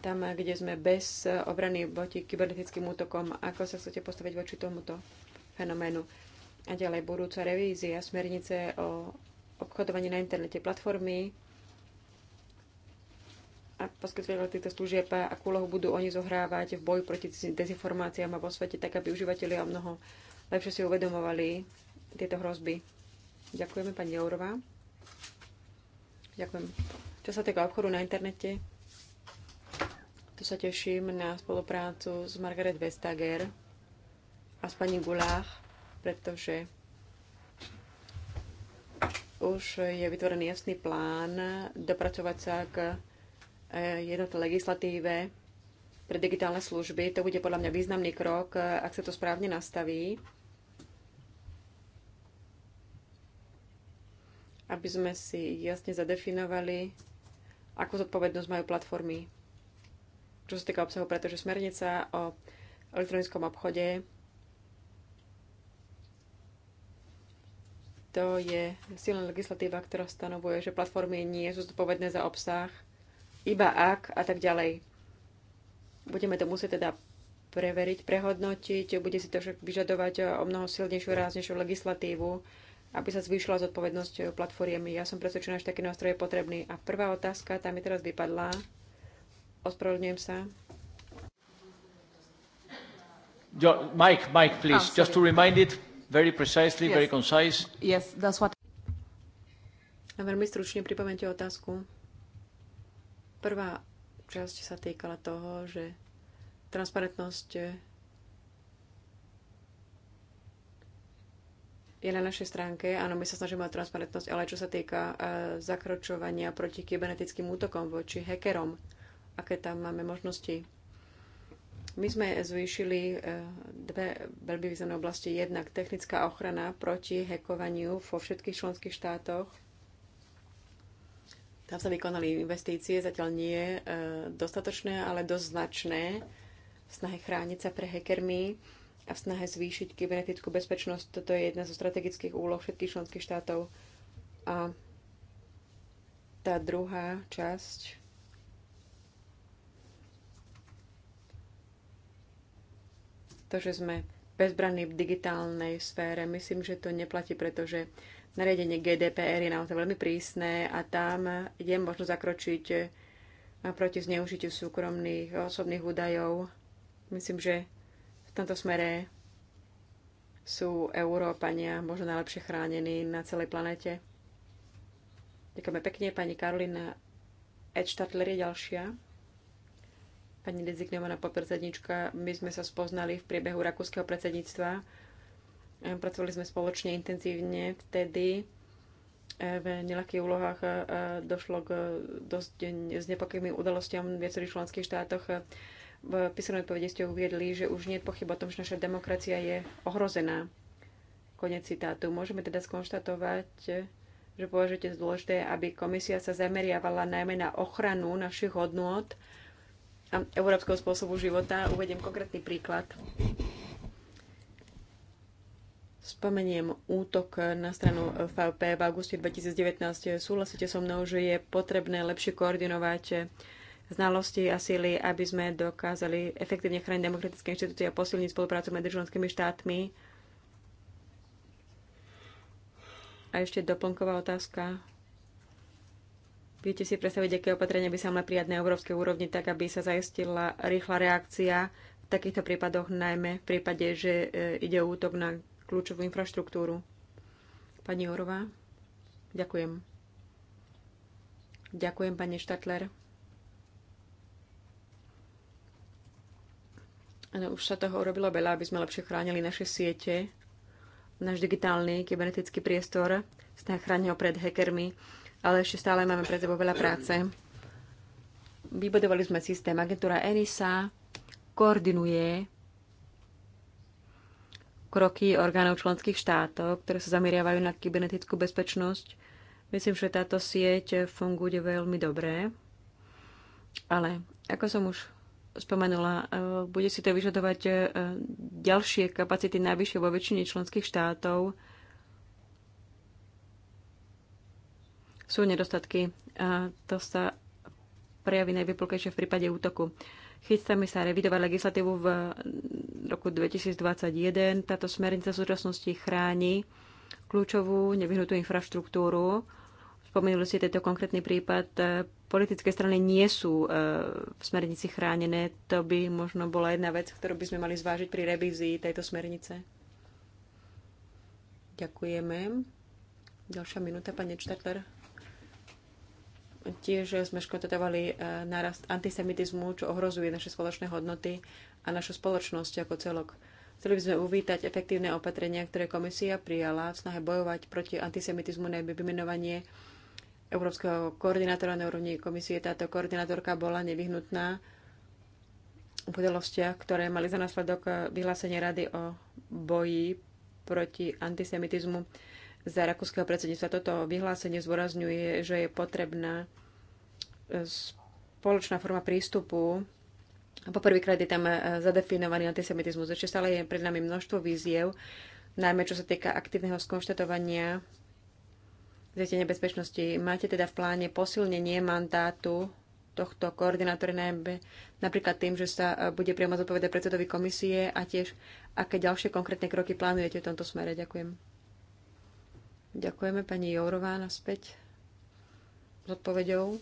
tam, kde sme bez obrany proti kybernetickým útokom. Ako sa chcete postaviť voči tomuto fenoménu? A ďalej budúca revízia smernice o obchodovaní na internete platformy a poskytovateľe týchto služieb, akú úlohu budú oni zohrávať v boji proti dezinformáciám a vo svete, tak aby užívateľi o mnoho lepšie si uvedomovali tieto hrozby. Ďakujeme, pani Jourová. Ďakujem. Čo sa týka obchodu na internete, tu sa teším na spoluprácu s Margaret Vestager a s pani Gulách, pretože už je vytvorený jasný plán dopracovať sa k e, jednotnej legislatíve pre digitálne služby. To bude podľa mňa významný krok, ak sa to správne nastaví aby sme si jasne zadefinovali, akú zodpovednosť majú platformy, čo sa týka obsahu, pretože smernica o elektronickom obchode to je silná legislatíva, ktorá stanovuje, že platformy nie sú zodpovedné za obsah, iba ak a tak ďalej. Budeme to musieť teda preveriť, prehodnotiť, bude si to však vyžadovať o mnoho silnejšiu, ráznejšiu legislatívu, aby sa zvýšila zodpovednosť eh, platformy. Ja som presvedčená, že taký nástroj je potrebný. A prvá otázka, tá mi teraz vypadla. Ospravedlňujem sa. Jo, Mike, Mike, please, oh, just to remind it very precisely, yes. very concise. Yes, that's what... A veľmi stručne pripomente otázku. Prvá časť sa týkala toho, že transparentnosť eh, je na našej stránke. Áno, my sa snažíme o transparentnosť, ale čo sa týka e, zakročovania proti kybernetickým útokom voči hackerom, aké tam máme možnosti. My sme zvýšili e, dve veľmi významné oblasti. Jednak technická ochrana proti hekovaniu vo všetkých členských štátoch. Tam sa vykonali investície, zatiaľ nie e, dostatočné, ale dosť značné snahy chrániť sa pre hackermi a v snahe zvýšiť kybernetickú bezpečnosť. Toto je jedna zo strategických úloh všetkých členských štátov. A tá druhá časť to, že sme bezbranní v digitálnej sfére, myslím, že to neplatí, pretože nariadenie GDPR je naozaj veľmi prísne a tam je možno zakročiť eh, proti zneužitiu súkromných osobných údajov. Myslím, že v tomto smere sú Európania možno najlepšie chránení na celej planete. Ďakujeme pekne. Pani Karolina Edštatler je ďalšia. Pani dezignovaná podpredsednička, my sme sa spoznali v priebehu rakúskeho predsedníctva. Pracovali sme spoločne intenzívne vtedy. V nelakých úlohách eh, došlo k eh, dosť znepokojivým udalostiam v viacerých členských štátoch v písomnej odpovedi ste uviedli, že už nie je pochyb o tom, že naša demokracia je ohrozená. Konec citátu. Môžeme teda skonštatovať, že považujete dôležité, aby komisia sa zameriavala najmä na ochranu našich hodnôt a európskeho spôsobu života. Uvediem konkrétny príklad. Spomeniem útok na stranu FVP v auguste 2019. Súhlasíte so mnou, že je potrebné lepšie koordinovať znalosti a síly, aby sme dokázali efektívne chrániť demokratické inštitúcie a posilniť spoluprácu medzi členskými štátmi. A ešte doplnková otázka. Viete si predstaviť, aké opatrenia by sa mali prijať na európskej úrovni, tak aby sa zaistila rýchla reakcia v takýchto prípadoch, najmä v prípade, že e, ide o útok na kľúčovú infraštruktúru. Pani Jurová, ďakujem. Ďakujem, pani Štatler. Ano, už sa toho urobilo veľa, aby sme lepšie chránili naše siete, náš digitálny kybernetický priestor, snaha chránili ho pred hackermi, ale ešte stále máme pred sebou veľa práce. Vybudovali sme systém. Agentúra ENISA koordinuje kroky orgánov členských štátov, ktoré sa zameriavajú na kybernetickú bezpečnosť. Myslím, že táto sieť funguje veľmi dobre, ale ako som už spomenula, e, bude si to vyžadovať e, ďalšie kapacity najvyššie vo väčšine členských štátov. Sú nedostatky a to sa prejaví najvyplkejšie v prípade útoku. Chystáme sa revidovať legislatívu v roku 2021. Táto smernica v súčasnosti chráni kľúčovú nevyhnutú infraštruktúru. Spomenuli si tento konkrétny prípad e, politické strany nie sú e, v smernici chránené. To by možno bola jedna vec, ktorú by sme mali zvážiť pri revízii tejto smernice. Ďakujeme. Ďalšia minúta, pani Čtartler. Tiež sme škodotovali e, nárast antisemitizmu, čo ohrozuje naše spoločné hodnoty a našu spoločnosť ako celok. Chceli by sme uvítať efektívne opatrenia, ktoré komisia prijala v snahe bojovať proti antisemitizmu, najmä vymenovanie európskeho koordinátora na úrovni komisie. Táto koordinátorka bola nevyhnutná v udalostiach, ktoré mali za následok vyhlásenie rady o boji proti antisemitizmu za rakúskeho predsedníctva. Toto vyhlásenie zdôrazňuje, že je potrebná spoločná forma prístupu. Poprvýkrát je tam zadefinovaný antisemitizmus. Ešte stále je pred nami množstvo víziev, najmä čo sa týka aktívneho skonštatovania zistenie bezpečnosti. Máte teda v pláne posilnenie mandátu tohto koordinátora najmä napríklad tým, že sa e, bude priamo zodpovedať predsedovi komisie a tiež aké ďalšie konkrétne kroky plánujete v tomto smere. Ďakujem. Ďakujeme pani Jourová naspäť s odpovedou.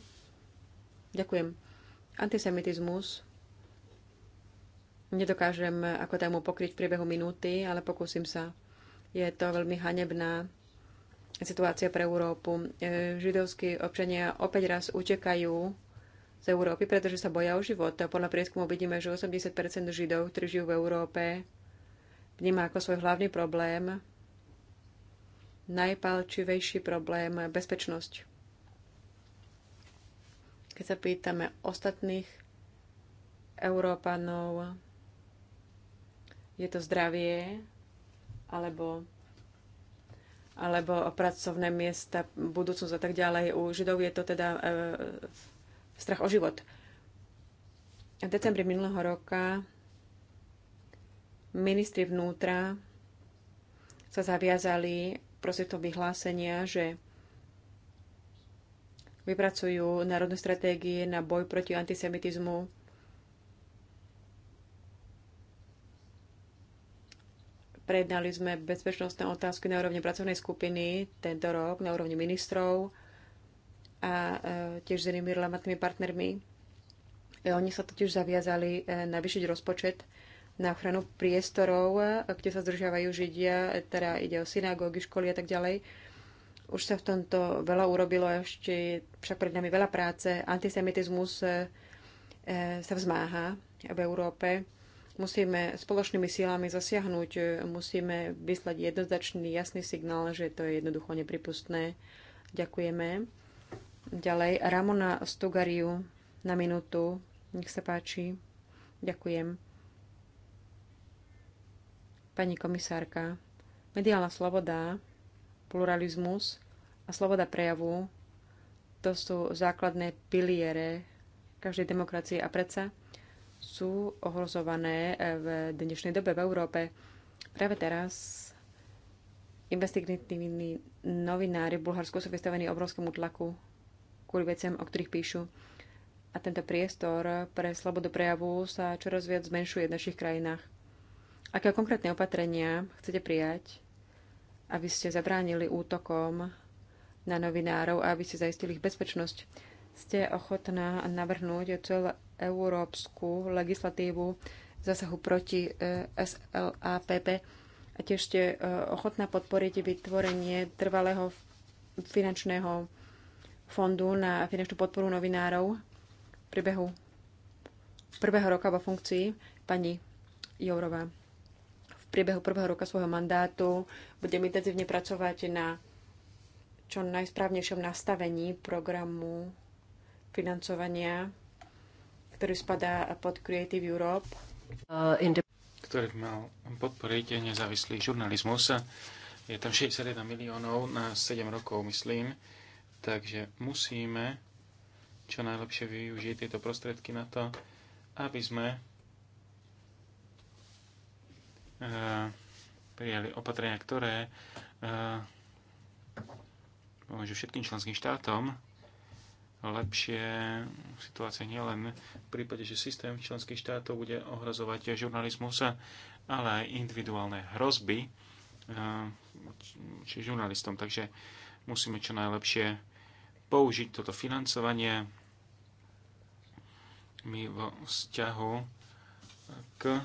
Ďakujem. Antisemitizmus nedokážem ako tému pokryť v priebehu minúty, ale pokúsim sa. Je to veľmi hanebná situácia pre Európu. E, židovskí občania opäť raz utekajú z Európy, pretože sa boja o život. Podľa prieskumu vidíme, že 80 Židov, ktorí žijú v Európe, vníma ako svoj hlavný problém, najpalčivejší problém bezpečnosť. Keď sa pýtame ostatných Európanov, je to zdravie alebo alebo pracovné miesta, budúcnosť a tak ďalej. U Židov je to teda e, strach o život. V decembri minulého roka ministri vnútra sa zaviazali to vyhlásenia, že vypracujú národné stratégie na boj proti antisemitizmu Prejednali sme bezpečnostné otázky na úrovni pracovnej skupiny tento rok, na úrovni ministrov a e, tiež s inými relevantnými partnermi. E, oni sa totiž zaviazali e, navýšiť rozpočet na ochranu priestorov, kde sa zdržiavajú Židia, teda ide o synagógy, školy a tak ďalej. Už sa v tomto veľa urobilo, ešte však pred nami veľa práce. Antisemitizmus sa vzmáha v Európe. Musíme spoločnými silami zasiahnuť, musíme vyslať jednoznačný jasný signál, že to je jednoducho nepripustné. Ďakujeme. Ďalej Ramona Stugariu na minútu. Nech sa páči. Ďakujem. Pani komisárka, mediálna sloboda, pluralizmus a sloboda prejavu to sú základné piliere každej demokracie a predsa sú ohrozované eh, v dnešnej dobe v Európe. Práve teraz investigatívni novinári v Bulharsku sú vystavení obrovskému tlaku kvôli veciam, o ktorých píšu. A tento priestor pre slobodu prejavu sa čoraz viac zmenšuje v našich krajinách. Aké konkrétne opatrenia chcete prijať, aby ste zabránili útokom na novinárov a aby ste zaistili ich bezpečnosť? Ste ochotná navrhnúť cel európsku legislatívu zásahu proti e, SLAPP a tiež ste e, ochotná podporiť vytvorenie trvalého finančného fondu na finančnú podporu novinárov v priebehu prvého roka vo funkcii pani Jourová. V priebehu prvého roka svojho mandátu budem intenzívne pracovať na čo najsprávnejšom nastavení programu financovania ktorý spadá pod Creative Europe. Uh, ktorý mal podporiť nezávislý žurnalizmus. Je tam 61 miliónov na 7 rokov, myslím. Takže musíme čo najlepšie využiť tieto prostriedky na to, aby sme eh, prijali opatrenia, ktoré eh, pomôžu všetkým členským štátom lepšie situácie nielen v prípade, že systém členských štátov bude ohrozovať žurnalizmus, ale aj individuálne hrozby eh, či žurnalistom. Takže musíme čo najlepšie použiť toto financovanie my vo vzťahu k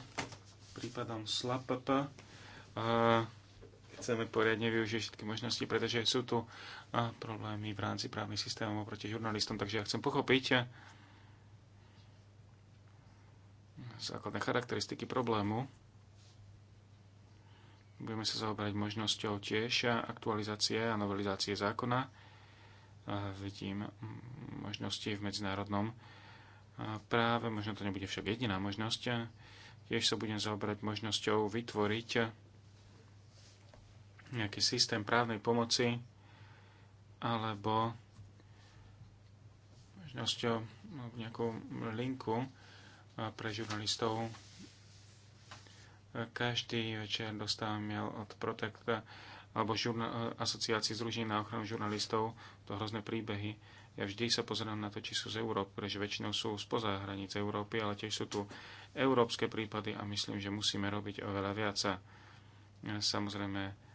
prípadom SLAPP chceme poriadne využiť všetky možnosti, pretože sú tu problémy v rámci právnych systémov proti žurnalistom, takže ja chcem pochopiť základné charakteristiky problému. Budeme sa zaoberať možnosťou tiež aktualizácie a novelizácie zákona. Vidím možnosti v medzinárodnom práve, možno to nebude však jediná možnosť. Tiež sa budem zaoberať možnosťou vytvoriť nejaký systém právnej pomoci alebo možnosťou nejakú linku pre žurnalistov. Každý večer dostávam mail od Protect alebo žurnal, asociácii Združení na ochranu žurnalistov, to hrozné príbehy. Ja vždy sa pozerám na to, či sú z Európy, pretože väčšinou sú spoza hranice Európy, ale tiež sú tu európske prípady a myslím, že musíme robiť oveľa viac. Samozrejme,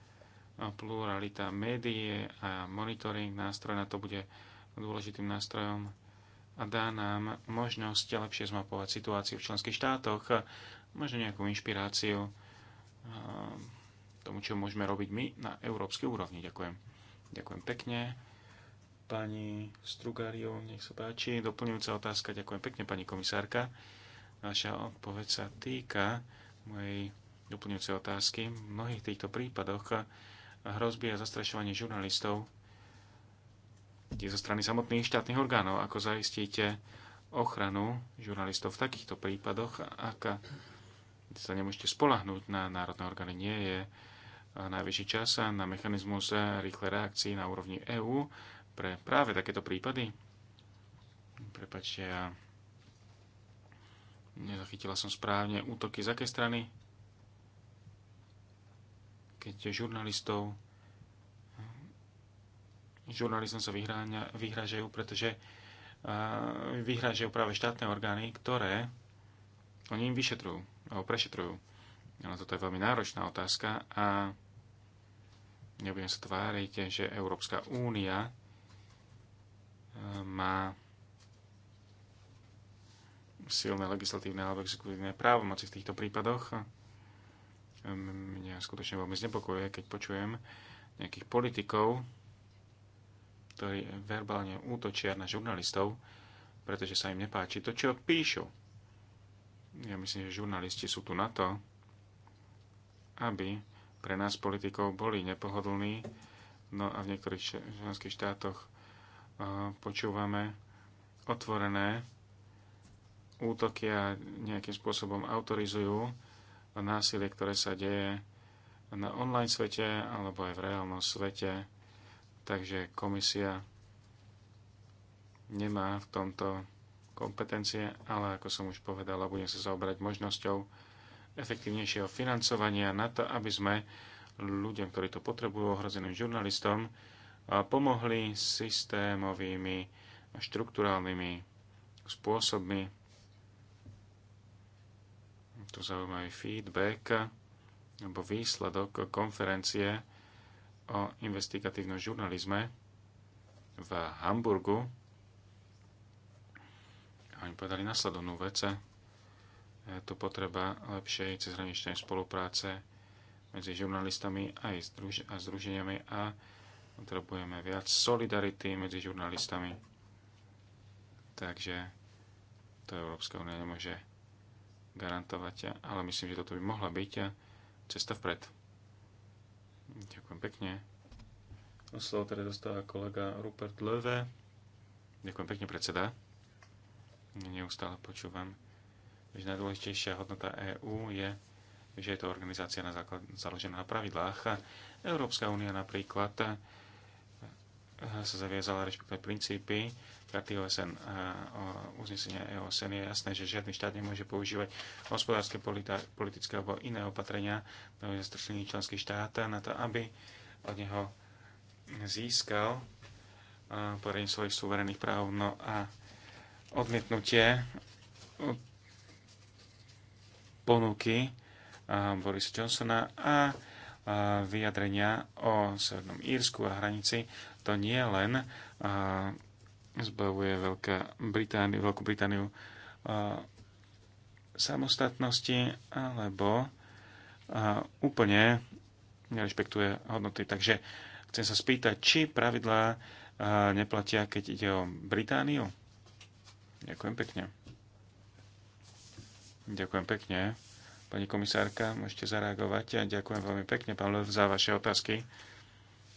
pluralita médií a monitoring nástroj na to bude dôležitým nástrojom a dá nám možnosť lepšie zmapovať situáciu v členských štátoch, možno nejakú inšpiráciu tomu, čo môžeme robiť my na európskej úrovni. Ďakujem. Ďakujem pekne. Pani Strugario, nech sa páči. Doplňujúca otázka. Ďakujem pekne, pani komisárka. Vaša odpoveď sa týka mojej doplňujúcej otázky. V mnohých týchto prípadoch hrozby a zastrašovanie žurnalistov je zo strany samotných štátnych orgánov. Ako zaistíte ochranu žurnalistov v takýchto prípadoch, ak sa nemôžete spolahnúť na národné orgány, nie je najvyšší čas na mechanizmus rýchlej reakcii na úrovni EÚ pre práve takéto prípady? Prepačte, ja nezachytila som správne útoky z akej strany? keď žurnalistov žurnalistom sa vyhráňa, vyhražajú, pretože uh, vyhražajú práve štátne orgány, ktoré oni im vyšetrujú, alebo prešetrujú. Ale toto je veľmi náročná otázka a nebudem sa tváriť, že Európska únia má silné legislatívne alebo exekutívne právomoci v týchto prípadoch mňa skutočne veľmi znepokojuje, keď počujem nejakých politikov, ktorí verbálne útočia na žurnalistov, pretože sa im nepáči to, čo píšu. Ja myslím, že žurnalisti sú tu na to, aby pre nás politikov boli nepohodlní, no a v niektorých členských štátoch počúvame otvorené útoky a nejakým spôsobom autorizujú násilie, ktoré sa deje na online svete alebo aj v reálnom svete. Takže komisia nemá v tomto kompetencie, ale ako som už povedala, budem sa zaoberať možnosťou efektívnejšieho financovania na to, aby sme ľuďom, ktorí to potrebujú, ohrozeným žurnalistom, pomohli systémovými a štruktúrálnymi spôsobmi tu zaujímavý feedback alebo výsledok konferencie o investigatívnom žurnalizme v Hamburgu. A oni povedali nasledovnú vec. Je tu potreba lepšej cezhraničnej spolupráce medzi žurnalistami aj združ- a združeniami a potrebujeme viac solidarity medzi žurnalistami. Takže to Európska únia nemôže garantovať, ale myslím, že toto by mohla byť cesta vpred. Ďakujem pekne. Slovo teda dostáva kolega Rupert Löwe. Ďakujem pekne, predseda. Neustále počúvam, že najdôležitejšia hodnota EÚ je, že je to organizácia na základ, založená na pravidlách. Európska únia napríklad sa zaviazala rešpektovať princípy charty OSN a uznesenia EOSN, je jasné, že žiadny štát nemôže používať hospodárske, politické alebo iné opatrenia na zastrčení členských štát na to, aby od neho získal poradenie svojich suverénnych práv. No a odmietnutie ponuky Borisa Johnsona a vyjadrenia o Severnom Írsku a hranici to nie len zbavuje Veľká Britániu, Veľkú Britániu samostatnosti, alebo úplne nerešpektuje hodnoty. Takže chcem sa spýtať, či pravidlá neplatia, keď ide o Britániu? Ďakujem pekne. Ďakujem pekne. Pani komisárka, môžete zareagovať. A ďakujem veľmi pekne, pán Lev, za vaše otázky.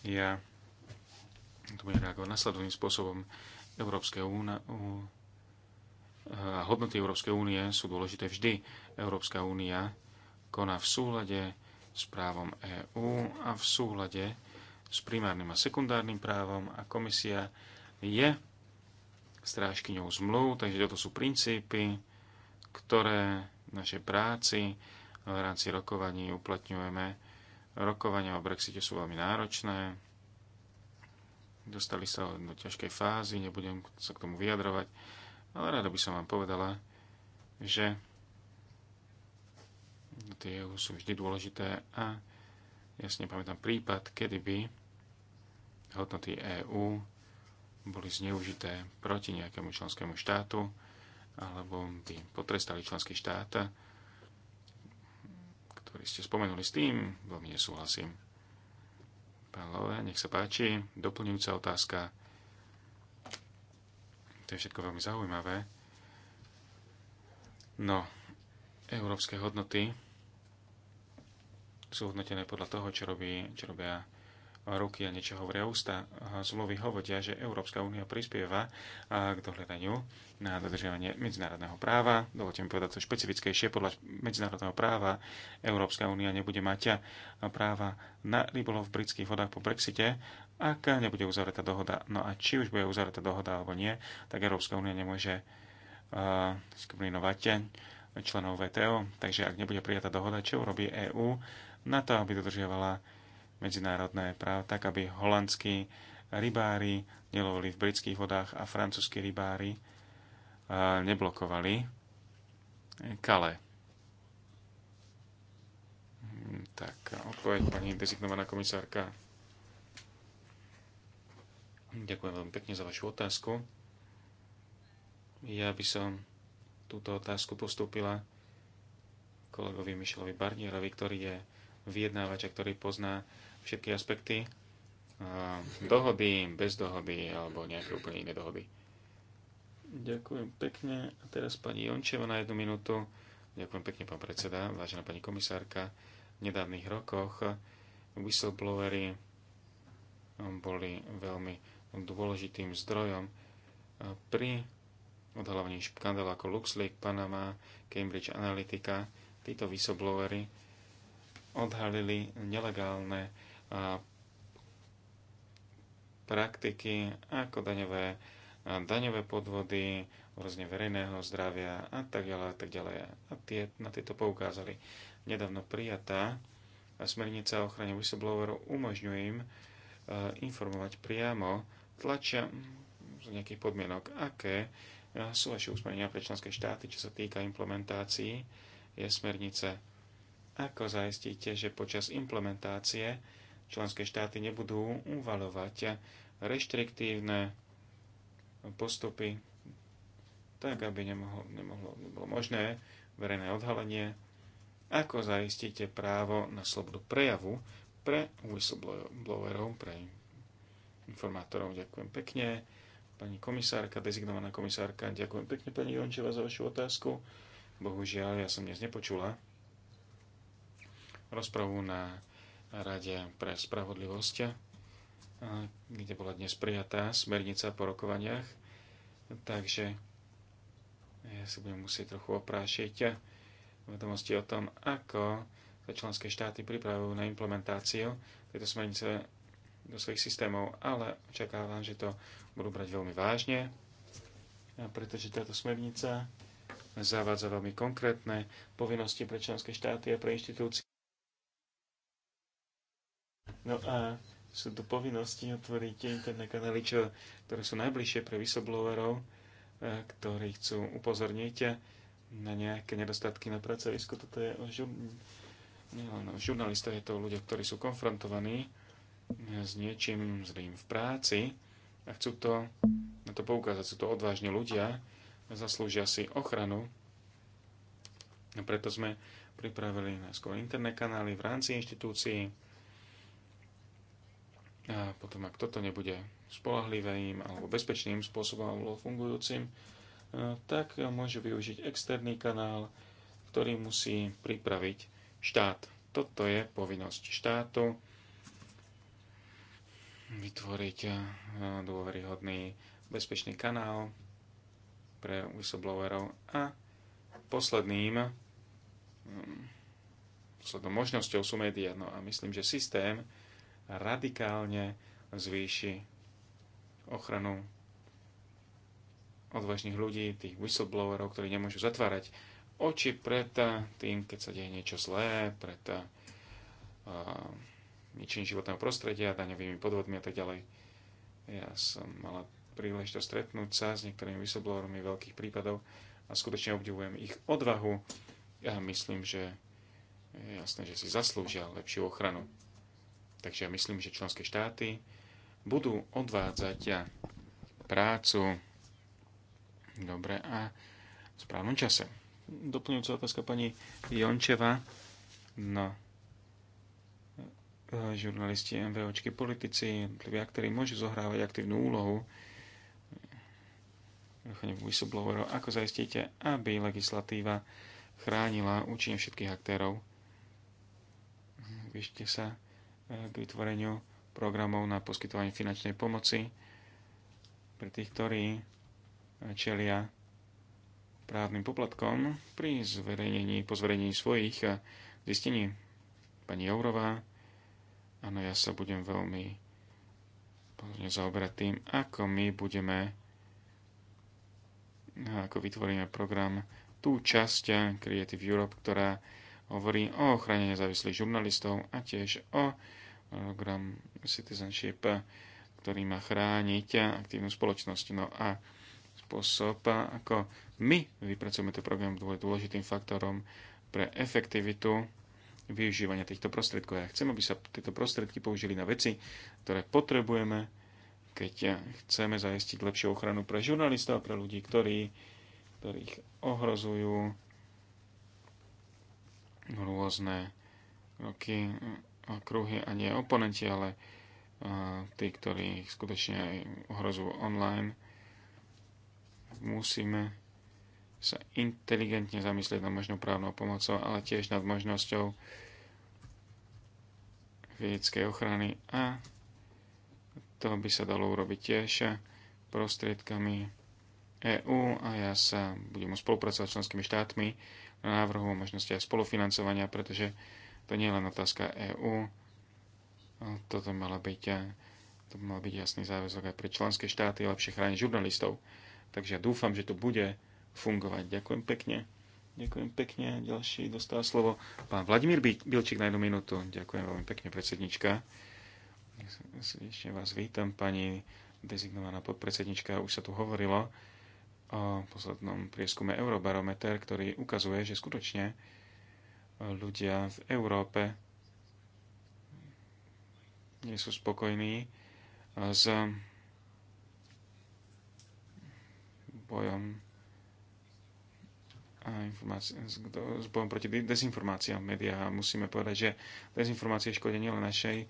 Ja to bude reagovať nasledovným spôsobom. Európske úna, a hodnoty Európskej únie sú dôležité vždy. Európska únia koná v súhľade s právom EÚ a v súhľade s primárnym a sekundárnym právom a komisia je strážkyňou zmluv, takže toto sú princípy, ktoré v našej práci v rámci rokovaní uplatňujeme. Rokovania o Brexite sú veľmi náročné, Dostali sa do ťažkej fázy, nebudem sa k tomu vyjadrovať, ale rada by som vám povedala, že tie EU sú vždy dôležité a jasne nepamätám prípad, kedy by hodnoty EÚ boli zneužité proti nejakému členskému štátu alebo by potrestali členský štát, ktorý ste spomenuli s tým, veľmi nesúhlasím. Pán Lové, nech sa páči. Doplňujúca otázka. To je všetko veľmi zaujímavé. No, európske hodnoty sú hodnotené podľa toho, čo, robí, čo robia ruky a niečo hovoria ústa. Zmluvy hovoria, že Európska únia prispieva k dohľadaniu na dodržiavanie medzinárodného práva. Dovolte mi povedať to špecifickejšie. Podľa medzinárodného práva Európska únia nebude mať práva na rybolov v britských vodách po Brexite, ak nebude uzavretá dohoda. No a či už bude uzavretá dohoda alebo nie, tak Európska únia nemôže uh, diskriminovať členov VTO. Takže ak nebude prijatá dohoda, čo urobí EÚ na to, aby dodržiavala medzinárodné práva tak, aby holandskí rybári nelovili v britských vodách a francúzskí rybári e, neblokovali kale. Hm, tak, odpoveď pani dezignovaná komisárka. Ďakujem veľmi pekne za vašu otázku. Ja by som túto otázku postúpila kolegovi Mišelovi Barnierovi, ktorý je vyjednávač a ktorý pozná všetky aspekty e, dohody, bez dohody alebo nejaké úplne iné dohody. Ďakujem pekne. A teraz pani Jončeva na jednu minútu. Ďakujem pekne, pán predseda, vážená pani komisárka. V nedávnych rokoch whistleblowery boli veľmi dôležitým zdrojom pri odhalovaní škandál ako LuxLeak, Panama, Cambridge Analytica. Títo whistleblowery odhalili nelegálne praktiky ako daňové, daňové podvody, rôzne verejného zdravia a tak ďalej a tak ďalej. A tie, na tieto poukázali. Nedávno prijatá smernica o ochrane whistleblowerov umožňuje im e, informovať priamo tlačia z nejakých podmienok, aké e, sú vaše usmerenia pre členské štáty, čo sa týka implementácií je smernice. Ako zaistíte, že počas implementácie členské štáty nebudú uvalovať reštriktívne postupy, tak aby nemohlo, nemohlo, nebolo možné verejné odhalenie, ako zaistíte právo na slobodu prejavu pre whistleblowerov, pre informátorov. Ďakujem pekne. Pani komisárka, dezignovaná komisárka, ďakujem pekne pani Jončeva za vašu otázku. Bohužiaľ, ja som dnes nepočula rozpravu na Rade pre spravodlivosť, kde bola dnes prijatá smernica po rokovaniach. Takže ja si budem musieť trochu oprášiť vedomosti o tom, ako sa členské štáty pripravujú na implementáciu tejto smernice do svojich systémov, ale očakávam, že to budú brať veľmi vážne, pretože táto smernica zavádza veľmi konkrétne povinnosti pre členské štáty a pre inštitúcie. No a sú tu povinnosti otvoriť interné kanály, čo, ktoré sú najbližšie pre vysoblóverov, e, ktorí chcú upozorniť na nejaké nedostatky na pracovisku. Toto je o, žur... no, žurnalistoch, je to ľudia, ktorí sú konfrontovaní e, s niečím zlým v práci a chcú to, na to poukázať. Sú to odvážne ľudia, zaslúžia si ochranu. A preto sme pripravili najskôr interné kanály v rámci inštitúcií, a potom, ak toto nebude spolahlivým alebo bezpečným spôsobom alebo fungujúcim, e, tak môže využiť externý kanál, ktorý musí pripraviť štát. Toto je povinnosť štátu vytvoriť e, dôveryhodný bezpečný kanál pre whistleblowerov a posledným e, poslednou možnosťou sú médiá. No a myslím, že systém radikálne zvýši ochranu odvážnych ľudí, tých whistleblowerov, ktorí nemôžu zatvárať oči pred tým, keď sa deje niečo zlé, pred uh, eh, ničením životného prostredia, daňovými podvodmi a tak ďalej. Ja som mala príležitosť stretnúť sa s niektorými whistleblowermi veľkých prípadov a skutočne obdivujem ich odvahu. Ja myslím, že je jasné, že si zaslúžia lepšiu ochranu. Takže ja myslím, že členské štáty budú odvádzať prácu dobre a v správnom čase. Doplňujúca otázka pani Jončeva. No, e, žurnalisti, MVOčky, politici, jednotliví aktéry môžu zohrávať aktívnu úlohu ako zaistíte, aby legislatíva chránila účinne všetkých aktérov. Vyšte sa Eh, k vytvoreniu programov na poskytovanie finančnej pomoci pre tých, ktorí eh, čelia právnym poplatkom pri zverejnení, po zverejnení svojich eh, zistení. Pani Jourová, áno, ja sa budem veľmi pozorne zaoberať tým, ako my budeme, ako vytvoríme program, tú časť Creative Europe, ktorá hovorí o ochrane nezávislých žurnalistov a tiež o program Citizenship, ktorý má chrániť aktívnu spoločnosť. No a spôsob, ako my vypracujeme ten program, bol dôležitým faktorom pre efektivitu využívania týchto prostriedkov. Ja chcem, aby sa tieto prostriedky použili na veci, ktoré potrebujeme, keď chceme zajistiť lepšiu ochranu pre žurnalistov a pre ľudí, ktorí, ktorých ohrozujú rôzne roky kruhy a nie oponenti, ale e, tí, ktorí skutočne aj ohrozujú online. Musíme sa inteligentne zamyslieť nad možnou právnou pomocou, ale tiež nad možnosťou vedeckej ochrany a to by sa dalo urobiť tiež prostriedkami EÚ a ja sa budem spolupracovať s členskými štátmi na návrhu možnosti aj spolufinancovania, pretože to nie je len otázka EÚ. Toto malo byť, e, to by mal byť jasný záväzok aj pre členské štáty lepšie chrániť žurnalistov. Takže ja dúfam, že to bude fungovať. Ďakujem pekne. Ďakujem pekne. Ďalší dostal slovo pán Vladimír Bilčík na jednu minútu. Ďakujem veľmi pekne, predsednička. Srdečne vás vítam, pani dezignovaná podpredsednička. Už sa tu hovorilo o poslednom prieskume Eurobarometer, ktorý ukazuje, že skutočne ľudia v Európe nie sú spokojní eh, s bojom a s bojom proti dezinformáciám médiá. A musíme povedať, že dezinformácie škodia nielen našej eh,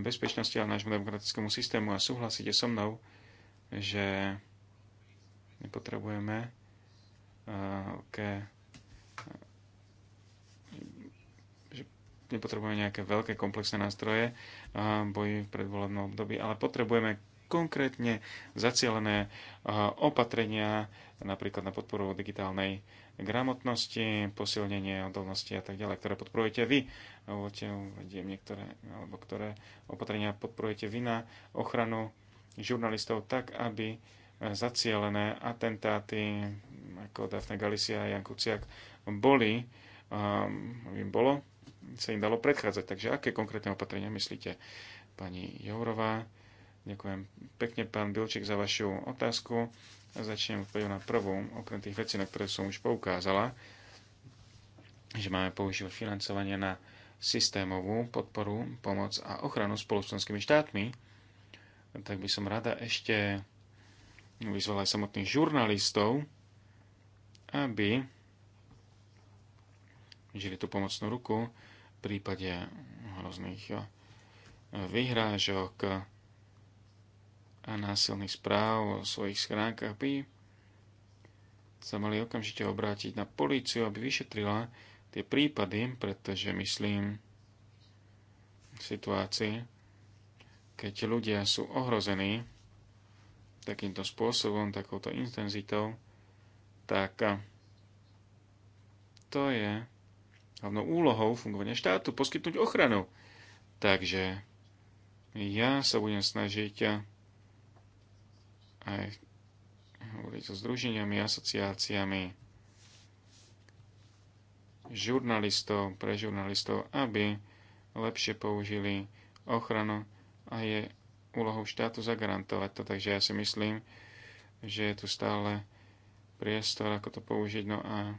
bezpečnosti, ale nášmu demokratickému systému. A súhlasíte so mnou, že nepotrebujeme eh, veľké okay nepotrebujeme nejaké veľké komplexné nástroje boji v predvolebnom období, ale potrebujeme konkrétne zacielené opatrenia, napríklad na podporu digitálnej gramotnosti, posilnenie odolnosti a tak ďalej, ktoré podporujete vy. Voľte, uvediem niektoré, alebo ktoré opatrenia podporujete vy na ochranu žurnalistov tak, aby e, zacielené atentáty ako Dafne Galicia a Jan Kuciak boli, um, bolo sa im dalo predchádzať. Takže aké konkrétne opatrenia myslíte, pani Jourová? Ďakujem pekne, pán Bilček, za vašu otázku. a Začnem odpovedať na prvú, okrem tých vecí, na ktoré som už poukázala, že máme používať financovanie na systémovú podporu, pomoc a ochranu spolu s členskými štátmi, tak by som rada ešte vyzvala aj samotných žurnalistov, aby žili tú pomocnú ruku prípade hrozných vyhrážok a násilných správ o svojich schránkach by sa mali okamžite obrátiť na políciu, aby vyšetrila tie prípady, pretože myslím v situácii, keď ľudia sú ohrození takýmto spôsobom, takouto intenzitou, tak to je hlavnou úlohou fungovania štátu poskytnúť ochranu. Takže ja sa budem snažiť aj hovoriť so združeniami, asociáciami žurnalistov, pre žurnalistov, aby lepšie použili ochranu a je úlohou štátu zagarantovať to. Takže ja si myslím, že je tu stále priestor, ako to použiť. No a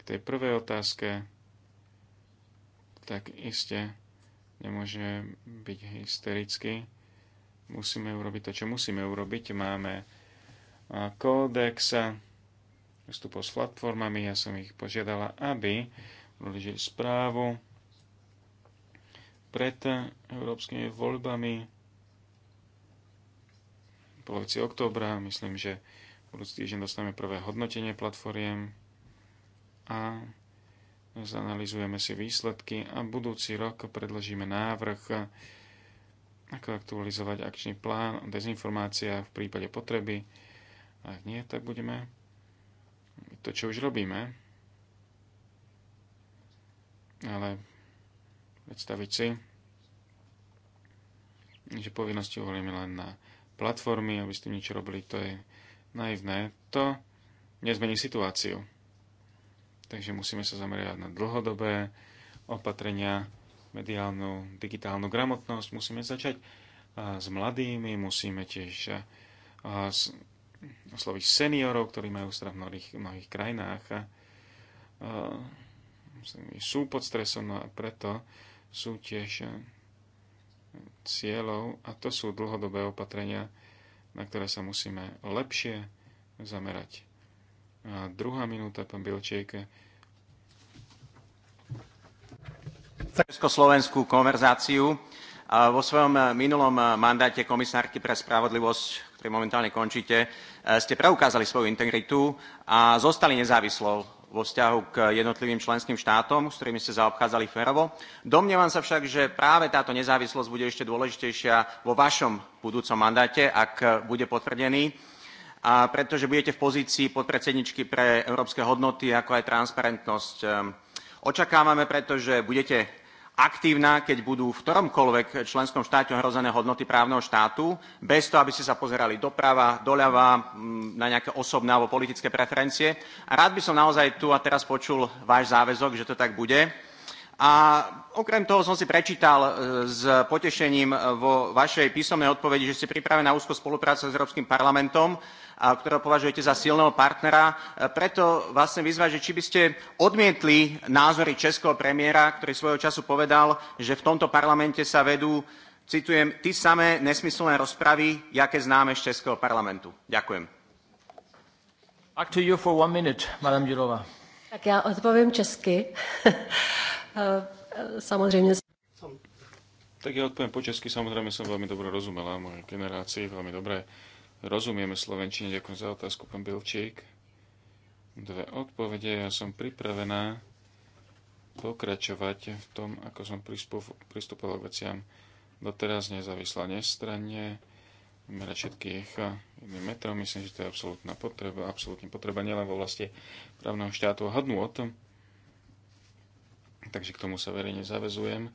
k tej prvej otázke tak iste nemôže byť hysterický. Musíme urobiť to, čo musíme urobiť. Máme kódex vstupov s platformami. Ja som ich požiadala, aby urobili správu pred európskymi voľbami v polovici októbra. Myslím, že budúci týždeň dostaneme prvé hodnotenie platformiem a zanalizujeme si výsledky a budúci rok predložíme návrh, ako aktualizovať akčný plán o dezinformáciách v prípade potreby. A ak nie, tak budeme to, čo už robíme. Ale predstaviť si, že povinnosti uvolíme len na platformy, aby ste niečo robili, to je naivné. To nezmení situáciu. Takže musíme sa zamerať na dlhodobé opatrenia, mediálnu, digitálnu gramotnosť. Musíme začať s mladými, musíme tiež osloviť seniorov, ktorí majú strach v mnohých, mnohých krajinách. Sú pod stresom no a preto sú tiež cieľov a to sú dlhodobé opatrenia, na ktoré sa musíme lepšie zamerať. A druhá minúta, pán Bilčík. Československú konverzáciu. vo svojom eh, minulom eh, mandáte komisárky pre spravodlivosť, ktorý momentálne končíte, eh, ste preukázali svoju integritu a zostali nezávislou vo vzťahu k jednotlivým členským štátom, s ktorými ste zaobchádzali férovo. Domnievam sa však, že práve táto nezávislosť bude ešte dôležitejšia vo vašom budúcom mandáte, ak bude potvrdený a pretože budete v pozícii podpredsedničky pre európske hodnoty, ako aj transparentnosť. Ehm, očakávame pretože budete aktívna, keď budú v ktoromkoľvek členskom štáte ohrozené hodnoty právneho štátu, bez toho, aby ste sa pozerali doprava, doľava, na nejaké osobné alebo politické preferencie. A rád by som naozaj tu a teraz počul váš záväzok, že to tak bude. A okrem toho som si prečítal e, s potešením vo vašej písomnej odpovedi, že ste pripravená úzko spolupráca s Európskym parlamentom a ktorého považujete za silného partnera. E, preto vás chcem vyzvať, že či by ste odmietli názory českého premiéra, ktorý svojho času povedal, že v tomto parlamente sa vedú, citujem, ty samé nesmyslné rozpravy, jaké známe z českého parlamentu. Ďakujem. Back to you for one minute, Madame Jurova. Tak já odpovím česky. E, samozřejmě tak ja odpoviem po česky, samozrejme som veľmi dobre rozumela mojej generácii, veľmi dobre rozumieme Slovenčine. Ďakujem za otázku, pán Bilčík. Dve odpovede. Ja som pripravená pokračovať v tom, ako som pristupoval k veciam doteraz nezávislá nestranne, merať všetkých eh, jedným metrom. Myslím, že to je absolútna potreba, absolútne potreba nielen vo vlasti právneho štátu. hodnú o tom, takže k tomu sa verejne zavezujem,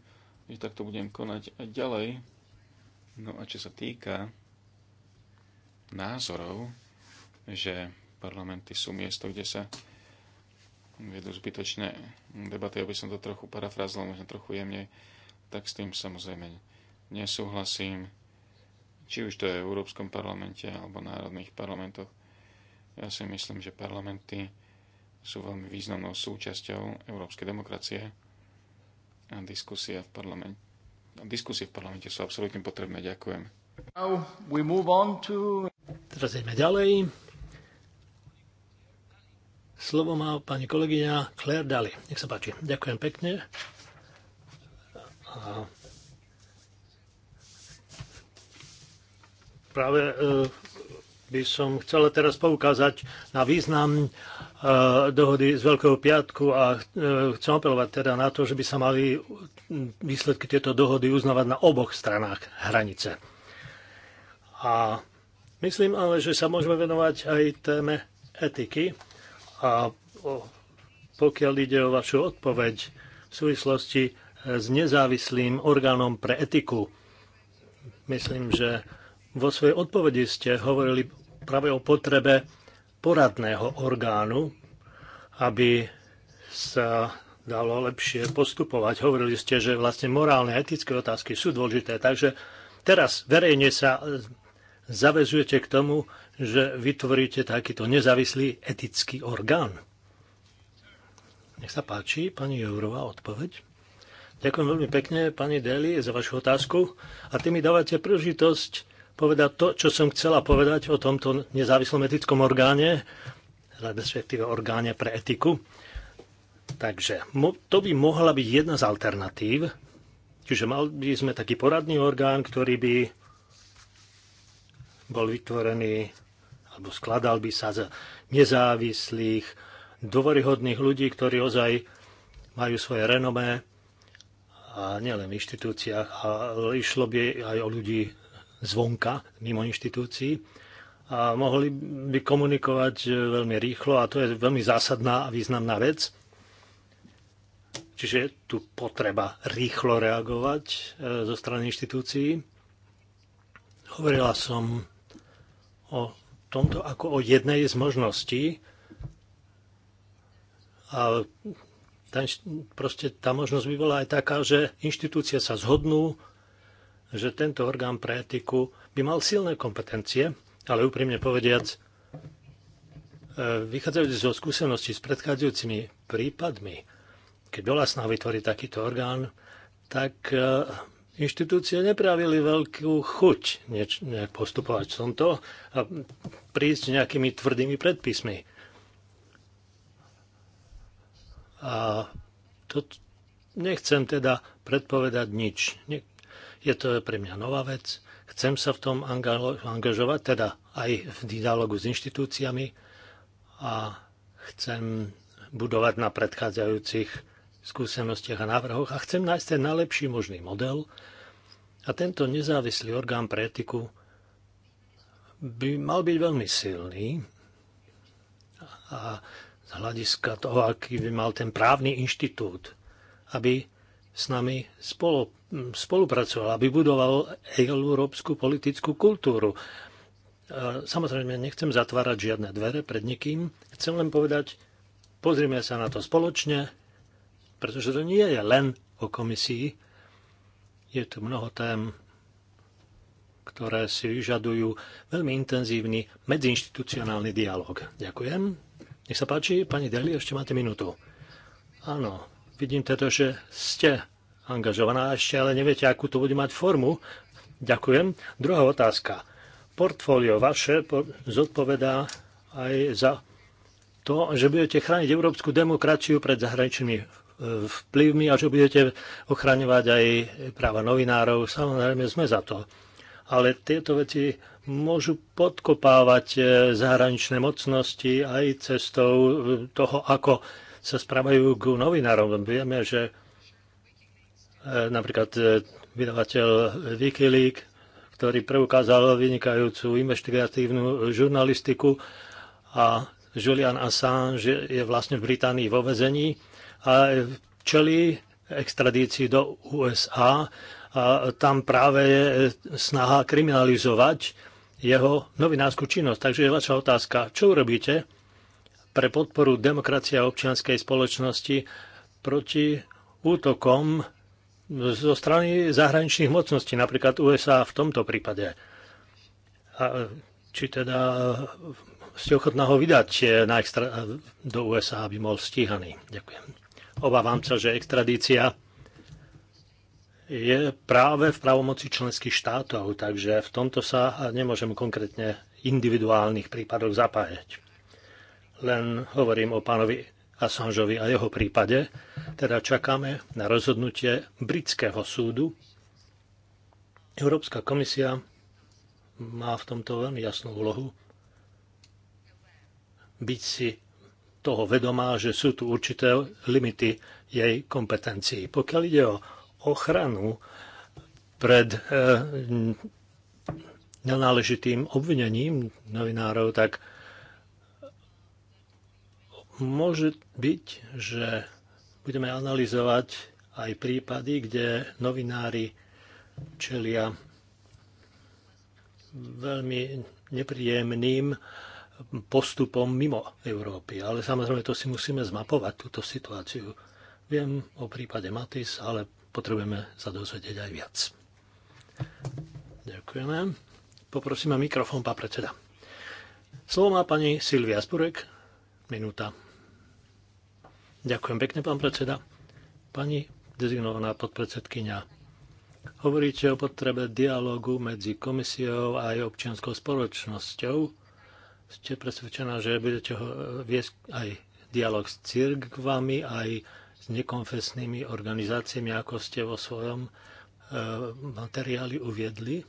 že takto budem konať aj ďalej. No a čo sa týka názorov, že parlamenty sú miesto, kde sa vedú zbytočné debaty, aby som to trochu parafrázoval, možno trochu jemne, tak s tým samozrejme nesúhlasím, či už to je v Európskom parlamente alebo národných parlamentoch. Ja si myslím, že parlamenty sú veľmi významnou súčasťou európskej demokracie a diskusie v parlamente. Diskusie v parlamente sú absolútne potrebné. Ďakujem. To... Teraz ideme ďalej. Slovo má pani kolegyňa Claire Daly. Nech sa páči. Ďakujem pekne. A práve e, by som chcela teraz poukázať na význam e, dohody z Veľkého piatku a e, chcem apelovať teda na to, že by sa mali výsledky tieto dohody uznávať na oboch stranách hranice. A Myslím ale, že sa môžeme venovať aj téme etiky a pokiaľ ide o vašu odpoveď v súvislosti s nezávislým orgánom pre etiku, myslím, že vo svojej odpovedi ste hovorili práve o potrebe poradného orgánu, aby sa dalo lepšie postupovať. Hovorili ste, že vlastne morálne a etické otázky sú dôležité. Takže teraz verejne sa zavezujete k tomu, že vytvoríte takýto nezávislý etický orgán? Nech sa páči, pani Jourová, odpoveď. Ďakujem veľmi pekne, pani Deli, za vašu otázku. A ty mi dávate príležitosť povedať to, čo som chcela povedať o tomto nezávislom etickom orgáne, respektíve orgáne pre etiku. Takže to by mohla byť jedna z alternatív. Čiže mal by sme taký poradný orgán, ktorý by bol vytvorený alebo skladal by sa z nezávislých, dôveryhodných ľudí, ktorí ozaj majú svoje renomé a nielen v inštitúciách, ale išlo by aj o ľudí zvonka, mimo inštitúcií a mohli by komunikovať veľmi rýchlo a to je veľmi zásadná a významná vec. Čiže tu potreba rýchlo reagovať e, zo strany inštitúcií. Hovorila som o tomto ako o jednej z možností. A tá, proste tá možnosť by bola aj taká, že inštitúcie sa zhodnú, že tento orgán pre etiku by mal silné kompetencie, ale úprimne povediac, e, vychádzajúc zo skúseností s predchádzajúcimi prípadmi, keď bola snaha vytvoriť takýto orgán, tak e, inštitúcie nepravili veľkú chuť nieč, nejak postupovať v tomto a prísť s nejakými tvrdými predpismi. A to nechcem teda predpovedať nič. Je to pre mňa nová vec. Chcem sa v tom angažovať, teda aj v dialogu s inštitúciami a chcem budovať na predchádzajúcich skúsenostiach a návrhoch a chcem nájsť ten najlepší možný model a tento nezávislý orgán pre etiku by mal byť veľmi silný a z hľadiska toho, aký by mal ten právny inštitút, aby s nami spolu, spolupracoval, aby budoval európsku politickú kultúru. Samozrejme, nechcem zatvárať žiadne dvere pred nikým. Chcem len povedať, pozrime sa na to spoločne, pretože to nie je len o komisii. Je tu mnoho tém, ktoré si vyžadujú veľmi intenzívny medziinstitucionálny dialog. Ďakujem. Nech sa páči, pani Deli, ešte máte minútu. Áno, vidím teda, že ste angažovaná ešte, ale neviete, akú to bude mať formu. Ďakujem. Druhá otázka. Portfólio vaše zodpovedá aj za to, že budete chrániť európsku demokraciu pred zahraničnými vplyvmi a že budete ochraňovať aj práva novinárov. Samozrejme sme za to. Ale tieto veci môžu podkopávať e, zahraničné mocnosti aj cestou e, toho, ako sa správajú k novinárom. Vieme, že e, napríklad vydavateľ Wikileaks, ktorý preukázal vynikajúcu investigatívnu žurnalistiku a Julian Assange je vlastne v Británii vo vezení a čelí extradícii do USA a tam práve je snaha kriminalizovať jeho novinárskú činnosť. Takže je vaša otázka, čo urobíte pre podporu demokracie a občianskej spoločnosti proti útokom zo strany zahraničných mocností, napríklad USA v tomto prípade. A či teda ste ochotná ho vydať na extra, do USA, aby bol stíhaný. Ďakujem. Obávam sa, že extradícia je práve v právomoci členských štátov, takže v tomto sa nemôžem konkrétne individuálnych prípadoch zapájať. Len hovorím o pánovi Assangeovi a jeho prípade, teda čakáme na rozhodnutie britského súdu. Európska komisia má v tomto veľmi jasnú úlohu byť si toho vedomá, že sú tu určité limity jej kompetencií. Pokiaľ ide o ochranu pred e, nenáležitým obvinením novinárov, tak môže byť, že budeme analyzovať aj prípady, kde novinári čelia veľmi nepríjemným postupom mimo Európy. Ale samozrejme to si musíme zmapovať, túto situáciu. Viem o prípade Matis, ale potrebujeme sa dozvedieť aj viac. Ďakujeme. Poprosíme mikrofón, pán predseda. Slovo má pani Silvia Spurek. Minúta. Ďakujem pekne, pán predseda. Pani dezignovaná podpredsedkynia Hovoríte o potrebe dialogu medzi komisiou a aj občianskou spoločnosťou ste presvedčená, že budete eh, viesť aj dialog s církvami aj s nekonfesnými organizáciami, ako ste vo svojom eh, materiáli uviedli.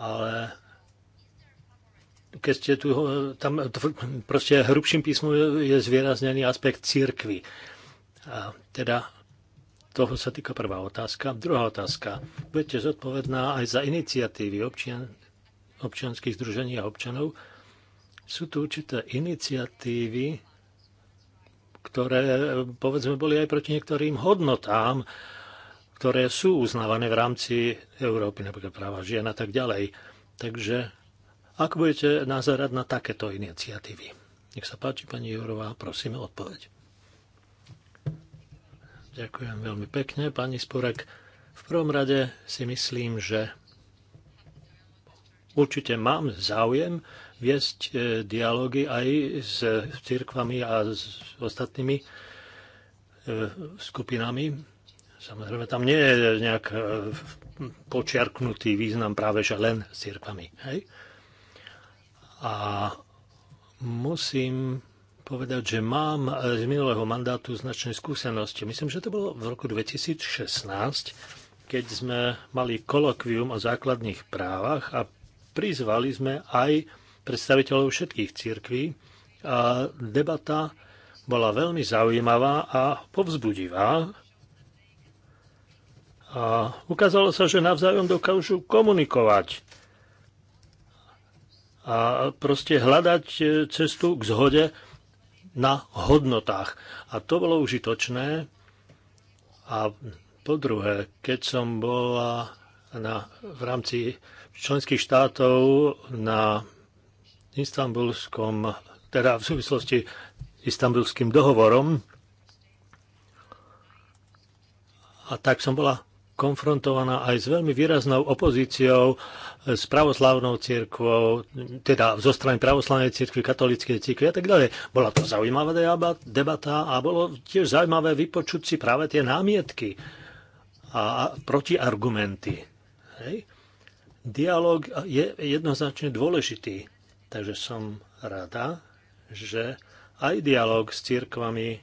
Ale keď ste tu, eh, tam proste hrubším písmom je zvýraznený aspekt církvy. A teda toho sa týka prvá otázka. Druhá otázka. Budete zodpovedná aj za iniciatívy občian, občianských združení a občanov. Sú tu určité iniciatívy, ktoré povedzme boli aj proti niektorým hodnotám, ktoré sú uznávané v rámci Európy, napríklad práva žien a tak ďalej. Takže ako budete nazerať na takéto iniciatívy? Nech sa páči, pani Jurová, prosíme odpoveď. Ďakujem veľmi pekne, pani Sporek. V prvom rade si myslím, že určite mám záujem viesť e, dialógy aj s cirkvami a s ostatnými e, skupinami. Samozrejme, tam nie je nejak e, počiarknutý význam práve, že len s cirkvami. Hej? A musím povedať, že mám z minulého mandátu značné skúsenosti. Myslím, že to bolo v roku 2016, keď sme mali kolokvium o základných právach a prizvali sme aj predstaviteľov všetkých církví a debata bola veľmi zaujímavá a povzbudivá. A ukázalo sa, že navzájom dokážu komunikovať a proste hľadať e, cestu k zhode na hodnotách. A to bolo užitočné. A po druhé, keď som bola na, v rámci členských štátov na istambulskom, teda v súvislosti s istambulským dohovorom. A tak som bola konfrontovaná aj s veľmi výraznou opozíciou s pravoslavnou církvou, teda zo strany pravoslavnej církvy, katolíckej církvy a tak ďalej. Bola to zaujímavá debata a bolo tiež zaujímavé vypočuť si práve tie námietky a protiargumenty. Hej? Dialóg je jednoznačne dôležitý Takže som rada, že aj dialog s církvami,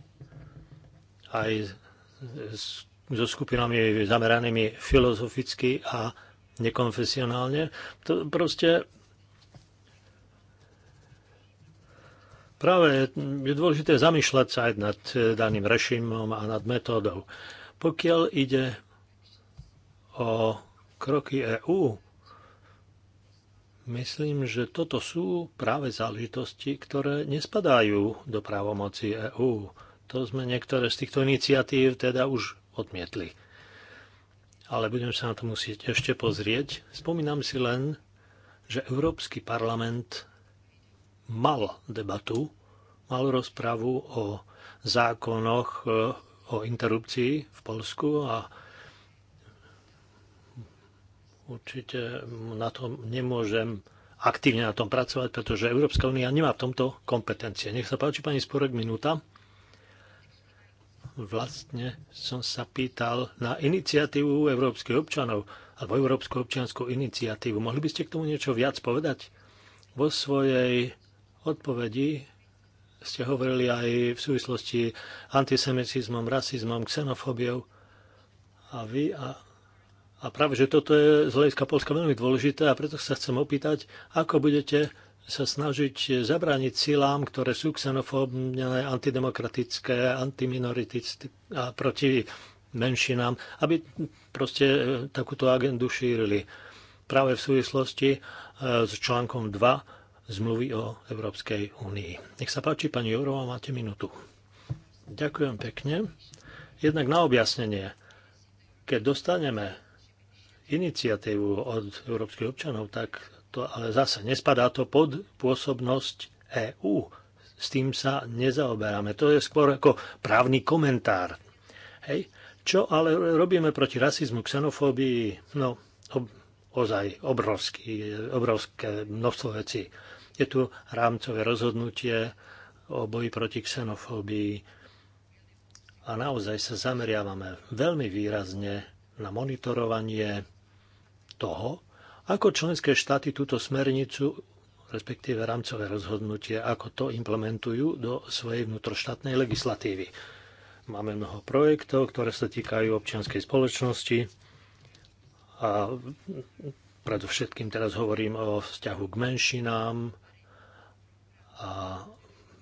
aj so skupinami zameranými filozoficky a nekonfesionálne, to proste práve je dôležité zamýšľať sa aj nad daným rešimom a nad metódou. Pokiaľ ide o kroky EÚ, Myslím, že toto sú práve záležitosti, ktoré nespadajú do právomoci EÚ. To sme niektoré z týchto iniciatív teda už odmietli. Ale budem sa na to musieť ešte pozrieť. Spomínam si len, že Európsky parlament mal debatu, mal rozpravu o zákonoch e, o interrupcii v Polsku a určite na tom nemôžem aktívne na tom pracovať, pretože Európska únia nemá v tomto kompetencie. Nech sa páči, pani Sporek, minúta. Vlastne som sa pýtal na iniciatívu európskych občanov alebo Európsku občianskú iniciatívu. Mohli by ste k tomu niečo viac povedať? Vo svojej odpovedi ste hovorili aj v súvislosti antisemitizmom, rasizmom, xenofóbiou a vy a a práve, že toto je z hľadiska Polska veľmi dôležité a preto sa chcem opýtať, ako budete sa snažiť zabrániť silám, ktoré sú xenofóbne, antidemokratické, antiminoritické a proti menšinám, aby proste e, takúto agendu šírili. Práve v súvislosti e, s článkom 2 zmluvy o Európskej únii. Nech sa páči, pani Jourová, máte minútu. Ďakujem pekne. Jednak na objasnenie. Keď dostaneme iniciatívu od európskych občanov, tak to ale zase nespadá to pod pôsobnosť EÚ. S tým sa nezaoberáme. To je skôr ako právny komentár. Hej. Čo ale robíme proti rasizmu, xenofóbii? No, ob, ozaj obrovský, obrovské množstvo vecí. Je tu rámcové rozhodnutie o boji proti xenofóbii, a naozaj sa zameriavame veľmi výrazne na monitorovanie toho, ako členské štáty túto smernicu, respektíve rámcové rozhodnutie, ako to implementujú do svojej vnútroštátnej legislatívy. Máme mnoho projektov, ktoré sa týkajú občianskej spoločnosti a predovšetkým teraz hovorím o vzťahu k menšinám a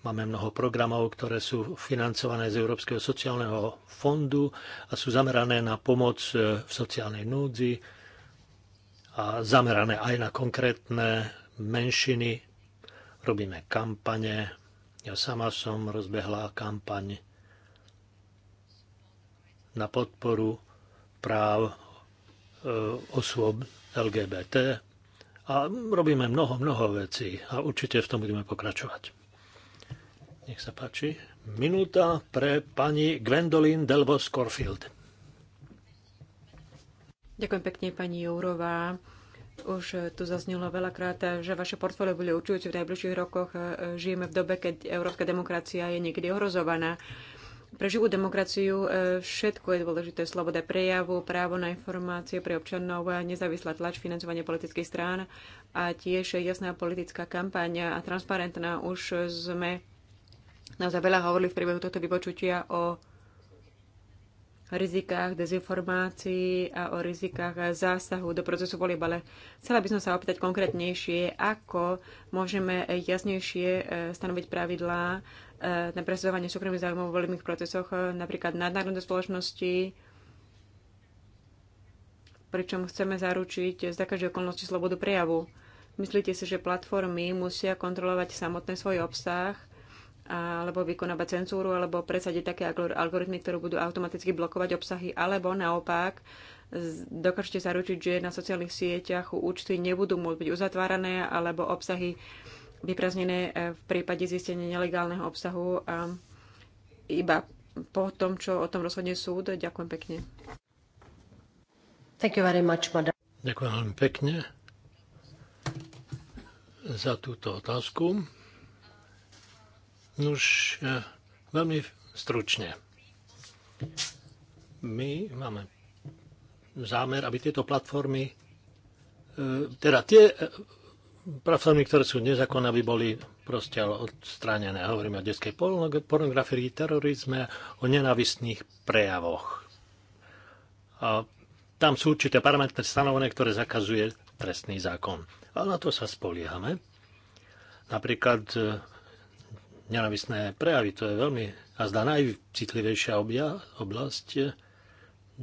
Máme mnoho programov, ktoré sú financované z Európskeho sociálneho fondu a sú zamerané na pomoc e, v sociálnej núdzi a zamerané aj na konkrétne menšiny. Robíme kampane. Ja sama som rozbehla kampaň na podporu práv e, osôb LGBT a robíme mnoho, mnoho vecí a určite v tom budeme pokračovať. Nech sa páči. Minúta pre pani Gwendolyn Delbos Corfield. Ďakujem pekne, pani Jourová. Už tu zaznelo veľakrát, že vaše portfólio bude určujúce v najbližších rokoch. Žijeme v dobe, keď európska demokracia je niekedy ohrozovaná. Pre živú demokraciu e, všetko je dôležité. Sloboda prejavu, právo na informácie pre občanov, e, nezávislá tlač, financovanie politických strán a tiež jasná politická kampaň a transparentná. Už sme naozaj veľa hovorili v priebehu tohto vypočutia o rizikách dezinformácií a o rizikách zásahu do procesu ale Chcela by som sa opýtať konkrétnejšie, ako môžeme jasnejšie e, stanoviť pravidlá e, na presadzovanie súkromných záujmov v volebných procesoch, e, napríklad nadnárodné spoločnosti, pričom chceme zaručiť za každej okolnosti slobodu prejavu. Myslíte si, že platformy musia kontrolovať samotné svoj obsah alebo vykonávať cenzúru, alebo presadiť také algoritmy, ktoré budú automaticky blokovať obsahy, alebo naopak dokážete zaručiť, že na sociálnych sieťach účty nebudú môcť byť uzatvárané, alebo obsahy vypraznené e, v prípade zistenia nelegálneho obsahu a iba po tom, čo o tom rozhodne súd. Ďakujem pekne. Thank you very much, madam. Ďakujem veľmi pekne za túto otázku. Nuž, e, veľmi stručne. My máme zámer, aby tieto platformy, e, teda tie e, platformy, ktoré sú nezákonné, aby boli proste odstránené. Hovoríme o detskej pornografii, terorizme, o nenavistných prejavoch. A tam sú určité parametre stanovené, ktoré zakazuje trestný zákon. A na to sa spoliehame. Napríklad nenavistné prejavy. To je veľmi a zdá najcitlivejšia obja, oblasť.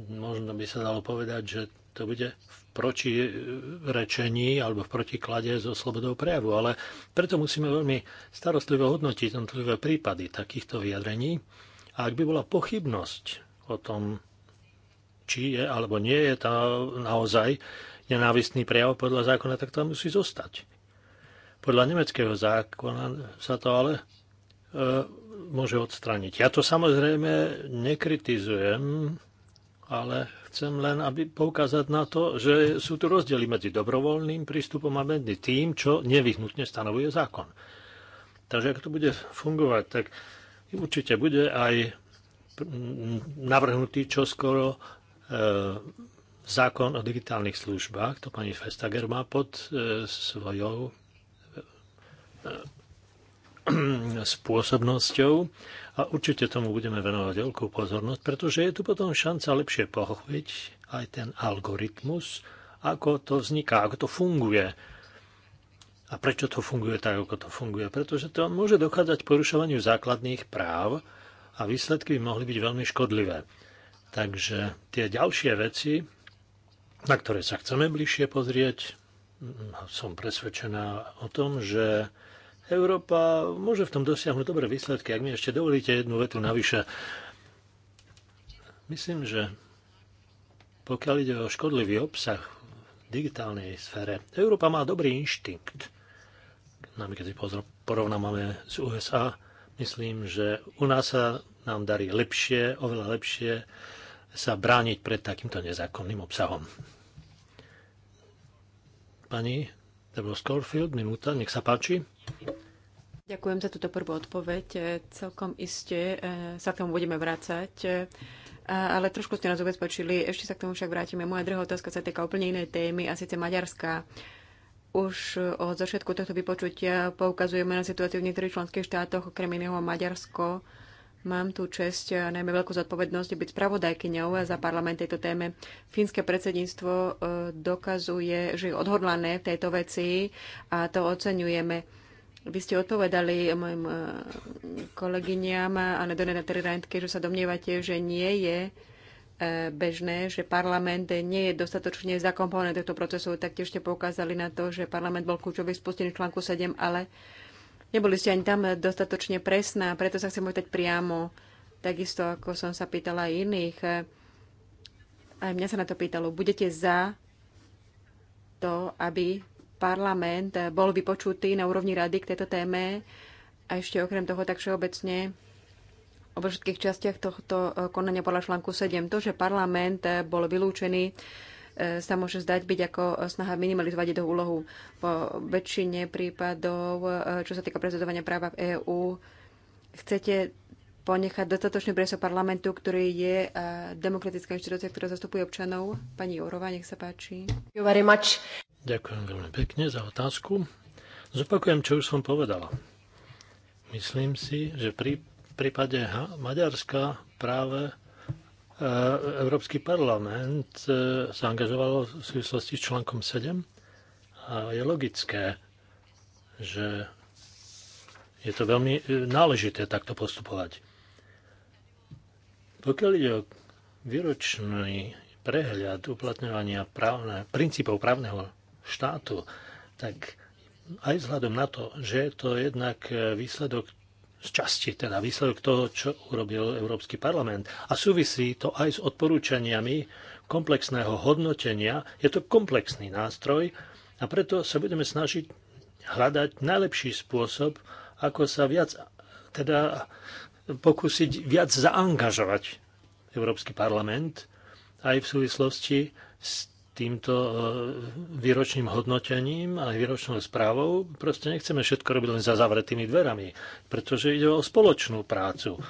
Možno by sa dalo povedať, že to bude v protirečení alebo v protiklade so slobodou prejavu, ale preto musíme veľmi starostlivo hodnotiť jednotlivé prípady takýchto vyjadrení. A ak by bola pochybnosť o tom, či je alebo nie je to naozaj nenávistný prejav podľa zákona, tak to musí zostať. Podľa nemeckého zákona sa to ale E, môže odstrániť. Ja to samozrejme nekritizujem, ale chcem len aby poukázať na to, že sú tu rozdiely medzi dobrovoľným prístupom a medzi tým, čo nevyhnutne stanovuje zákon. Takže ak to bude fungovať, tak určite bude aj navrhnutý čoskoro e, zákon o digitálnych službách. To pani Festager má pod e, svojou e, spôsobnosťou a určite tomu budeme venovať veľkú pozornosť, pretože je tu potom šanca lepšie pochopiť aj ten algoritmus, ako to vzniká, ako to funguje. A prečo to funguje tak, ako to funguje? Pretože to môže dochádzať k porušovaniu základných práv a výsledky by mohli byť veľmi škodlivé. Takže tie ďalšie veci, na ktoré sa chceme bližšie pozrieť, mm, mm, som presvedčená o tom, že Európa môže v tom dosiahnuť dobré výsledky. Ak mi ešte dovolíte jednu vetu navyše. Myslím, že pokiaľ ide o škodlivý obsah v digitálnej sfére, Európa má dobrý inštinkt. Nami, no, keď si porovnáme s USA, myslím, že u nás sa nám darí lepšie, oveľa lepšie sa brániť pred takýmto nezákonným obsahom. Pani Debo Scorfield, minúta, nech sa páči. Ďakujem za túto prvú odpoveď. Celkom iste eh, sa k tomu budeme vrácať. Ale trošku ste nás ubezpečili, ešte sa k tomu však vrátime. Moja druhá otázka sa týka úplne inej témy, a síce Maďarska. Už eh, od začiatku tohto vypočutia poukazujeme na situáciu v niektorých členských štátoch, okrem iného Maďarsko. Mám tu čest, eh, najmä veľkú zodpovednosť, byť spravodajkyňou za parlament tejto téme. Fínske predsedníctvo dokazuje, že je odhodlané v tejto veci a to oceňujeme vy ste odpovedali mojim eh, kolegyňam eh, a Nedoneda Terirajntke, že sa domnievate, že nie je eh, bežné, že parlament nie je dostatočne zakomponovaný tohto procesu. Taktiež ste poukázali na to, že parlament bol kľúčový spustený v článku 7, ale neboli ste ani tam dostatočne presná, preto sa chcem opýtať priamo, takisto ako som sa pýtala aj iných. Aj mňa sa na to pýtalo, budete za to, aby parlament bol vypočutý na úrovni rady k tejto téme a ešte okrem toho tak všeobecne o všetkých častiach tohto e, konania podľa článku 7. To, že parlament e, bol vylúčený, e, sa môže zdať byť ako snaha minimalizovať jeho úlohu. Po väčšine prípadov, čo sa týka prezidovania práva v EÚ, chcete ponechať dostatočný priestor parlamentu, ktorý je eh, demokratická inštitúcia, ktorá zastupuje občanov. Pani Jourova, nech sa páči. Ďakujem veľmi pekne za otázku. Zopakujem, čo už som povedala. Myslím si, že pri prípade Maďarska práve eh, Európsky parlament eh, sa angažoval v súvislosti s článkom 7 a je logické, že je to veľmi náležité takto postupovať. Pokiaľ ide o výročný prehľad uplatňovania právne, princípov právneho štátu, tak aj vzhľadom na to, že je to jednak výsledok z časti, teda výsledok toho, čo urobil Európsky parlament. A súvisí to aj s odporúčaniami komplexného hodnotenia. Je to komplexný nástroj a preto sa budeme snažiť hľadať najlepší spôsob, ako sa viac teda pokúsiť viac zaangažovať Európsky parlament aj v súvislosti s týmto e, výročným hodnotením a výročnou správou. Proste nechceme všetko robiť len za zavretými dverami, pretože ide o spoločnú prácu.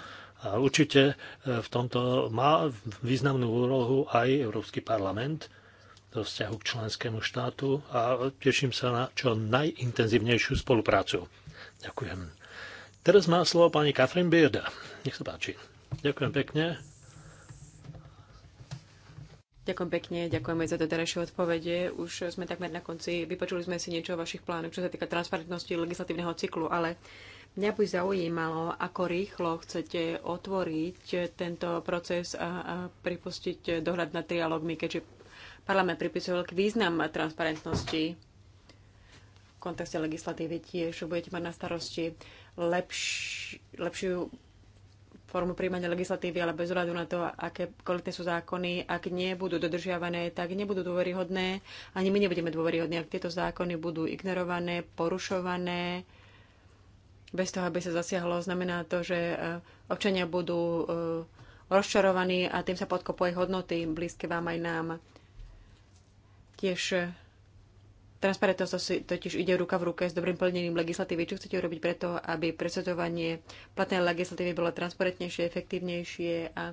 A určite e, v tomto má významnú úlohu aj Európsky parlament do vzťahu k členskému štátu a teším sa na čo najintenzívnejšiu spoluprácu. Ďakujem. Teraz má slovo pani Katrin Bierda. Nech sa páči. Ďakujem pekne. Ďakujem pekne, ďakujeme za doterajšie odpovede. Už sme takmer na konci, vypočuli sme si niečo o vašich plánoch, čo sa týka transparentnosti legislatívneho cyklu, ale mňa by zaujímalo, ako rýchlo chcete otvoriť tento proces a, a pripustiť dohľad nad trialogmi, keďže parlament pripisoval k význam transparentnosti v kontexte legislatívy tiež budete mať na starosti lepš, lepšiu formu príjmania legislatívy, ale bez ohľadu na to, aké kvalitné sú zákony, ak nebudú dodržiavané, tak nebudú dôveryhodné. Ani my nebudeme dôveryhodní, ak tieto zákony budú ignorované, porušované. Bez toho, aby sa zasiahlo, znamená to, že eh, občania budú eh, rozčarovaní a tým sa podkopuje hodnoty blízke vám aj nám. Tiež eh, Transparentnosť totiž ide ruka v ruke s dobrým plnením legislatívy. Čo chcete urobiť preto, aby presadzovanie platnej legislatívy bolo transparentnejšie, efektívnejšie a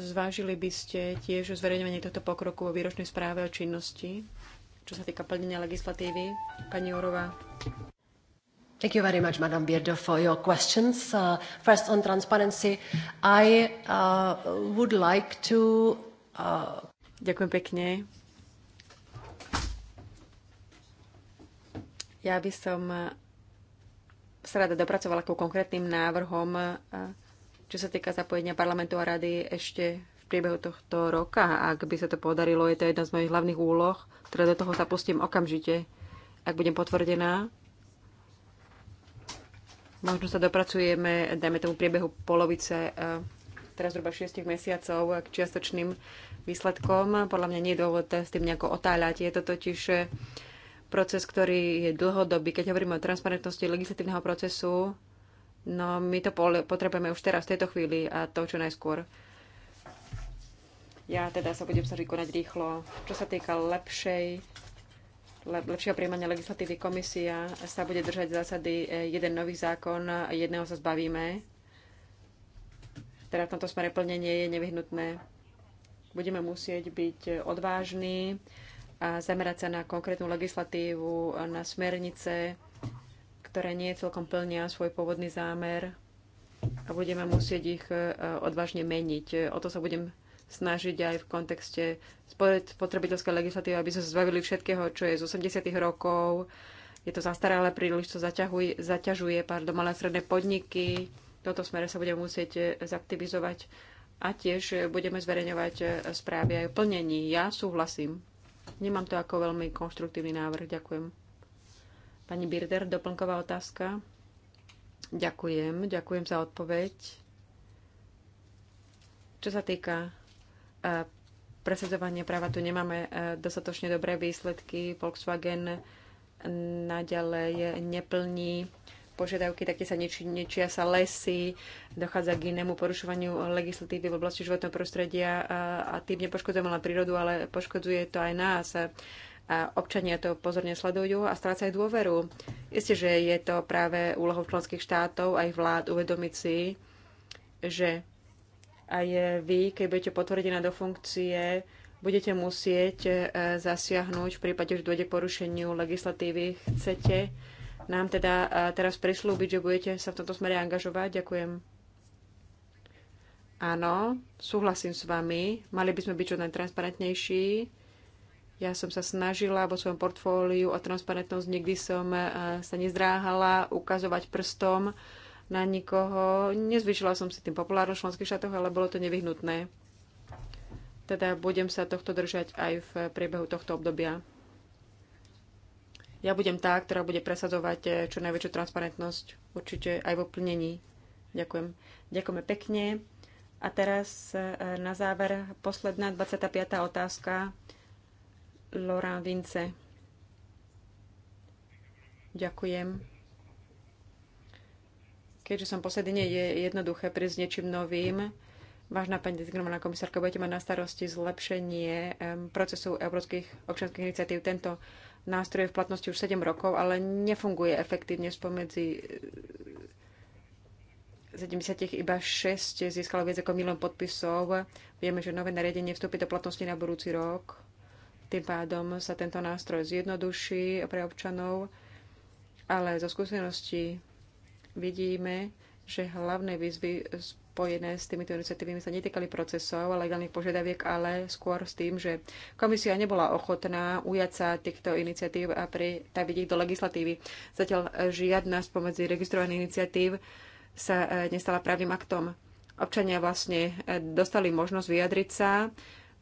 zvážili by ste tiež zverejňovanie tohto pokroku o výročnej správe o činnosti, čo sa týka plnenia legislatívy? Pani Jorová. Thank you very much, Madam Bierdo, for your questions. Uh, first, on transparency, I uh, would like to... Uh... Ďakujem pekne. Ja by som eh, sa rada dopracovala ku konkrétnym návrhom, eh, čo sa týka zapojenia parlamentu a rady ešte v priebehu tohto roka. Ak by sa to podarilo, je to jedna z mojich hlavných úloh, ktoré do toho zapustím okamžite, ak budem potvrdená. Možno sa dopracujeme, dajme tomu priebehu polovice, eh, teraz zhruba 6 mesiacov, k čiastočným výsledkom. Podľa mňa nie je dôvod s tým nejako otáľať. Je to totiž proces, ktorý je dlhodobý. Keď hovoríme o transparentnosti legislatívneho procesu, no my to potrebujeme už teraz, v tejto chvíli a to čo najskôr. Ja teda sa budem snažiť konať rýchlo. Čo sa týka lepšej lepšieho príjmania legislatívy komisia sa bude držať zásady eh, jeden nový zákon, jedného sa zbavíme. Teda v tomto smere plnenie je nevyhnutné. Budeme musieť byť eh, odvážni a zamerať sa na konkrétnu legislatívu, na smernice, ktoré nie celkom plnia svoj pôvodný zámer a budeme musieť ich e, odvážne meniť. O to sa budem snažiť aj v kontexte spotrebiteľskej legislatívy, aby sme sa zbavili všetkého, čo je z 80. rokov. Je to zastaralé príliš, to zaťažuje zaťažuje do malé stredné podniky. V tomto smere sa budeme musieť e, zaktivizovať a tiež budeme zverejňovať e, správy aj o plnení. Ja súhlasím Nemám to ako veľmi konštruktívny návrh. Ďakujem. Pani Birder, doplnková otázka. Ďakujem, ďakujem za odpoveď. Čo sa týka e, presadzovania práva, tu nemáme e, dostatočne dobré výsledky. Volkswagen e, naďalej neplní požiadavky, tak sa nieči, niečia sa lesy, dochádza k inému porušovaniu legislatívy v oblasti životného prostredia a, a tým nepoškodzujeme len prírodu, ale poškodzuje to aj nás. A občania to pozorne sledujú a strácajú dôveru. Isté, že je to práve úlohou členských štátov aj vlád uvedomiť si, že aj vy, keď budete potvrdená do funkcie, budete musieť e, zasiahnuť v prípade, že dôjde k porušeniu legislatívy. Chcete nám teda e, teraz prislúbiť, že budete sa v tomto smere angažovať. Ďakujem. Áno, súhlasím s vami. Mali by sme byť čo najtransparentnejší. Ja som sa snažila vo svojom portfóliu o transparentnosť. Nikdy som e, sa nezdráhala ukazovať prstom na nikoho. Nezvyšila som si tým populárnosť v členských štátoch, ale bolo to nevyhnutné. Teda budem sa tohto držať aj v priebehu tohto obdobia. Ja budem tá, ktorá bude presadzovať eh, čo najväčšiu transparentnosť, určite aj vo plnení. Ďakujem. Ďakujeme pekne. A teraz eh, na záver posledná 25. otázka. Laurent Vince. Ďakujem. Keďže som posledne, je jednoduché prísť niečím novým. Vážna pani dezignovaná komisárka, budete mať na starosti zlepšenie procesu európskych občanských iniciatív. Tento nástroj je v platnosti už 7 rokov, ale nefunguje efektívne spomedzi 70 eh, iba 6 získalo viac ako milión podpisov. Vieme, že nové nariadenie vstúpi do platnosti na budúci rok. Tým pádom sa tento nástroj zjednoduší pre občanov, ale zo skúsenosti vidíme, že hlavné výzvy spojené s týmito iniciatívami sa netýkali procesov a legálnych požiadaviek, ale skôr s tým, že komisia nebola ochotná ujať sa týchto iniciatív a pritaviť ich do legislatívy. Zatiaľ žiadna spomedzi registrovaných iniciatív sa e, nestala právnym aktom. Občania vlastne e, dostali možnosť vyjadriť sa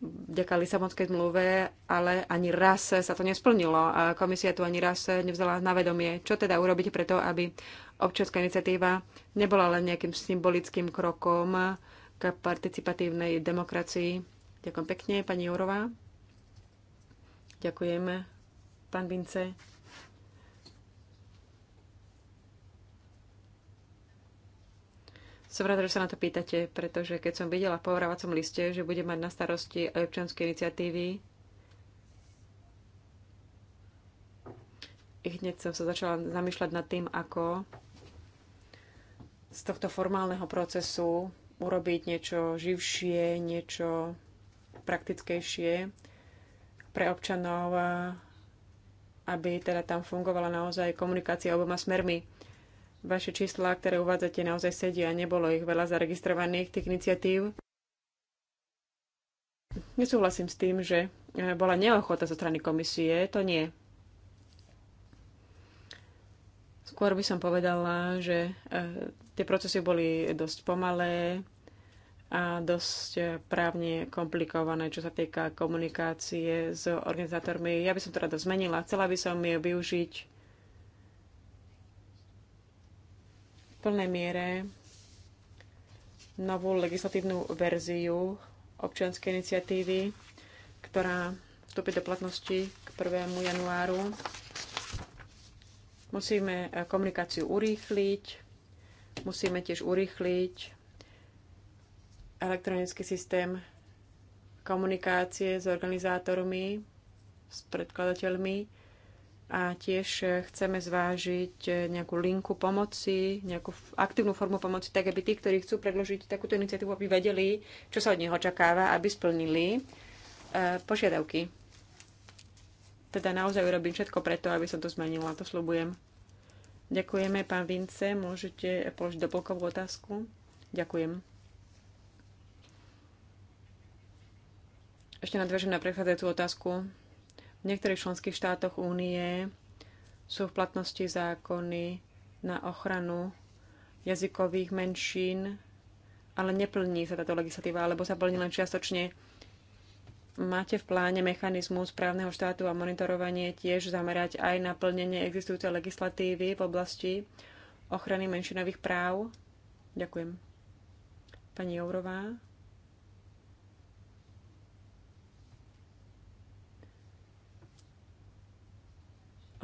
vďaka Lisabonskej zmluve, ale ani raz sa to nesplnilo. a Komisia tu ani raz e, nevzala na vedomie, čo teda urobiť preto, aby Občianská iniciatíva nebola len nejakým symbolickým krokom k participatívnej demokracii. Ďakujem pekne, pani Jurová. Ďakujem, pán Vince. Som rada, že sa na to pýtate, pretože keď som videla v pohrávacom liste, že bude mať na starosti aj občianske iniciatívy, hneď som sa začala zamýšľať nad tým, ako z tohto formálneho procesu urobiť niečo živšie, niečo praktickejšie pre občanov, aby teda tam fungovala naozaj komunikácia oboma smermi. Vaše čísla, ktoré uvádzate, naozaj sedia. a Nebolo ich veľa zaregistrovaných, tých iniciatív. Nesúhlasím s tým, že bola neochota zo strany komisie. To nie. Skôr by som povedala, že e, Tie procesy boli dosť pomalé a dosť právne komplikované, čo sa týka komunikácie s organizátormi. Ja by som to rada zmenila. Chcela by som ju využiť v plnej miere novú legislatívnu verziu občianskej iniciatívy, ktorá vstúpi do platnosti k 1. januáru. Musíme komunikáciu urýchliť, Musíme tiež urýchliť elektronický systém komunikácie s organizátormi, s predkladateľmi a tiež chceme zvážiť nejakú linku pomoci, nejakú aktívnu formu pomoci, tak aby tí, ktorí chcú predložiť takúto iniciatívu, aby vedeli, čo sa od nich očakáva, aby splnili e, požiadavky. Teda naozaj urobím všetko preto, aby som to zmenila, to slúbujem. Ďakujeme, pán Vince. Môžete položiť doplnkovú otázku? Ďakujem. Ešte nadviažem na prechádzajúcu otázku. V niektorých členských štátoch únie sú v platnosti zákony na ochranu jazykových menšín, ale neplní sa táto legislatíva, alebo sa plní len čiastočne Máte v pláne mechanizmus právneho štátu a monitorovanie tiež zamerať aj na plnenie existujúcej legislatívy v oblasti ochrany menšinových práv? Ďakujem. Pani Jourová.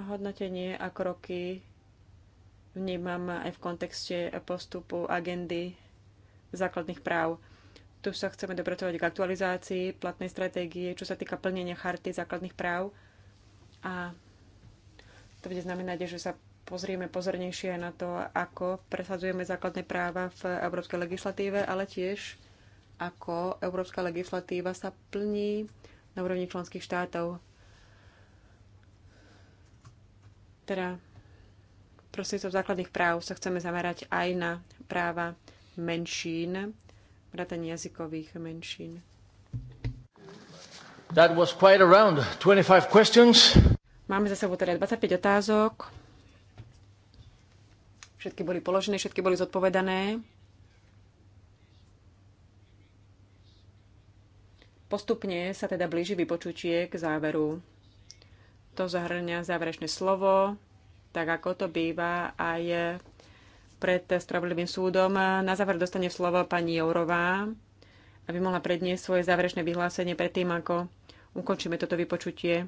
hodnotenie a kroky vnímam aj v kontexte postupu agendy základných práv. Tu sa chceme dopracovať k aktualizácii platnej stratégie, čo sa týka plnenia charty základných práv. A to bude znamenať, že sa pozrieme pozornejšie na to, ako presadzujeme základné práva v európskej legislatíve, ale tiež ako európska legislatíva sa plní na úrovni členských štátov. Teda prostredstvom základných práv sa chceme zamerať aj na práva menšín vrátanie jazykových menšín. That was quite around 25 questions. Máme za sebou teda 25 otázok. Všetky boli položené, všetky boli zodpovedané. Postupne sa teda blíži vypočutie k záveru. To zahrňa záverečné slovo, tak ako to býva aj pred spravodlivým súdom. Na záver dostane slovo pani Jourová, aby mohla predniesť svoje záverečné vyhlásenie predtým, ako ukončíme toto vypočutie.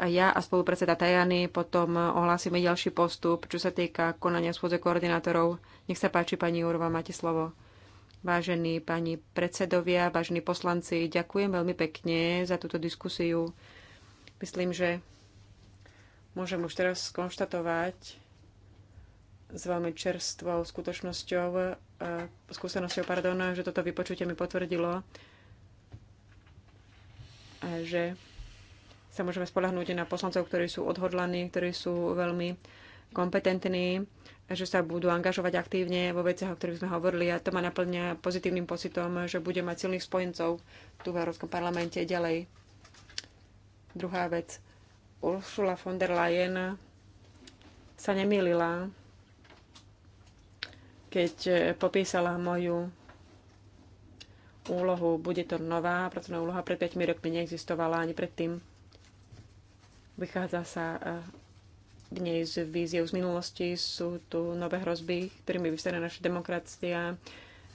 A ja a spolupredseda Tajany potom ohlásime ďalší postup, čo sa týka konania schôdze koordinátorov. Nech sa páči, pani Jourová, máte slovo. Vážení pani predsedovia, vážení poslanci, ďakujem veľmi pekne za túto diskusiu. Myslím, že môžem už teraz skonštatovať, s veľmi čerstvou skutočnosťou, e, skúsenosťou, pardon, že toto vypočutie mi potvrdilo, e, že sa môžeme spolahnúť na poslancov, ktorí sú odhodlaní, ktorí sú veľmi kompetentní, že sa budú angažovať aktívne vo veciach, o ktorých sme hovorili a to ma naplňa pozitívnym pocitom, že bude mať silných spojencov tu v Európskom parlamente ďalej. Druhá vec. Ursula von der Leyen sa nemýlila keď e, popísala moju úlohu. Bude to nová pracovná úloha, pred 5 rokmi neexistovala ani predtým. Vychádza sa k e, nej z vízie z minulosti, sú tu nové hrozby, ktorými vystavená naša demokracia,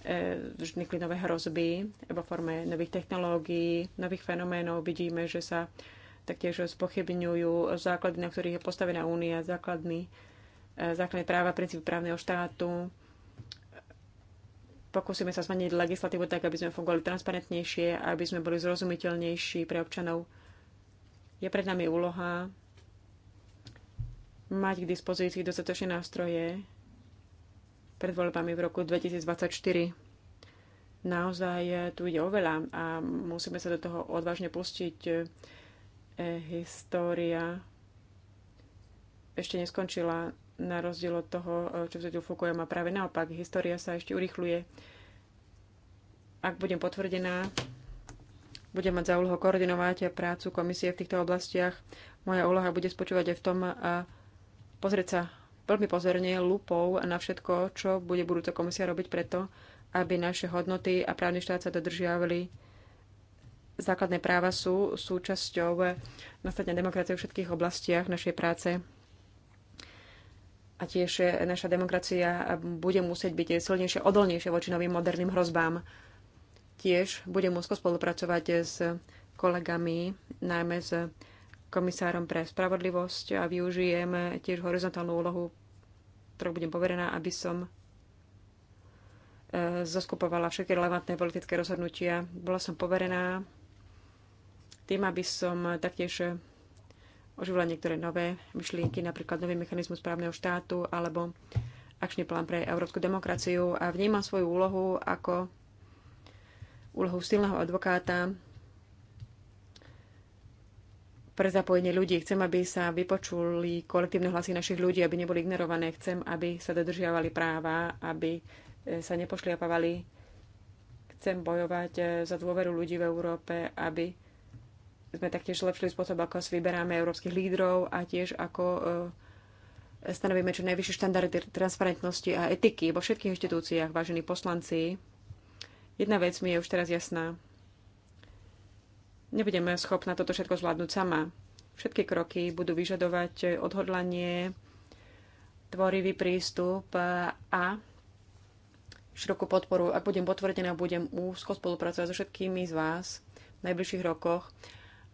e, vznikli nové hrozby vo forme nových technológií, nových fenoménov. Vidíme, že sa taktiež spochybňujú základy, na ktorých je postavená únia, základný, základné práva, princípy právneho štátu, Pokúsime sa zmeniť legislatívu tak, aby sme fungovali transparentnejšie a aby sme boli zrozumiteľnejší pre občanov. Je pred nami úloha mať k dispozícii dostatočné nástroje pred voľbami v roku 2024. Naozaj tu ide oveľa a musíme sa do toho odvážne pustiť. E, história ešte neskončila na rozdiel od toho, eh, čo vzdel Fukuyama. Práve naopak, história sa ešte urychluje. Ak budem potvrdená, budem mať za úlohu koordinovať prácu komisie v týchto oblastiach. Moja úloha bude spočúvať aj v tom a eh, pozrieť sa veľmi pozorne lupou na všetko, čo bude budúca komisia robiť preto, aby naše hodnoty a právny štát sa dodržiavali. Základné práva sú súčasťou eh, nastavenia demokracie v všetkých oblastiach našej práce a tiež naša demokracia bude musieť byť silnejšia, odolnejšia voči novým moderným hrozbám. Tiež budem úzko spolupracovať s kolegami, najmä s komisárom pre spravodlivosť a využijem tiež horizontálnu úlohu, ktorú budem poverená, aby som e, zoskupovala všetky relevantné politické rozhodnutia. Bola som poverená tým, aby som taktiež oživila niektoré nové myšlienky, napríklad nový mechanizmus právneho štátu alebo akčný plán pre európsku demokraciu a vnímam svoju úlohu ako úlohu silného advokáta pre zapojenie ľudí. Chcem, aby sa vypočuli kolektívne hlasy našich ľudí, aby neboli ignorované. Chcem, aby sa dodržiavali práva, aby e, sa nepošliapavali. Chcem bojovať e, za dôveru ľudí v Európe, aby sme taktiež zlepšili spôsob, ako si vyberáme európskych lídrov a tiež ako e, stanovíme čo najvyššie štandardy transparentnosti a etiky vo všetkých inštitúciách, vážení poslanci. Jedna vec mi je už teraz jasná. Nebudeme schopná toto všetko zvládnuť sama. Všetky kroky budú vyžadovať odhodlanie, tvorivý prístup a širokú podporu. Ak budem potvrdená, budem úzko spolupracovať so všetkými z vás v najbližších rokoch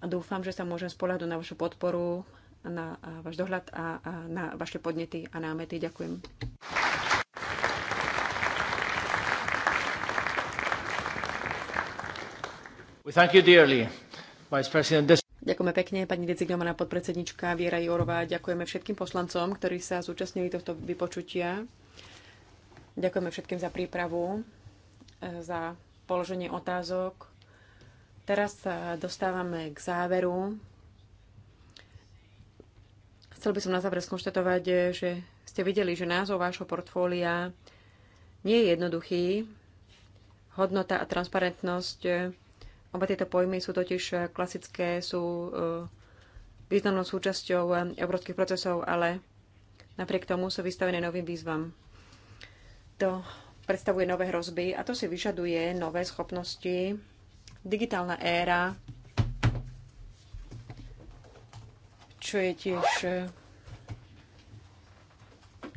a dúfam, že sa môžem spolahnuť na vašu podporu, na váš dohľad a, a na vaše podnety a námety. Ďakujem. Ďakujeme pekne, pani dezignovaná podpredsednička Viera Jorová. Ďakujeme všetkým poslancom, ktorí sa zúčastnili tohto vypočutia. Ďakujeme všetkým za prípravu, e, za položenie otázok Teraz sa dostávame k záveru. Chcel by som na záver skonštatovať, že ste videli, že názov vášho portfólia nie je jednoduchý. Hodnota a transparentnosť, oba tieto pojmy sú totiž klasické, sú eh, významnou súčasťou eh, európskych procesov, ale napriek tomu sú vystavené novým výzvam. To predstavuje nové hrozby a to si vyžaduje nové schopnosti digitálna éra, čo je tiež e,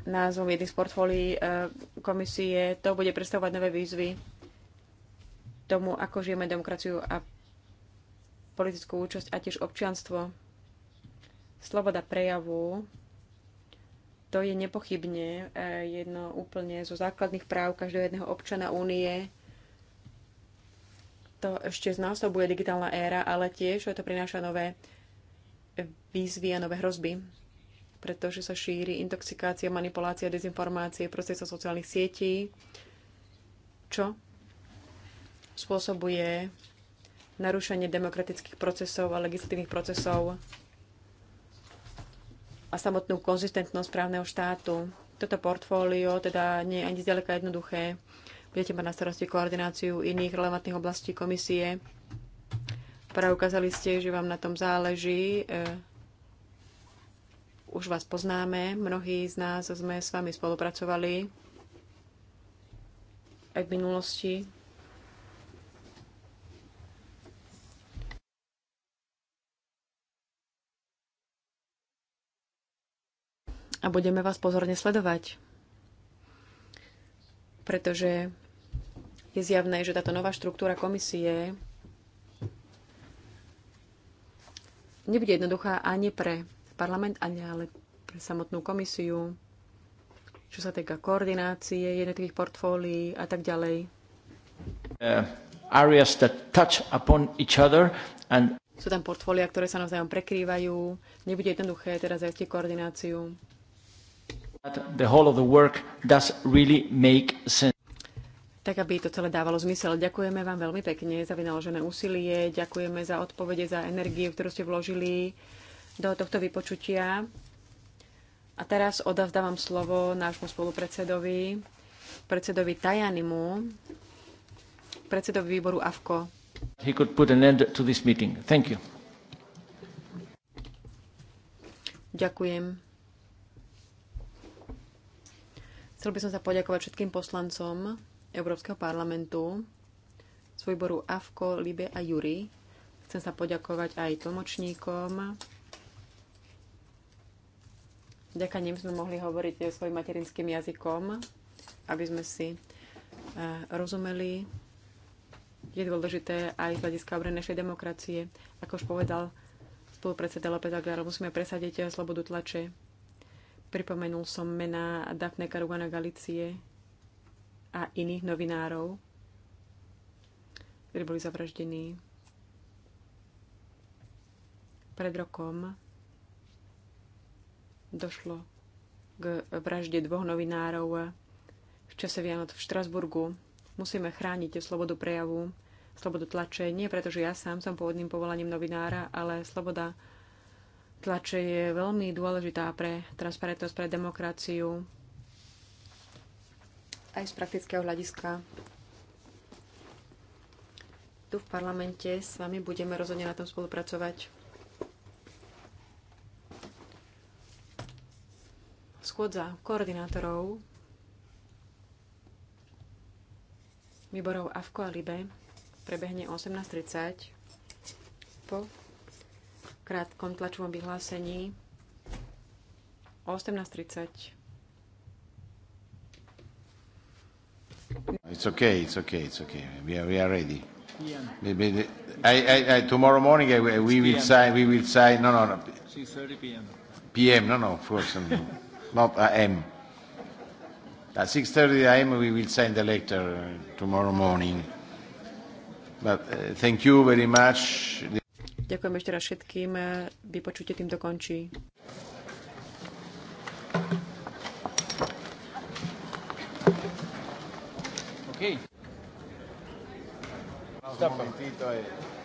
názov jedných z portfólií e, komisie, to bude predstavovať nové výzvy tomu, ako žijeme demokraciu a politickú účasť a tiež občianstvo. Sloboda prejavu, to je nepochybne e, jedno úplne zo základných práv každého jedného občana únie to ešte znásobuje digitálna éra, ale tiež to prináša nové výzvy a nové hrozby, pretože sa šíri intoxikácia, manipulácia, dezinformácie, procesa sociálnych sietí, čo spôsobuje narušenie demokratických procesov a legislatívnych procesov a samotnú konzistentnosť právneho štátu. Toto portfólio teda nie je ani zďaleka jednoduché. Budete mať na starosti koordináciu iných relevantných oblastí komisie. Preukázali ste, že vám na tom záleží. E, už vás poznáme, mnohí z nás sme s vami spolupracovali aj v minulosti. a budeme vás pozorne sledovať pretože je zjavné, že táto nová štruktúra komisie nebude jednoduchá ani pre parlament, ani ale pre samotnú komisiu, čo sa týka koordinácie jednotlivých portfólií a tak ďalej. Uh, areas that touch upon each other and... Sú tam portfólia, ktoré sa navzájom prekrývajú. Nebude jednoduché teraz tie koordináciu tak, aby to celé dávalo zmysel. Ďakujeme vám veľmi pekne za vynaložené úsilie, ďakujeme za odpovede, za energiu, ktorú ste vložili do tohto vypočutia. A teraz odovzdávam slovo nášmu spolupredsedovi, predsedovi Tajanimu, predsedovi výboru AFKO. He could put an end to this meeting. Thank you. Ďakujem. Chcel by som sa poďakovať všetkým poslancom Európskeho parlamentu z výboru AFKO, LIBE a JURY. Chcem sa poďakovať aj tlmočníkom. Ďaká nim sme mohli hovoriť svojim materinským jazykom, aby sme si eh, rozumeli. Je dôležité aj z hľadiska obrany našej demokracie. Ako už povedal spolupredseda López Aguilar, musíme presadiť eh, slobodu tlače Pripomenul som mená Dafne Caruana Galicie a iných novinárov, ktorí boli zavraždení pred rokom došlo k vražde dvoch novinárov v čase Vianoc v Štrasburgu. Musíme chrániť slobodu prejavu, slobodu tlače, nie preto, že ja sám som pôvodným povolaním novinára, ale sloboda tlače je veľmi dôležitá pre transparentnosť, pre demokraciu, aj z praktického hľadiska. Tu v parlamente s vami budeme rozhodne na tom spolupracovať. Schôdza koordinátorov výborov AFKO a LIBE prebehne 18.30 po krátkom tlačovom vyhlásení o 18.30. It's okay, it's okay, it's okay. We are, we are ready. I, I, I, tomorrow morning I, we will sign, we will sign, no, no, no. 6.30 p.m. PM, no, no, of course, no, no. not AM. At 6.30 AM we will sign the letter tomorrow morning. But uh, thank you very much. Ďakujem ešte raz všetkým. Vypočutie týmto končí. Okay. Un momentito. Eh.